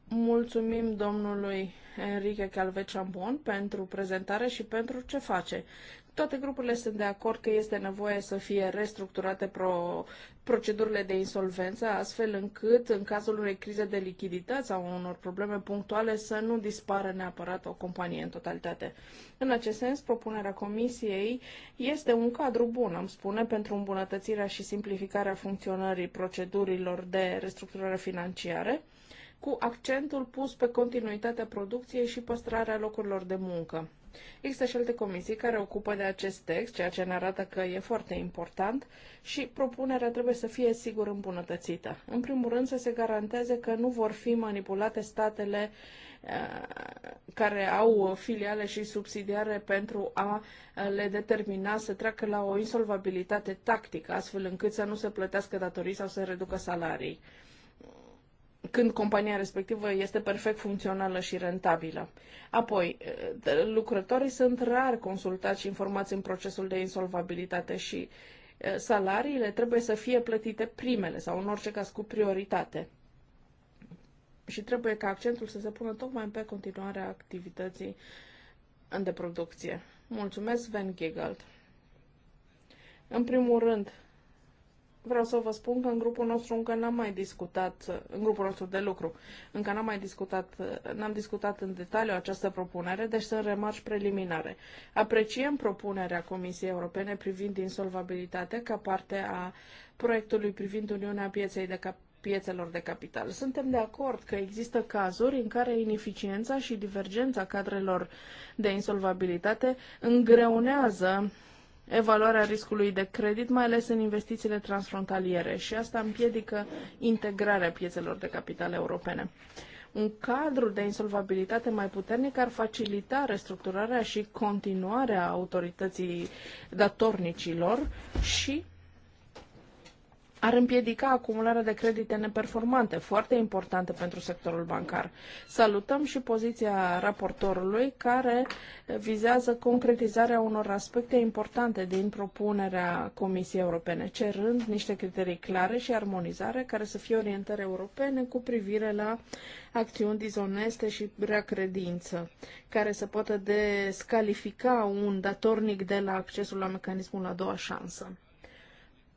Mulțumim domnului Enrique Calvechambon pentru prezentare și pentru ce face. Toate grupurile sunt de acord că este nevoie să fie restructurate pro, procedurile de insolvență, astfel încât, în cazul unei crize de lichidități sau unor probleme punctuale, să nu dispară neapărat o companie în totalitate. În acest sens, propunerea Comisiei este un cadru bun, am spune, pentru îmbunătățirea și simplificarea funcționării procedurilor de restructurare financiare cu accentul pus pe continuitatea producției și păstrarea locurilor de muncă. Există și alte comisii care ocupă de acest text, ceea ce ne arată că e foarte important și propunerea trebuie să fie sigur îmbunătățită. În primul rând să se garanteze că nu vor fi manipulate statele eh, care au filiale și subsidiare pentru a eh, le determina să treacă la o insolvabilitate tactică, astfel încât să nu se plătească datorii sau să reducă salarii când compania respectivă este perfect funcțională și rentabilă. Apoi, lucrătorii sunt rar consultați și informați în procesul de insolvabilitate și salariile trebuie să fie plătite primele sau în orice caz cu prioritate. Și trebuie ca accentul să se pună tocmai pe continuarea activității de producție. Mulțumesc, Van Giegeld. În primul rând, Vreau să vă spun că în grupul nostru încă n-am mai discutat, în grupul nostru de lucru, încă n-am mai discutat, n-am discutat în detaliu această propunere, deci sunt remarci preliminare. Apreciem propunerea Comisiei Europene privind insolvabilitatea ca parte a proiectului privind Uniunea Pieței de Cap- piețelor de capital. Suntem de acord că există cazuri în care ineficiența și divergența cadrelor de insolvabilitate îngreunează evaluarea riscului de credit, mai ales în investițiile transfrontaliere și asta împiedică integrarea piețelor de capital europene. Un cadru de insolvabilitate mai puternic ar facilita restructurarea și continuarea autorității datornicilor și ar împiedica acumularea de credite neperformante, foarte importante pentru sectorul bancar. Salutăm și poziția raportorului care vizează concretizarea unor aspecte importante din propunerea Comisiei Europene, cerând niște criterii clare și armonizare care să fie orientări europene cu privire la acțiuni dizoneste și rea credință, care să poată descalifica un datornic de la accesul la mecanismul a doua șansă.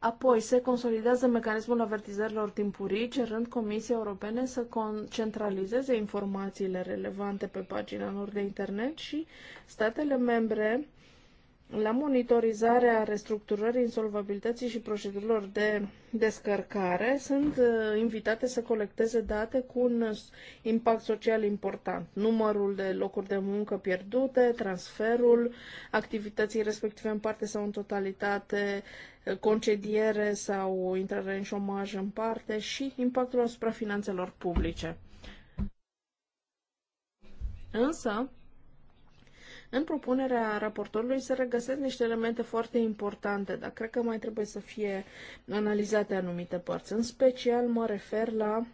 Apoi se consolidează mecanismul avertizărilor timpurii, cerând Comisiei Europene să centralizeze informațiile relevante pe pagina lor de internet și statele membre la monitorizarea restructurării insolvabilității și procedurilor de descărcare sunt uh, invitate să colecteze date cu un impact social important. Numărul de locuri de muncă pierdute, transferul activității respective în parte sau în totalitate, uh, concediere sau intrare în șomaj în parte și impactul asupra finanțelor publice. Însă, în propunerea raportorului se regăsesc niște elemente foarte importante, dar cred că mai trebuie să fie analizate anumite părți. În special mă refer la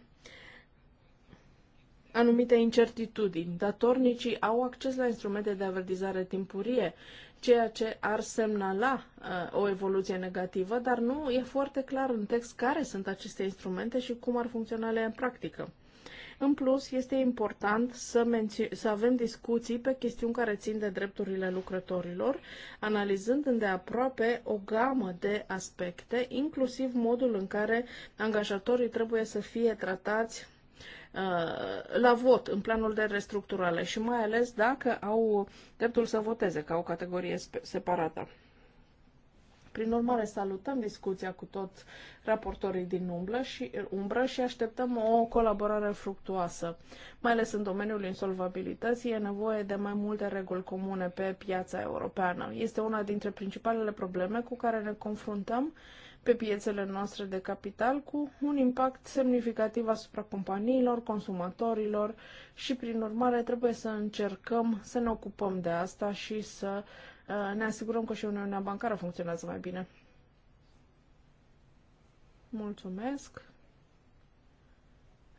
anumite incertitudini. Datornicii au acces la instrumente de avertizare timpurie, ceea ce ar semnala uh, o evoluție negativă, dar nu e foarte clar în text care sunt aceste instrumente și cum ar funcționa ele în practică. În plus, este important să, să avem discuții pe chestiuni care țin de drepturile lucrătorilor, analizând îndeaproape o gamă de aspecte, inclusiv modul în care angajatorii trebuie să fie tratați uh, la vot în planul de restructurare și mai ales dacă au dreptul să voteze ca o categorie separată. Prin urmare, salutăm discuția cu toți raportorii din umbră și, umbră și așteptăm o colaborare fructuoasă. Mai ales în domeniul insolvabilității e nevoie de mai multe reguli comune pe piața europeană. Este una dintre principalele probleme cu care ne confruntăm pe piețele noastre de capital cu un impact semnificativ asupra companiilor, consumatorilor și, prin urmare, trebuie să încercăm să ne ocupăm de asta și să Uh, ne asigurăm că și Uniunea Bancară funcționează mai bine. Mulțumesc.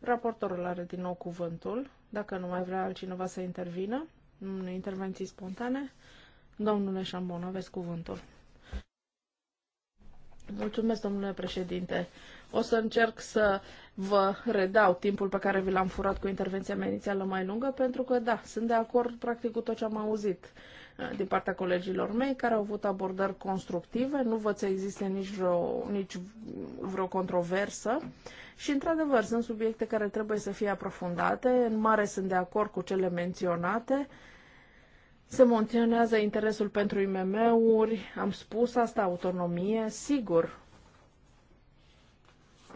Raportorul are din nou cuvântul. Dacă nu mai vrea altcineva să intervină, în intervenții spontane, domnule Șambon, aveți cuvântul. Mulțumesc, domnule președinte. O să încerc să vă redau timpul pe care vi l-am furat cu intervenția mea inițială mai lungă, pentru că, da, sunt de acord practic cu tot ce am auzit din partea colegilor mei care au avut abordări constructive, nu văd să existe nici vreo, nici vreo controversă și, într-adevăr, sunt subiecte care trebuie să fie aprofundate. În mare sunt de acord cu cele menționate. Se menționează interesul pentru IMM-uri, am spus asta, autonomie, sigur,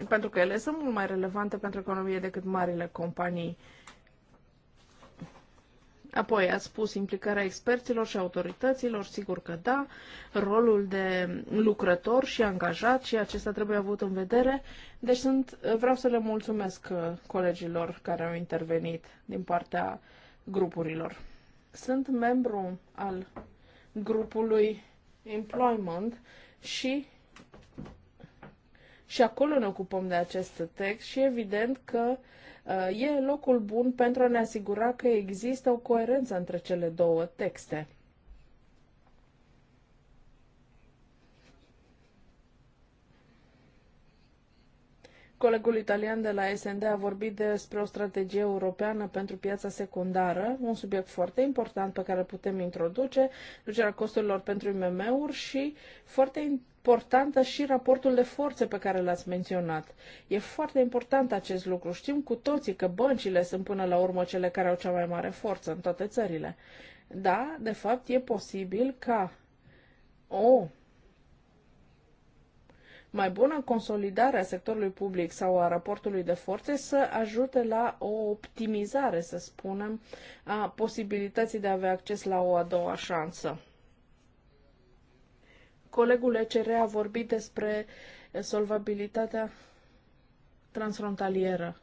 pentru că ele sunt mult mai relevante pentru economie decât marile companii. Uh, Apoi a spus implicarea experților și autorităților, sigur că da, rolul de lucrător și angajat și acesta trebuie avut în vedere. Deci sunt, vreau să le mulțumesc uh, colegilor care au intervenit din partea grupurilor. Sunt membru al grupului Employment și și acolo ne ocupăm de acest text și evident că uh, e locul bun pentru a ne asigura că există o coerență între cele două texte. Colegul italian de la SND a vorbit despre o strategie europeană pentru piața secundară, un subiect foarte important pe care putem introduce, reducerea costurilor pentru IMM-uri și foarte importantă și raportul de forțe pe care l-ați menționat. E foarte important acest lucru. Știm cu toții că băncile sunt până la urmă cele care au cea mai mare forță în toate țările. Da, de fapt, e posibil ca o mai bună consolidare a sectorului public sau a raportului de forțe să ajute la o optimizare, să spunem, a posibilității de a avea acces la o a doua șansă. Colegul ECR a vorbit despre solvabilitatea transfrontalieră,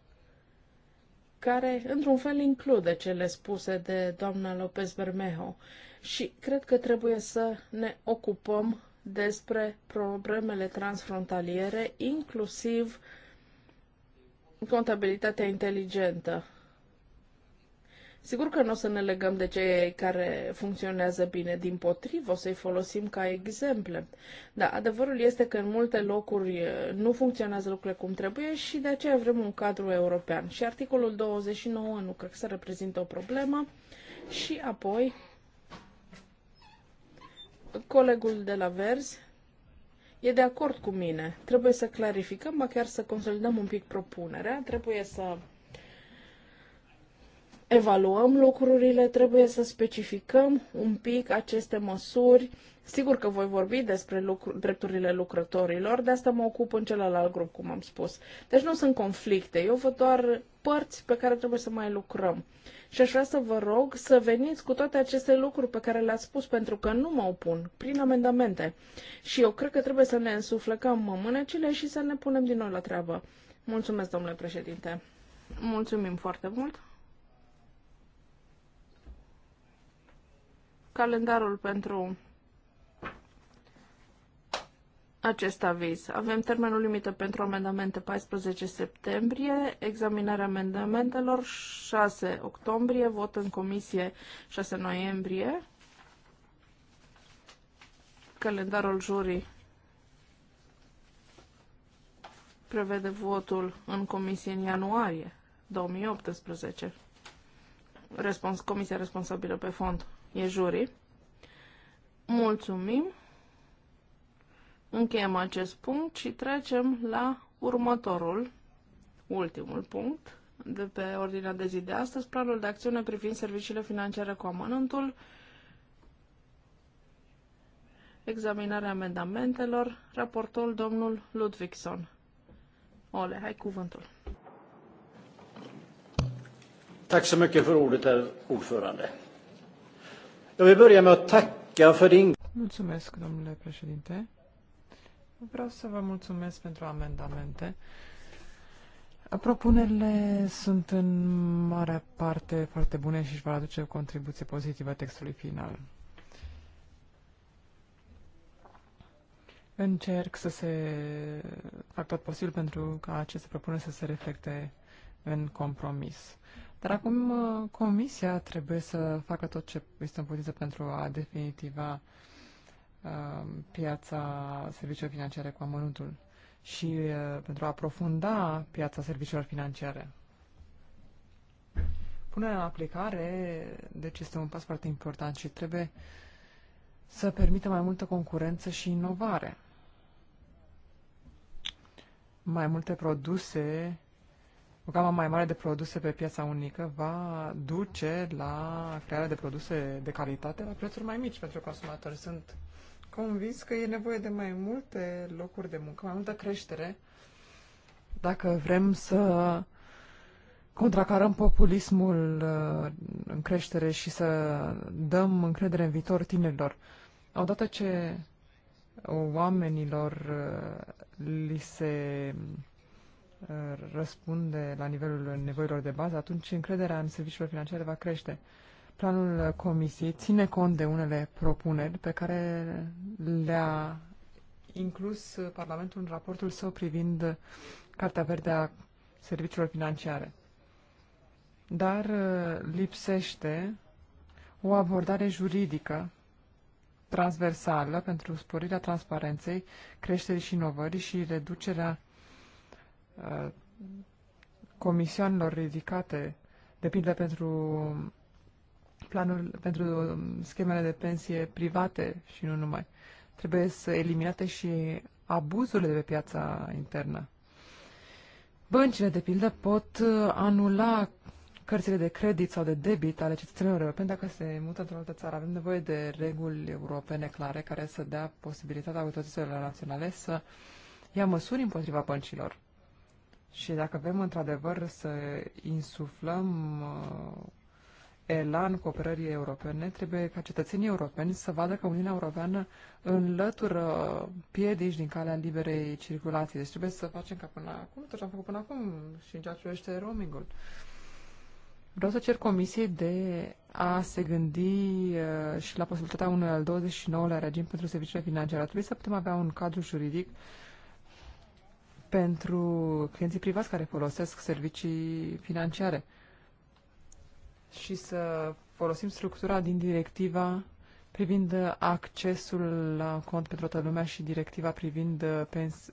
care, într-un fel, include cele spuse de doamna Lopez Bermejo. Și cred că trebuie să ne ocupăm despre problemele transfrontaliere, inclusiv contabilitatea inteligentă. Sigur că nu o să ne legăm de cei care funcționează bine, din potrivă o să-i folosim ca exemple. Da, adevărul este că în multe locuri uh, nu funcționează lucrurile cum trebuie și de aceea vrem un cadru european. Și articolul 29 nu cred că să reprezintă o problemă. Și apoi, colegul de la Verzi e de acord cu mine. Trebuie să clarificăm, ba chiar să consolidăm un pic propunerea, trebuie să evaluăm lucrurile, trebuie să specificăm un pic aceste măsuri. Sigur că voi vorbi despre lucru, drepturile lucrătorilor, de asta mă ocup în celălalt grup, cum am spus. Deci nu sunt conflicte, eu văd doar părți pe care trebuie să mai lucrăm. Și aș vrea să vă rog să veniți cu toate aceste lucruri pe care le-ați spus, pentru că nu mă opun, prin amendamente. Și eu cred că trebuie să ne însuflăcăm mânecile și să ne punem din nou la treabă. Mulțumesc, domnule președinte. Mulțumim foarte mult. calendarul pentru acest aviz. Avem termenul limită pentru amendamente 14 septembrie, examinarea amendamentelor 6 octombrie, vot în comisie 6 noiembrie, calendarul jurii prevede votul în comisie în ianuarie 2018. Respons, comisia responsabilă pe fond e jurii. Mulțumim. Încheiem acest punct și trecem la următorul, ultimul punct de pe ordinea de zi de astăzi, planul de acțiune privind serviciile financiare cu amănântul, examinarea amendamentelor, raportul domnul Ludvigson. Ole, hai cuvântul. Tack så mycket för ordet, herr ordförande. Jag vill börja med att tacka för din... Mulțumesc, domnule președinte. Vreau să vă mulțumesc pentru amendamente. Propunerile sunt în mare parte foarte bune și își va aduce o contribuție pozitivă textului final. Încerc să se fac tot posibil pentru ca aceste propuneri să se reflecte în compromis. Dar acum uh, Comisia trebuie să facă tot ce este în putință pentru a definitiva uh, piața serviciilor financiare cu amănuntul și uh, pentru a aprofunda piața serviciilor financiare. Punerea în aplicare, deci, este un pas foarte important și trebuie să permită mai multă concurență și inovare. Mai multe produse o gamă mai mare de produse pe piața unică va duce la crearea de produse de calitate la prețuri mai mici pentru consumatori. Sunt convins că e nevoie de mai multe locuri de muncă, mai multă creștere, dacă vrem să contracarăm populismul uh, în creștere și să dăm încredere în viitor tinerilor. Odată ce oamenilor uh, li se răspunde la nivelul nevoilor de bază, atunci încrederea în serviciile financiare va crește. Planul Comisiei ține cont de unele propuneri pe care le-a inclus Parlamentul în raportul său privind Cartea Verde a Serviciilor Financiare. Dar uh, lipsește o abordare juridică transversală pentru sporirea transparenței, creșterii și inovării și reducerea comisioanelor ridicate, de pildă pentru planul pentru schemele de pensie private și nu numai. Trebuie să eliminate și abuzurile de pe piața internă. Băncile, de pildă, pot anula cărțile de credit sau de debit ale cetățenilor europeni dacă se mută într-o altă țară. Avem nevoie de reguli europene clare care să dea posibilitatea autorităților naționale să ia măsuri împotriva băncilor. Și dacă vrem într-adevăr să insuflăm uh, elan cooperării europene, trebuie ca cetățenii europeni să vadă că Uniunea Europeană înlătură piedici din calea liberei circulației. Deci trebuie să facem ca până acum, tot ce am făcut până acum și în ceea ce privește roamingul. Vreau să cer comisiei de a se gândi uh, și la posibilitatea unui al 29-lea regim pentru serviciile financiare. Trebuie să putem avea un cadru juridic uh, pentru clienții privați care folosesc servicii financiare și să folosim structura din directiva privind accesul la cont pentru toată lumea și directiva privind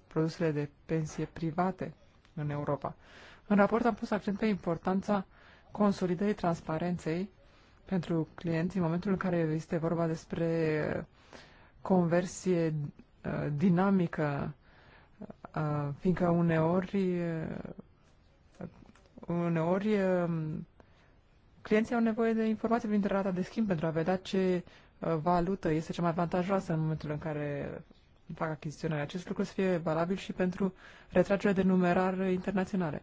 produsele de pensie private în Europa. În raport am pus accent pe importanța consolidării transparenței pentru clienți în momentul în care este vorba despre conversie uh, dinamică fiindcă uneori, uneori clienții au nevoie de informații prin rata de schimb pentru a vedea ce valută este cea mai avantajoasă în momentul în care fac achiziționarea. Acest lucru să fie valabil și pentru retragerea de numerar internaționale.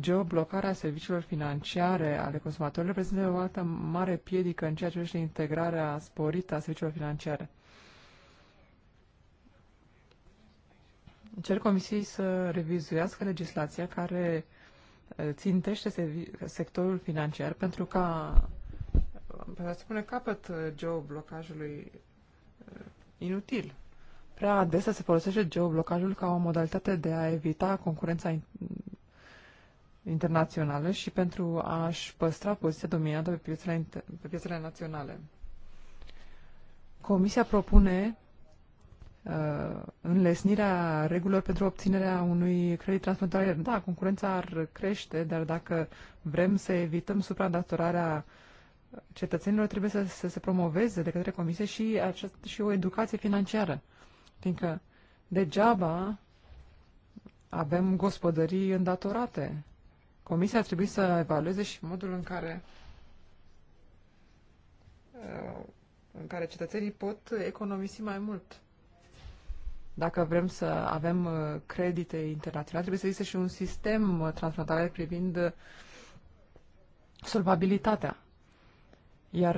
Geoblocarea serviciilor financiare ale consumatorilor reprezintă o altă mare piedică în ceea ce privește integrarea sporită a serviciilor financiare. Cer Comisiei să revizuiască legislația care uh, țintește sectorul financiar pentru ca uh, pentru a se pune capăt uh, geoblocajului inutil. Prea adesea se folosește geoblocajul ca o modalitate de a evita concurența internațională și pentru a-și păstra poziția dominantă pe piețele, pe piețele naționale. Comisia propune Uh, înlesnirea regulilor pentru obținerea unui credit transfrontalier. Da, concurența ar crește, dar dacă vrem să evităm supradatorarea cetățenilor, trebuie să, să se promoveze de către comisie și, acest, și o educație financiară. Fiindcă degeaba avem gospodării îndatorate. Comisia ar trebui să evalueze și modul în care uh, în care cetățenii pot economisi mai mult dacă vrem să avem uh, credite internaționale, trebuie să existe și un sistem uh, transfrontalier privind uh, solvabilitatea. Iar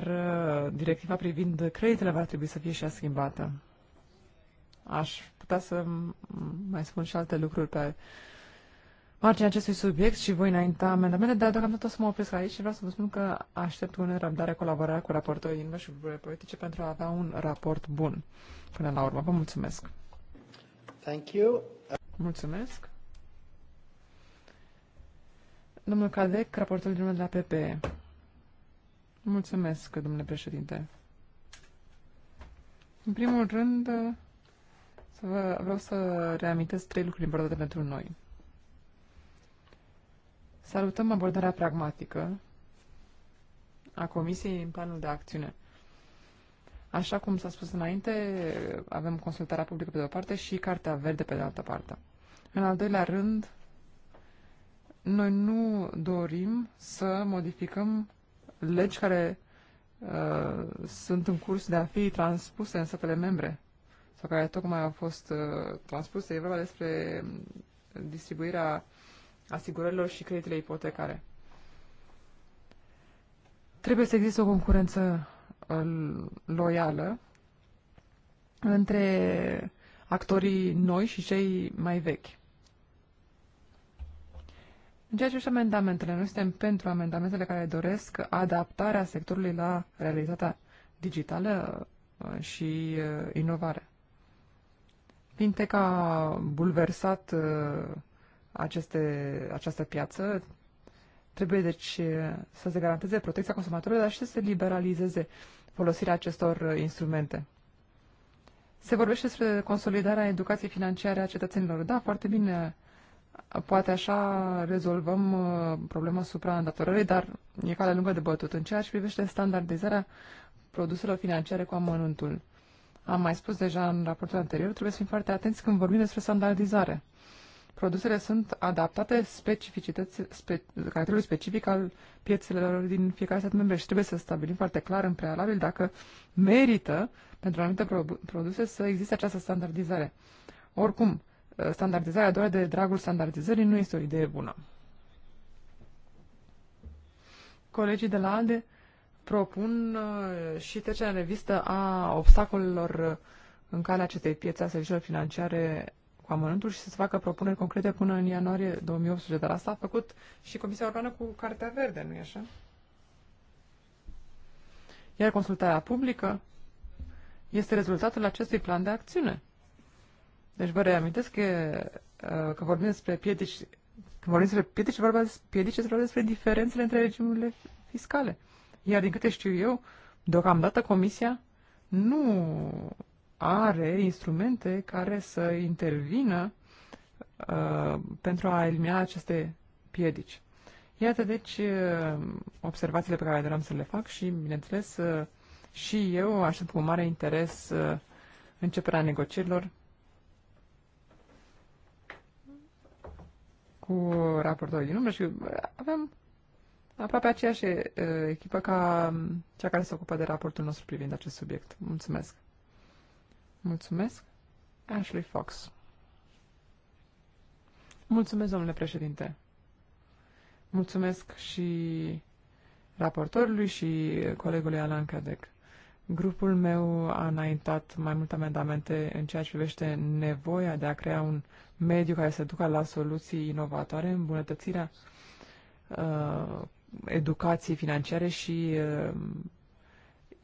directiva privind creditele va trebui să fie și ea schimbată. Aș putea să mai spun și alte lucruri pe marginea acestui subiect și voi înainta amendamente, dar deocamdată o să mă opresc aici și vreau să vă spun că aștept cu nerăbdare colaborarea cu raportorii din și politice pentru a avea un raport bun până la urmă. Vă mulțumesc! Thank you. Mulțumesc. Domnul Cadec, raportul din de la PPE. Mulțumesc, domnule președinte. În primul rând, să vă, vreau să reamintesc trei lucruri importante pentru noi. Salutăm abordarea pragmatică a Comisiei în planul de acțiune – Așa cum s-a spus înainte, avem consultarea publică pe de o parte și Cartea Verde pe de altă parte. În al doilea rând, noi nu dorim să modificăm legi care uh, sunt în curs de a fi transpuse în statele membre sau care tocmai au fost uh, transpuse. E vorba despre distribuirea asigurărilor și creditele ipotecare. Trebuie să existe o concurență loială între actorii noi și cei mai vechi. În ceea ce și amendamentele, noi suntem pentru amendamentele care doresc adaptarea sectorului la realitatea digitală uh, și uh, inovare. Fintech a bulversat uh, aceste, această piață, trebuie deci să se garanteze protecția consumatorilor, dar și să se liberalizeze uh, folosirea acestor uh, instrumente. Se vorbește despre consolidarea educației financiare a cetățenilor. Da, foarte bine. Poate așa rezolvăm uh, problema supraîndatorării, dar e calea lungă de bătut. În ceea ce privește standardizarea produselor financiare cu amănuntul. Am mai spus deja în raportul anterior, trebuie să fim foarte atenți când vorbim despre standardizare produsele sunt adaptate specificității, spe, caracterului specific al piețelor din fiecare stat membru și trebuie să stabilim foarte clar în prealabil dacă merită pentru anumite pro, produse să existe această standardizare. Oricum, standardizarea doar de dragul standardizării nu este o idee bună. Colegii de la ALDE propun uh, și trecerea în revistă a obstacolelor în calea acestei piețe a serviciilor financiare cu amănuntul și să se facă propuneri concrete până în ianuarie 2018. Dar asta a făcut și Comisia Europeană cu Cartea Verde, nu-i așa? Iar consultarea publică este rezultatul acestui plan de acțiune. Deci vă reamintesc că, uh, că vorbim despre piedici, când vorbim despre piedici, vorba despre piedici, vorba despre diferențele între regimurile fiscale. Iar din câte știu eu, deocamdată Comisia nu are instrumente care să intervină uh, pentru a elimina aceste piedici. Iată, deci, uh, observațiile pe care doream să le fac și, bineînțeles, uh, și eu aștept cu mare interes uh, începerea negocierilor cu raportorii din umbră și avem aproape aceeași echipă ca um, cea care se ocupă de raportul nostru privind acest subiect. Mulțumesc! Mulțumesc. Ashley Fox. Mulțumesc, domnule președinte. Mulțumesc și raportorului și colegului Alan Cadec. Grupul meu a înaintat mai multe amendamente în ceea ce privește nevoia de a crea un mediu care să ducă la soluții inovatoare, îmbunătățirea uh, educației financiare și uh,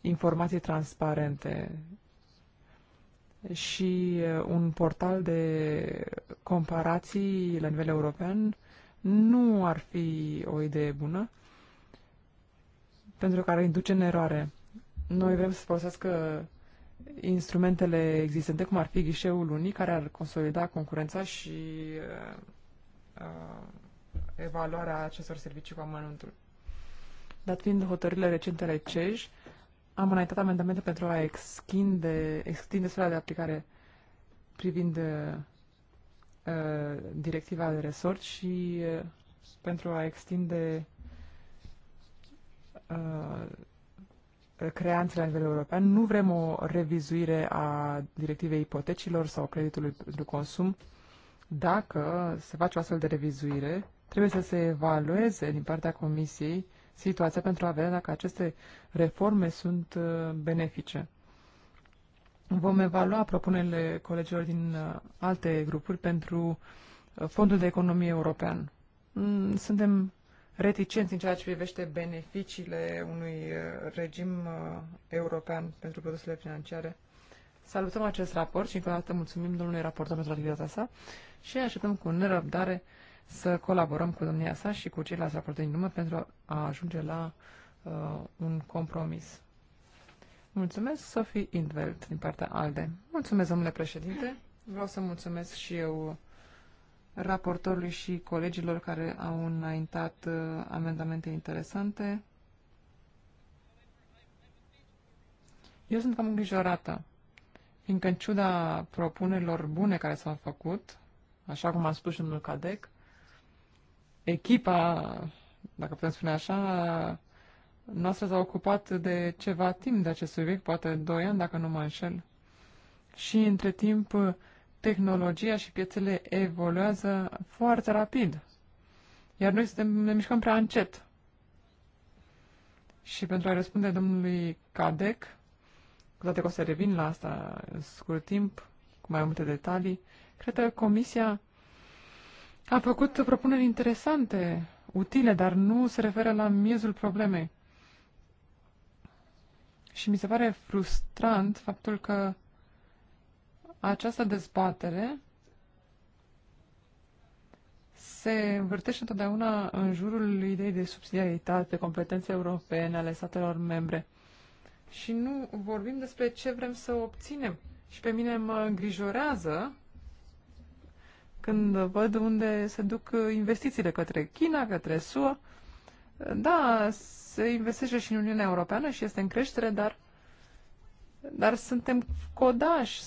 informații transparente și uh, un portal de comparații la nivel european nu ar fi o idee bună pentru că ar induce în eroare. Noi vrem să folosească instrumentele existente, cum ar fi ghișeul unic, care ar consolida concurența și uh, uh evaluarea acestor servicii cu amănuntul. Dat fiind hotărârile recente ale CEJ, am înaintat amendamente pentru a extinde, extinde sfera de aplicare privind uh, directiva de resort și uh, pentru a extinde uh, creanțele la nivel european. Nu vrem o revizuire a directivei ipotecilor sau creditului pentru consum. Dacă se face o astfel de revizuire, trebuie să se evalueze din partea Comisiei uh, situația pentru a vedea dacă aceste reforme sunt uh, benefice. Vom evalua propunerile colegilor din uh, alte grupuri pentru uh, Fondul de Economie European. Mm, suntem reticenți în ceea ce privește beneficiile unui regim european pentru produsele financiare. Salutăm acest raport și încă o dată mulțumim domnului raportor pentru activitatea sa și așteptăm cu nerăbdare să colaborăm cu domnia sa și cu ceilalți raportori din lume pentru a ajunge la uh, un compromis. Mulțumesc, Sophie Indveld, din partea ALDE. Mulțumesc, domnule președinte. Vreau să mulțumesc și eu raportorului și colegilor care au înaintat uh, amendamente interesante. Eu sunt cam îngrijorată, fiindcă în ciuda propunerilor bune care s-au făcut, așa cum a spus și domnul Cadec, echipa, dacă putem spune așa, noastră s-a ocupat de ceva timp de acest subiect, poate 2 ani, dacă nu mă înșel. Și între timp, tehnologia și piețele evoluează foarte rapid, iar noi suntem, ne mișcăm prea încet. Și pentru a răspunde domnului Cadec, cu toate că o să revin la asta în scurt timp, cu mai multe detalii, cred că Comisia a făcut propuneri interesante, utile, dar nu se referă la miezul problemei. Și mi se pare frustrant faptul că această dezbatere se învârtește întotdeauna în jurul ideii de subsidiaritate, competențe europene ale statelor membre. Și nu vorbim despre ce vrem să obținem. Și pe mine mă îngrijorează când văd unde se duc investițiile către China, către SUA. Da, se investește și în Uniunea Europeană și este în creștere, dar, dar suntem codași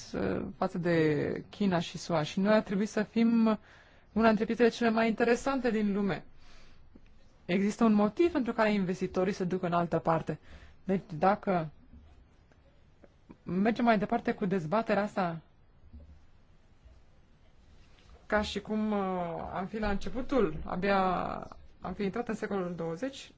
față de China și SUA și noi ar trebui să fim una dintre pietrele cele mai interesante din lume. Există un motiv pentru care investitorii se duc în altă parte. Deci dacă mergem mai departe cu dezbaterea asta ca și cum uh, am fi la începutul, abia am fi intrat în secolul 20,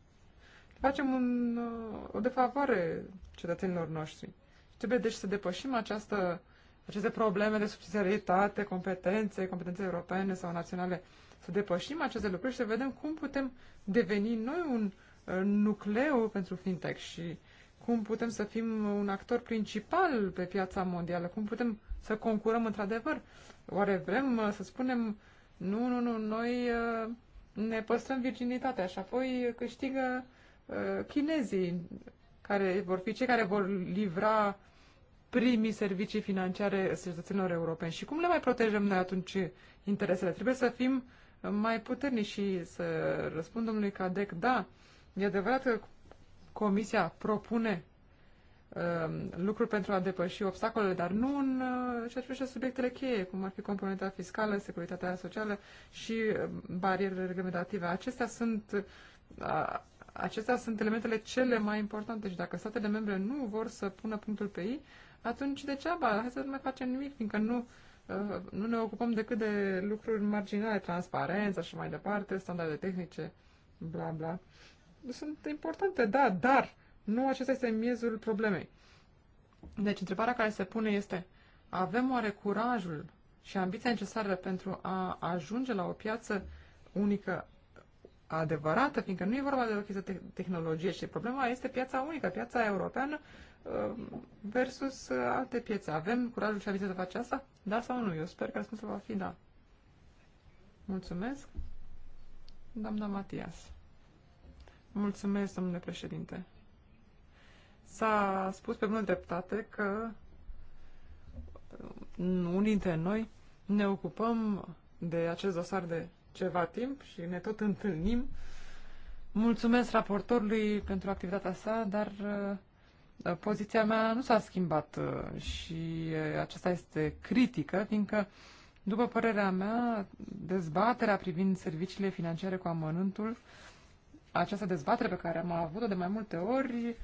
facem un, uh, o defavoare cetățenilor noștri. Trebuie deci să depășim această, aceste probleme de subsidiaritate, competențe, competențe europene sau naționale, să depășim aceste lucruri și să vedem cum putem deveni noi un uh, nucleu pentru fintech și cum putem să fim un actor principal pe piața mondială, cum putem să concurăm într-adevăr? Oare vrem uh, să spunem, nu, nu, nu, noi uh, ne păstrăm virginitatea și apoi câștigă uh, chinezii, care vor fi cei care vor livra primii servicii financiare cetățenilor europeni. Și cum le mai protejăm noi atunci interesele? Trebuie să fim mai puternici și să răspundem lui Cadec, da, e adevărat că Comisia propune Um, lucruri pentru a depăși obstacolele, dar nu în uh, ceea ce privește subiectele cheie, cum ar fi componenta fiscală, securitatea socială și um, barierele reglementative. Acestea sunt, uh, acestea sunt elementele cele mai importante și dacă statele membre nu vor să pună punctul pe ei, atunci degeaba, hai să nu mai facem nimic, fiindcă nu, uh, nu ne ocupăm decât de lucruri marginale, transparență și mai departe, standarde tehnice, bla bla. Sunt importante, da, dar uh, nu acesta este miezul problemei. Deci, întrebarea care se pune este, avem oare curajul și ambiția necesară pentru a ajunge la o piață unică adevărată, fiindcă nu e vorba de o chestie de tehnologie, și problema este piața unică, piața europeană uh, versus uh, alte piețe. Avem curajul și ambiția de a face asta? Da sau nu? Eu sper că răspunsul va fi da. Mulțumesc. Doamna Matias. Mulțumesc, domnule președinte. S-a spus pe bună dreptate că unii dintre noi ne ocupăm de acest dosar de ceva timp și ne tot întâlnim. Mulțumesc raportorului pentru activitatea sa, dar uh, poziția mea nu s-a schimbat uh, și uh, aceasta este critică, fiindcă, după părerea mea, dezbaterea privind serviciile financiare cu amănântul, această dezbatere pe care am avut-o de mai multe ori,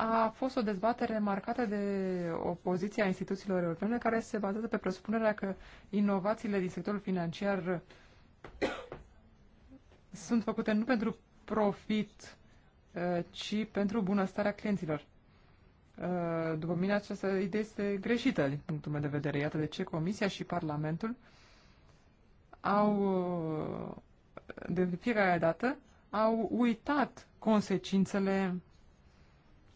a fost o dezbatere marcată de opoziția instituțiilor europene care se bazează pe presupunerea că inovațiile din sectorul financiar sunt făcute nu pentru profit, eh, ci pentru bunăstarea clienților. Eh, după mine, această idee este greșită din punctul meu de vedere. Iată de ce Comisia și Parlamentul au, eh, de fiecare dată, au uitat consecințele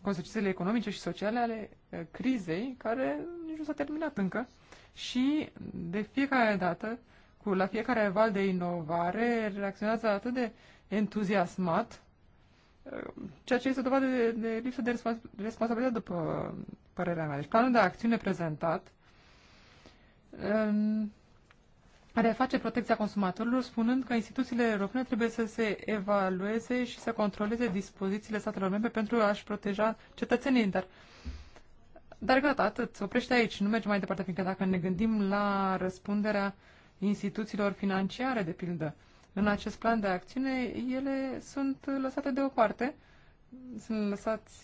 consecințele economice și sociale ale eh, crizei, care nici nu s-a terminat încă. Și de fiecare dată, cu la fiecare val de inovare, reacționează atât de entuziasmat, eh, ceea ce este dovadă de, de lipsă de responsabilitate, după părerea mea. Deci planul de acțiune prezentat reface protecția consumatorilor, spunând că instituțiile europene trebuie să se evalueze și să controleze dispozițiile statelor membre pentru a-și proteja cetățenii. Dar, dar gata, atât. Oprește aici, nu merge mai departe, fiindcă dacă ne gândim la răspunderea instituțiilor financiare, de pildă, în acest plan de acțiune, ele sunt lăsate deoparte, sunt, lăsați,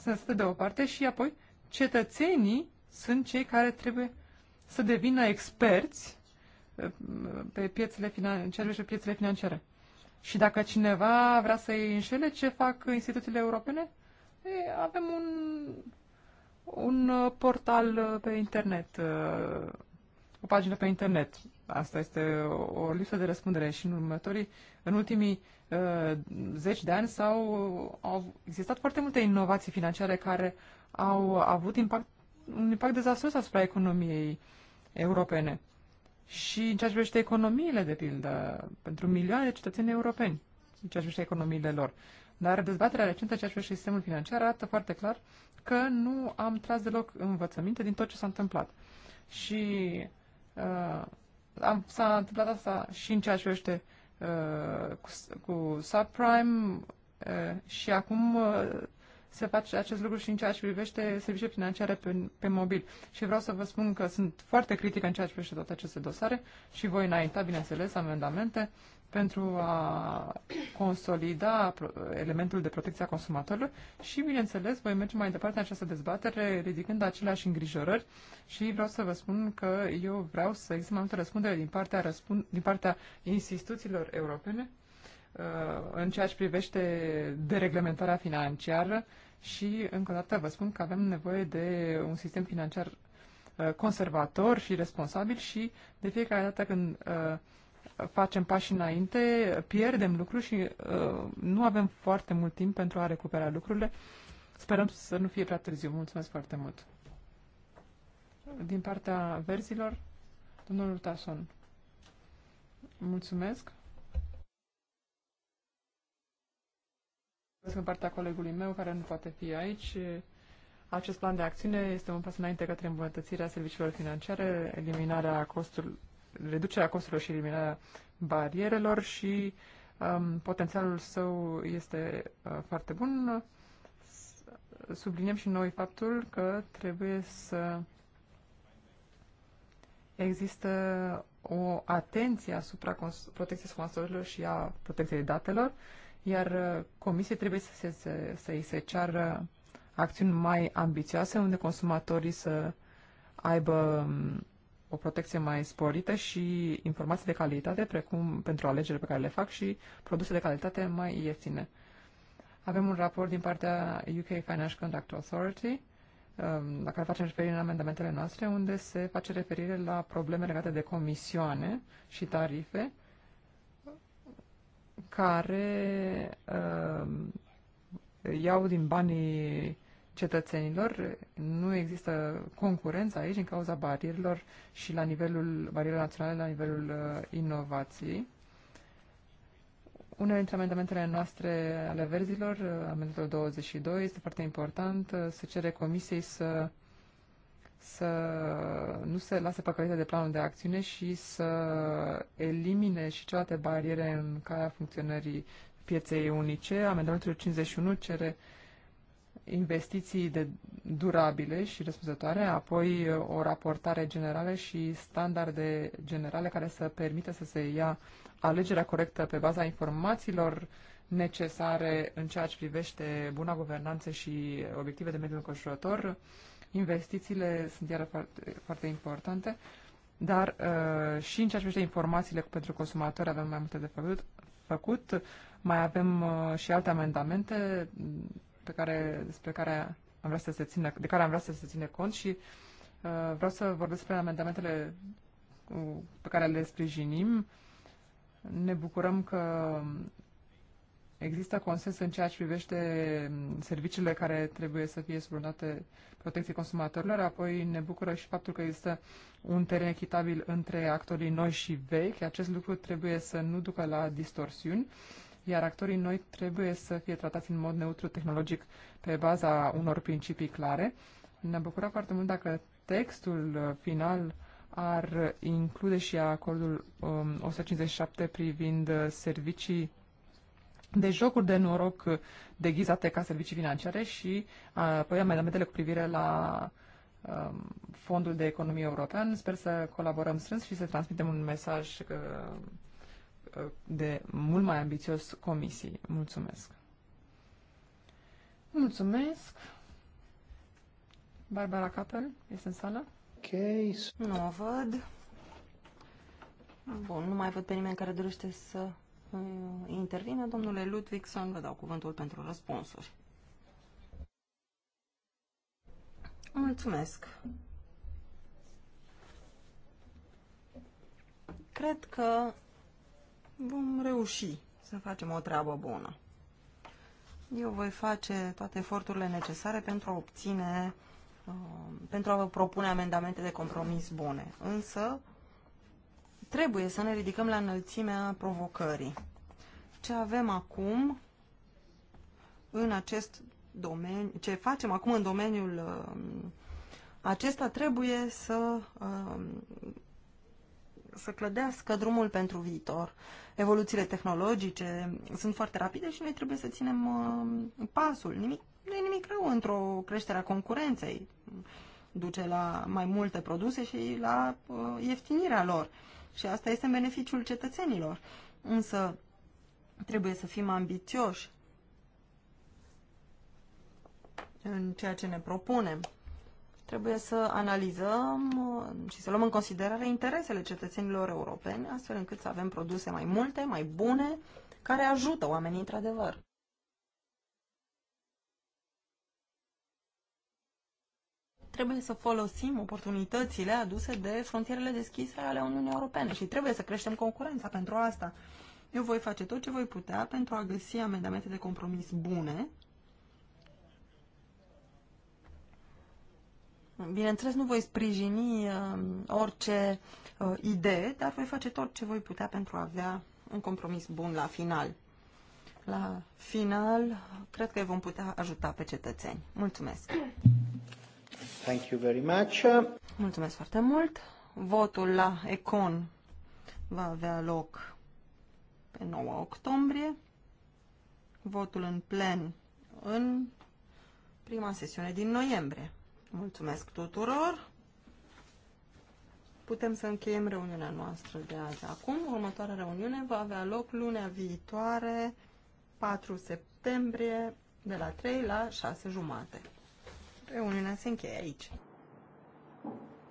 sunt lăsate deoparte și apoi cetățenii sunt cei care trebuie să devină experți pe piețele financiare și pe piețele financiare. Și dacă cineva vrea să îi înșele, ce fac instituțiile europene? E, avem un, un uh, portal uh, pe internet, uh, o pagină pe internet. Asta este o, o lipsă de răspundere și în următorii, în ultimii uh, zeci de ani sau au existat foarte multe inovații financiare care au avut impact, un impact dezastruos asupra economiei europene și în ceea ce privește economiile, de pildă, pentru milioane de cetățeni europeni, în ceea ce privește economiile lor. Dar dezbaterea recentă în ceea ce privește sistemul financiar arată foarte clar că nu am tras deloc învățăminte din tot ce s-a întâmplat. Și uh, am, s-a întâmplat asta și în ceea ce privește uh, cu, cu subprime uh, și acum uh, se face acest lucru și în ceea ce privește serviciile financiare pe, pe mobil. Și vreau să vă spun că sunt foarte critică în ceea ce privește toate aceste dosare și voi înainta, bineînțeles, amendamente pentru a consolida elementul de protecție a consumatorilor și, bineînțeles, voi merge mai departe în această dezbatere ridicând aceleași îngrijorări și vreau să vă spun că eu vreau să există mai multe răspundere din partea, răspund, din partea instituțiilor europene Uh, în ceea ce privește dereglementarea financiară și, încă o dată, vă spun că avem nevoie de un sistem financiar uh, conservator și responsabil și de fiecare dată când uh, facem pași înainte, pierdem lucruri și nu avem foarte mult timp pentru a recupera lucrurile. Sperăm să nu fie prea târziu. Mulțumesc foarte mult. Din partea verzilor, domnul Tason. Mulțumesc. în partea colegului meu care nu poate fi aici. Acest plan de acțiune este un pas înainte către îmbunătățirea serviciilor financiare, eliminarea costurilor, reducerea costurilor și eliminarea barierelor și um, potențialul său este uh, foarte bun. Subliniem și noi faptul că trebuie să există o atenție asupra protecției consumatorilor și a protecției datelor. Uh, iar uh, comisie trebuie să, se, să, să îi se ceară acțiuni mai ambițioase, unde consumatorii să aibă um, o protecție mai sporită și informații de calitate, precum pentru alegerile pe care le fac și produse de calitate mai ieftine. Avem un raport din partea UK Financial Conduct Authority, um, la care facem referire în amendamentele noastre, unde se face referire la probleme legate de comisioane și tarife care uh, iau din banii cetățenilor. Nu există concurență aici din cauza barierilor și la nivelul barierelor naționale, la nivelul uh, inovației. Unele dintre amendamentele noastre ale verzilor, uh, amendamentul 22, este foarte important. Uh, se cere comisiei să uh, să nu se lase păcălită de planul de acțiune și să elimine și celelalte bariere în calea funcționării pieței unice. Amendamentul 51 cere investiții de durabile și răspunzătoare, apoi o raportare generală și standarde generale care să permită să se ia alegerea corectă pe baza informațiilor necesare în ceea ce privește buna guvernanță și obiective de mediu înconjurător. Investițiile sunt iară foarte, foarte importante, dar uh, și în ceea ce privește informațiile pentru consumatori avem mai multe de făcut. făcut. Mai avem uh, și alte amendamente mm, pe care, despre care am vrea să se țină, de care am vrea să se ține cont și uh, vreau să vorbesc despre amendamentele pe care le sprijinim. Ne bucurăm că Există consens în ceea ce privește mm, serviciile care trebuie să fie subordonate protecției consumatorilor, apoi ne bucură și faptul că există un teren echitabil între actorii noi și vechi. Acest lucru trebuie să nu ducă la distorsiuni, iar actorii noi trebuie să fie tratați în mod neutru tehnologic pe baza unor principii clare. Ne-am bucurat foarte mult dacă textul final ar include și acordul 157 um, privind uh, servicii de jocuri de noroc deghizate ca servicii financiare și apoi amendamentele cu privire la um, Fondul de Economie European. Sper să colaborăm strâns și să transmitem un mesaj uh, de mult mai ambițios comisiei. Mulțumesc! Mulțumesc! Barbara Capel este în sală? Ok. Nu o văd. Bun, nu mai văd pe nimeni care dorește să intervine. Domnule Ludvigson, vă dau cuvântul pentru răspunsuri. Mulțumesc. Cred că vom reuși să facem o treabă bună. Eu voi face toate eforturile necesare pentru a obține, uh, pentru a vă propune amendamente de compromis bune. Însă, Trebuie să ne ridicăm la înălțimea provocării. Ce avem acum în acest domeniu, ce facem acum în domeniul um, acesta trebuie să um, să clădească drumul pentru viitor. Evoluțiile tehnologice sunt foarte rapide și noi trebuie să ținem um, pasul. Nimic, nu e nimic rău într-o creștere a concurenței. Duce la mai multe produse și la uh, ieftinirea lor și asta este în beneficiul cetățenilor. Însă trebuie să fim ambițioși în ceea ce ne propunem. Trebuie să analizăm uh, și să luăm în considerare interesele cetățenilor europeni, astfel încât să avem produse mai multe, mai bune, care ajută oamenii într-adevăr. trebuie să folosim oportunitățile aduse de frontierele deschise ale Uniunii Europene și trebuie să creștem concurența pentru asta. Eu voi face tot ce voi putea pentru a găsi amendamente de compromis bune. Bineînțeles, nu voi sprijini um, orice uh, idee, dar voi face tot ce voi putea pentru a avea un compromis bun la final. La final, cred că îi vom putea ajuta pe cetățeni. Mulțumesc! Thank you very much. Mulțumesc foarte mult. Votul la Econ va avea loc pe 9 octombrie. Votul în plen în prima sesiune din noiembrie. Mulțumesc tuturor! Putem să încheiem reuniunea noastră de azi. Acum, următoarea reuniune va avea loc lunea viitoare, 4 septembrie, de la 3 la 6 jumate. Reuniunea se încheie aici.